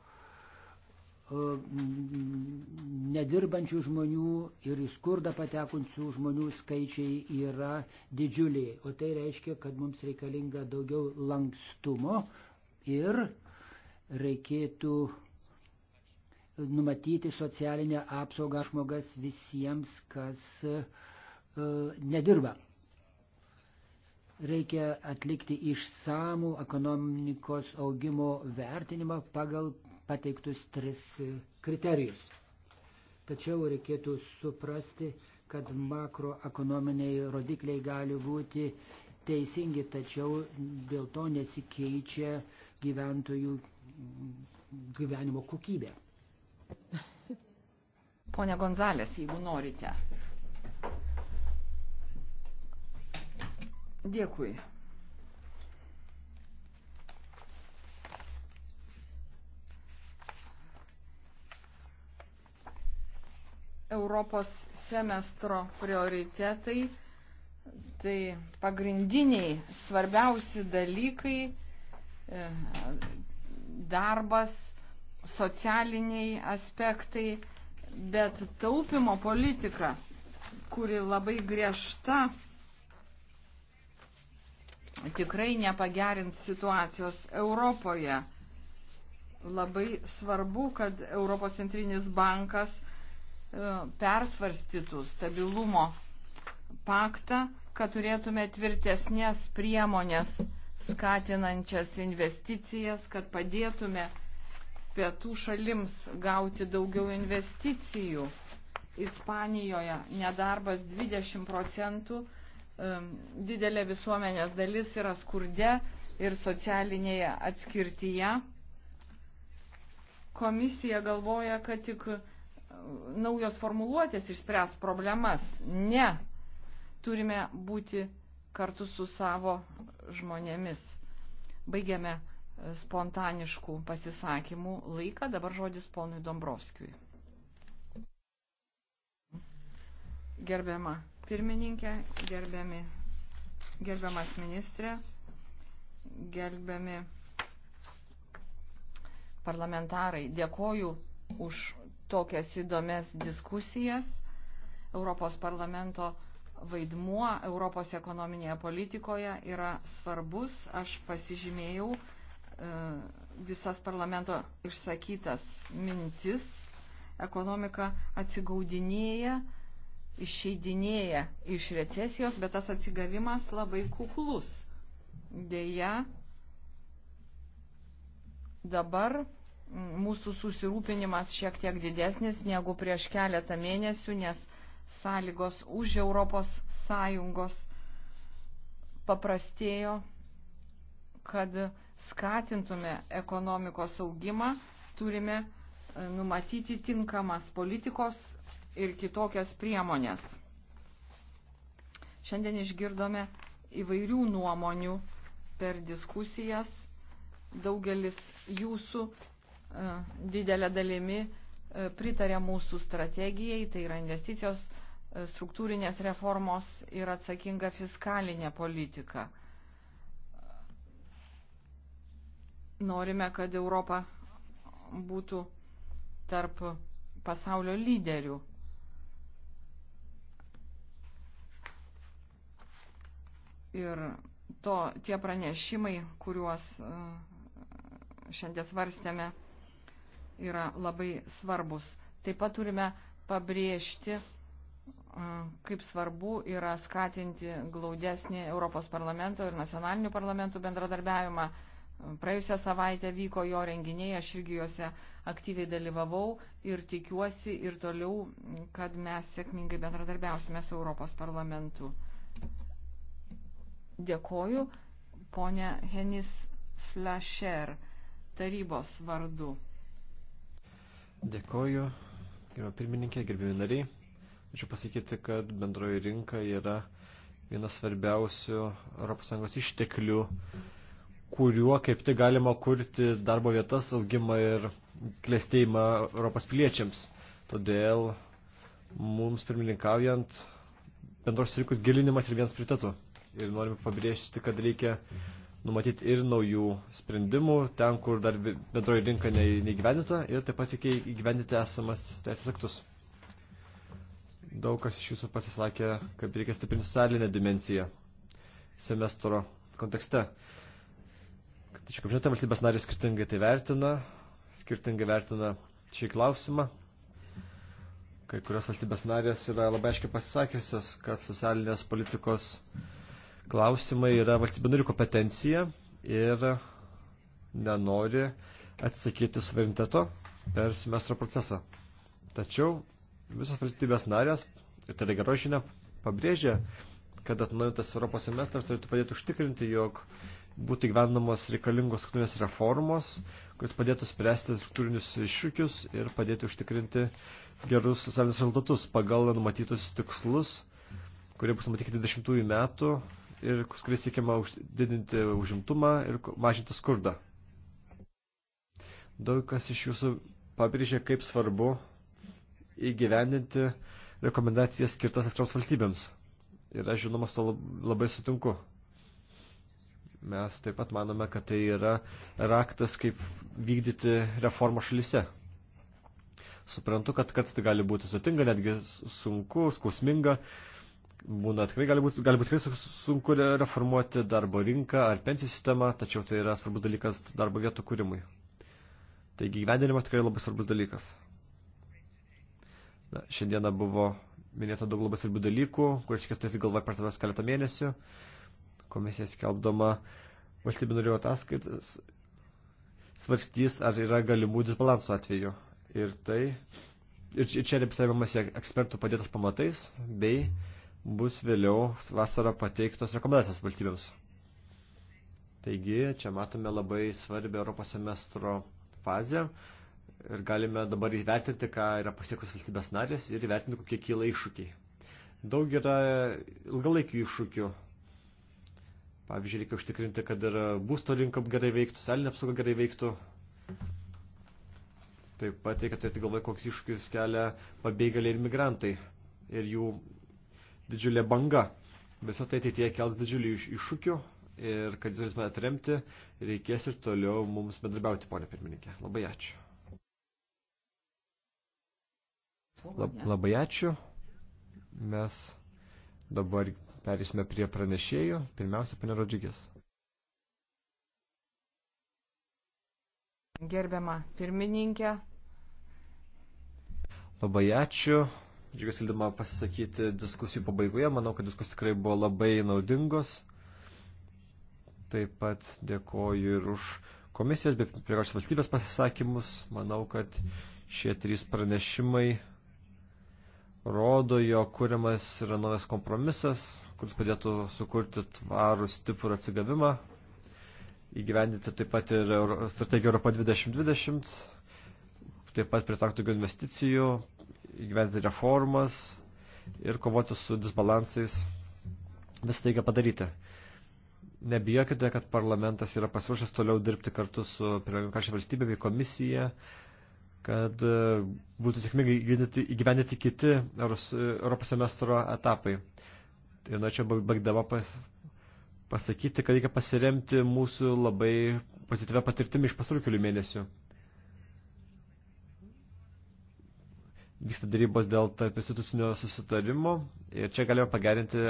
nedirbančių žmonių ir į skurdą patekusių žmonių skaičiai yra didžiuliai. O tai reiškia, kad mums reikalinga daugiau lankstumo ir reikėtų numatyti socialinę apsaugą žmogas visiems, kas e, nedirba. Reikia atlikti išsamų ekonomikos augimo vertinimą pagal pateiktus tris e, kriterijus. Tačiau reikėtų suprasti, kad makroekonominiai rodikliai gali būti teisingi, tačiau dėl to nesikeičia gyventojų gyvenimo kokybė. Pone Gonzalės, jeigu norite. Dėkui. Europos semestro prioritetai tai pagrindiniai svarbiausi dalykai e, darbas, socialiniai aspektai Bet taupimo politika, kuri labai griežta, tikrai nepagerins situacijos Europoje. Labai svarbu, kad Europos centrinis bankas e, persvarstytų stabilumo paktą, kad turėtume tvirtesnės priemonės skatinančias investicijas, kad padėtume pietų šalims gauti daugiau investicijų. Ispanijoje nedarbas 20 procentų, didelė visuomenės dalis yra skurde ir socialinėje atskirtyje. Komisija galvoja, kad tik e, naujos formuluotės išspręs problemas. Ne, turime būti kartu su savo žmonėmis. Baigiame spontaniškų pasisakymų laiką. Dabar žodis ponui Dombrovskijui. Gerbiama pirmininkė, gerbiami, gerbiamas ministrė, gerbiami parlamentarai, dėkoju už tokias įdomias diskusijas. Europos parlamento vaidmuo Europos ekonominėje politikoje yra svarbus. Aš pasižymėjau E, visas parlamento išsakytas mintis, ekonomika atsigaudinėja, išeidinėja iš recesijos, bet tas atsigavimas labai kuklus. Deja, dabar mūsų susirūpinimas šiek tiek didesnis negu prieš keletą mėnesių, nes sąlygos už Europos Sąjungos paprastėjo, kad skatintume ekonomikos augimą, turime e, numatyti tinkamas politikos ir kitokias priemonės. Šiandien išgirdome įvairių nuomonių per diskusijas. Daugelis jūsų e, didelė dalimi e, pritarė mūsų strategijai, tai yra investicijos, struktūrinės reformos ir atsakinga fiskalinė politika. norime, kad Europa būtų tarp pasaulio lyderių. Ir to, tie pranešimai, kuriuos e, šiandien svarstėme, yra labai svarbus. Taip pat turime pabrėžti, e, kaip svarbu yra skatinti glaudesnį Europos parlamento ir nacionalinių parlamentų bendradarbiavimą Praėjusią savaitę vyko jo renginiai, aš irgi juose aktyviai dalyvavau ir tikiuosi ir toliau, kad mes sėkmingai bendradarbiausime su Europos parlamentu. Dėkoju, ponė Henis Flasher, tarybos vardu. Dėkoju, gerbėjau pirmininkė, gerbėjau nariai. Ačiū pasakyti, kad bendroji rinka yra vienas svarbiausių ES išteklių. Mm kuriuo kaip tai galima kurti darbo vietas, augimą ir klėstėjimą Europos piliečiams. Todėl mums pirmininkaujant bendros rinkos gilinimas ir vienas prioritetų. Ir norime pabrėžti, kad reikia numatyti ir naujų sprendimų ten, kur dar bendroji rinka neįgyvendita ir taip pat reikia įgyvendyti esamas teisės aktus. Daug kas iš jūsų pasisakė, kad reikia stiprinti socialinę dimenciją semestro kontekste. Tačiau, kaip žinote, valstybės narės skirtingai tai vertina, skirtingai vertina šį klausimą. Kai kurios valstybės narės yra labai aiškiai pasisakiusios, kad socialinės politikos klausimai yra valstybė narių kompetencija ir nenori atsakyti suvereniteto per semestro procesą. Tačiau visos valstybės narės, ir tai yra gero žinia, pabrėžia, kad atnaujintas Europos semestras turėtų padėti užtikrinti, jog būtų gyvenamos reikalingos struktūrinės reformos, kuris padėtų spręsti struktūrinius iššūkius ir padėtų užtikrinti gerus socialinius rezultatus pagal numatytus tikslus, kurie bus numatyti 20 metų ir kuris siekiama už, didinti užimtumą ir mažinti skurdą. Daug kas iš jūsų pabrėžė, kaip svarbu įgyvendinti rekomendacijas skirtas atskiroms valstybėms. Ir aš žinomas to labai sutinku. Mes taip pat manome, kad tai yra raktas, kaip vykdyti reformą šalyse. Suprantu, kad kad tai gali būti sutinga, netgi sunku, skausminga. Būna tikrai gali būti, gali būti tikrai sunku reformuoti darbo rinką ar pensijų sistemą, tačiau tai yra svarbus dalykas darbo vietų kūrimui. Taigi gyvendinimas tikrai labai svarbus dalykas. Na, šiandieną buvo minėta daug labai svarbių dalykų, kuris reikės turėti galvoje per savęs keletą mėnesių komisija skelbdama valstybių narių ataskaitas svarstys, ar yra galimų disbalansų atveju. Ir tai, ir čia repisėmiamas ekspertų padėtas pamatais, bei bus vėliau vasarą pateiktos rekomendacijos valstybėms. Taigi, čia matome labai svarbią Europos semestro fazę ir galime dabar įvertinti, ką yra pasiekus valstybės narės ir įvertinti, kokie kyla iššūkiai. Daug yra ilgalaikių iššūkių Pavyzdžiui, reikia užtikrinti, kad ir būsto rinka gerai veiktų, selinė apsauga gerai veiktų. Taip pat reikia turėti galvoje, koks iššūkis kelia pabėgėliai ir migrantai ir jų didžiulė banga. Visą tai ateityje kels didžiulį iššūkių ir kad jūs norėtume atremti, reikės ir toliau mums bendrabiauti, ponė pirmininkė. Labai ačiū. Lab, labai ačiū. Mes dabar Perėsime prie pranešėjų. Pirmiausia, panė Rodžygės. Gerbiama pirmininkė. Labai ačiū. Džiugas gildama pasisakyti diskusijų pabaigoje. Manau, kad diskusijos tikrai buvo labai naudingos. Taip pat dėkoju ir už komisijos bei priekačios valstybės pasisakymus. Manau, kad šie trys pranešimai rodo, jo kūrimas yra naujas kompromisas, kuris padėtų sukurti tvarų stiprų atsigavimą, įgyvendinti taip pat ir strategiją Europa 2020, taip pat pritraukti daugiau investicijų, įgyvendinti reformas ir kovoti su disbalansais. Visą tai reikia padaryti. Nebijokite, kad parlamentas yra pasiruošęs toliau dirbti kartu su pirmininkašia valstybė bei komisija, kad e, būtų sėkmingai įgyvendyti kiti e, Europos semestro etapai. Ir norėčiau nu, baigdama pas, pasakyti, kad reikia pasiremti mūsų labai pozityvę patirtimį iš pasarų kelių mėnesių. Vyksta darybos dėl tarp institucinio susitarimo ir čia galime pagerinti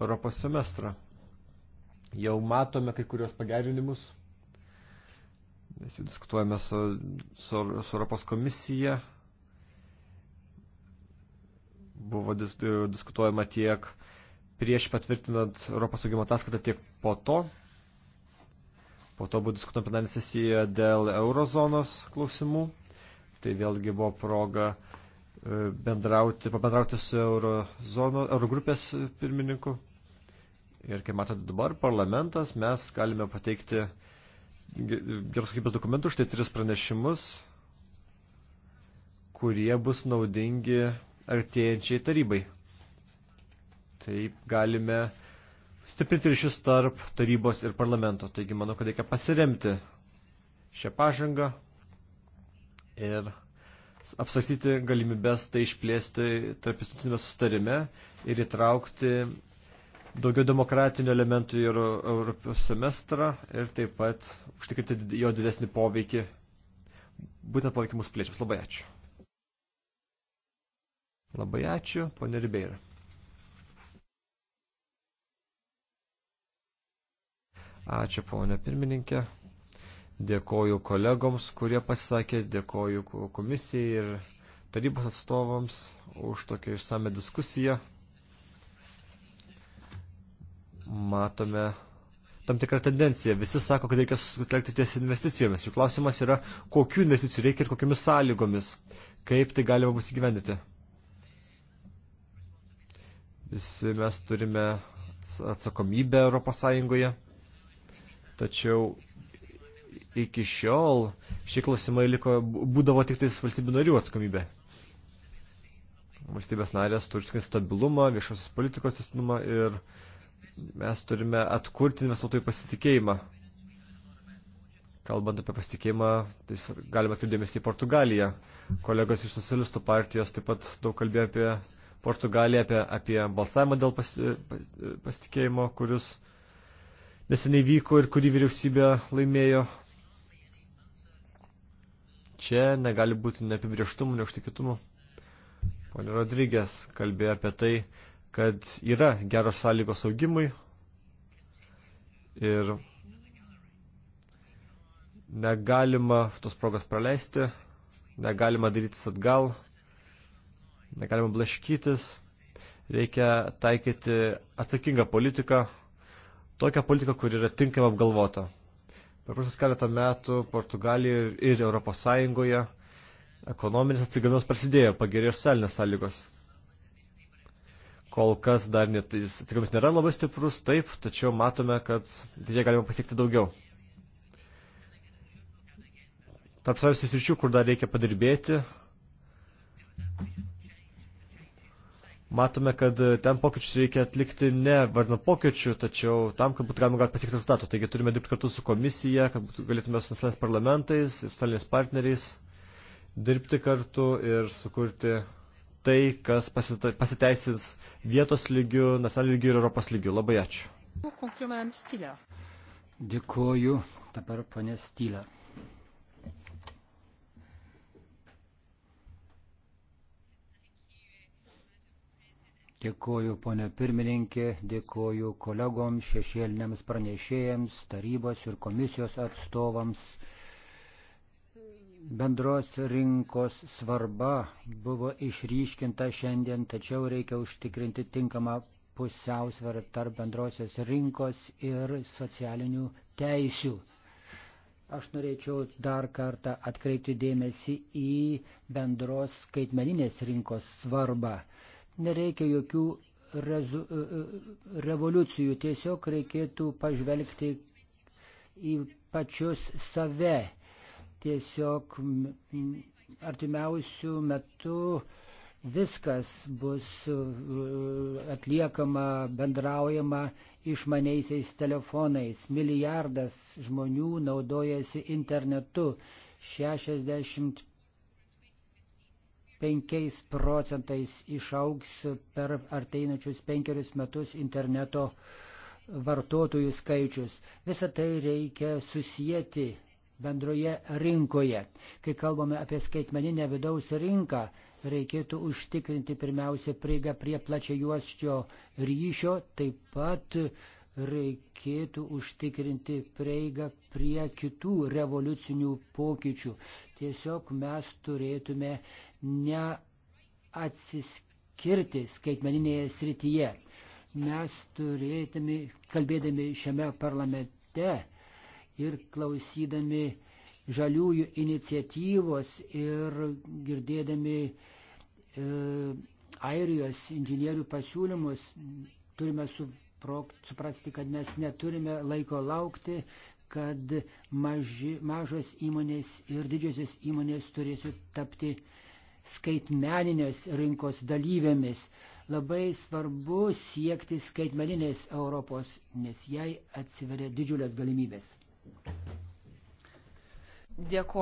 Europos semestrą. Jau matome kai kurios pagerinimus. Mes jau diskutuojame su, su, su Europos komisija. Buvo dis, diskutuojama tiek prieš patvirtinant Europos saugimo ataskaitą, tiek po to. Po to buvo diskutuojama plenarinė sesija dėl eurozonos klausimų. Tai vėlgi buvo proga e, bendrauti, pabendrauti su eurozono, eurogrupės pirmininku. Ir kaip matote dabar, parlamentas mes galime pateikti uh, geros kokybės dokumentų, štai tris pranešimus, kurie bus naudingi artėjančiai tarybai. Taip galime stiprinti ryšius tarp tarybos ir parlamento. Taigi manau, kad reikia pasiremti šią pažangą ir apsvarstyti galimybės tai išplėsti tarp institucinėme sustarime ir įtraukti daugiau demokratinių elementų ir Europos semestrą ir taip pat užtikrinti jo didesnį poveikį, būtent poveikį mūsų piliečiams. Labai ačiū. Labai ačiū, ponė Ribeira. Ačiū, ponė pirmininkė. Dėkoju kolegoms, kurie pasisakė, dėkoju komisijai ir tarybos atstovams už tokią išsame diskusiją matome tam tikrą tendenciją. Visi sako, kad reikia sutelkti ties investicijomis. Jų klausimas yra, kokių investicijų reikia ir kokiamis sąlygomis. Kaip tai galima bus įgyvendinti. Visi mes turime atsakomybę Europos Sąjungoje. Tačiau iki šiol šie klausimai liko, būdavo tik tais valstybių narių atsakomybė. Valstybės narės turi stabilumą, viešosios politikos testinumą ir uh, mes turime atkurti investuotojų pasitikėjimą. Kalbant apie pasitikėjimą, tai galima atkreipdėmėsi į Portugaliją. Kolegos iš socialistų partijos taip pat daug kalbėjo apie Portugaliją, apie, apie balsavimą dėl pas, pasitikėjimo, kuris neseniai vyko ir kurį vyriausybė laimėjo. Čia negali būti neapibrieštumų, neužtikėtumų. Pone Rodrygės kalbėjo apie tai, kad yra geros sąlygos augimui ir negalima tos progos praleisti, negalima darytis atgal, negalima blaškytis, reikia taikyti atsakingą politiką, tokią politiką, kur yra tinkamai apgalvota. Per prasus keletą metų Portugalijoje ir Europos Sąjungoje ekonominis atsigavimas prasidėjo, pagerėjo socialinės sąlygos kol kas dar net, tikrims nėra labai stiprus, taip, tačiau matome, kad jie galima pasiekti daugiau. Tarp savęs įsirčių, kur dar reikia padirbėti, matome, kad ten pokyčius reikia atlikti ne vardan pokyčių, tačiau tam, kad būtų galima gauti pasiekti rezultatų. Taigi turime dirbti kartu su komisija, kad būtų, galėtume su nacionaliniais parlamentais ir socialiniais partneriais dirbti kartu ir sukurti tai, kas pasiteisins vietos lygių, nacionalinių lygių ir Europos lygių. Labai ačiū. Dėkuoju. Dabar ponė Stylė. Dėkuoju ponė pirmininkė, dėkuoju kolegoms, šešėliniams pranešėjams, tarybos ir komisijos atstovams bendros rinkos svarba buvo išryškinta šiandien, tačiau reikia užtikrinti tinkamą pusiausvarą tarp bendrosios rinkos ir socialinių teisių. Aš norėčiau dar kartą atkreipti dėmesį į bendros skaitmeninės rinkos svarbą. Nereikia jokių rezu, e, e, revoliucijų, tiesiog reikėtų pažvelgti į pačius save tiesiog artimiausių metų viskas bus e, atliekama, bendraujama išmaniaisiais telefonais. Milijardas žmonių naudojasi internetu. 60 5 procentais išaugs per arteinačius penkerius metus interneto vartotojų skaičius. Visą tai reikia susijęti bendroje rinkoje. Kai kalbame apie skaitmeninę vidaus rinką, reikėtų užtikrinti pirmiausia prieigą prie plačia juosčio ryšio, taip pat reikėtų užtikrinti prieigą prie kitų revoliucinių pokyčių. Tiesiog mes turėtume neatsiskirti skaitmeninėje srityje. Mes turėtume, kalbėdami šiame parlamente, ir klausydami žaliųjų iniciatyvos ir girdėdami e, airijos inžinierių pasiūlymus turime suprasti, kad mes neturime laiko laukti, kad maži, mažos įmonės ir didžiosios įmonės turėsiu tapti skaitmeninės rinkos dalyvėmis. Labai svarbu siekti skaitmeninės Europos, nes jai atsiveria didžiulės galimybės. Dėkuoju.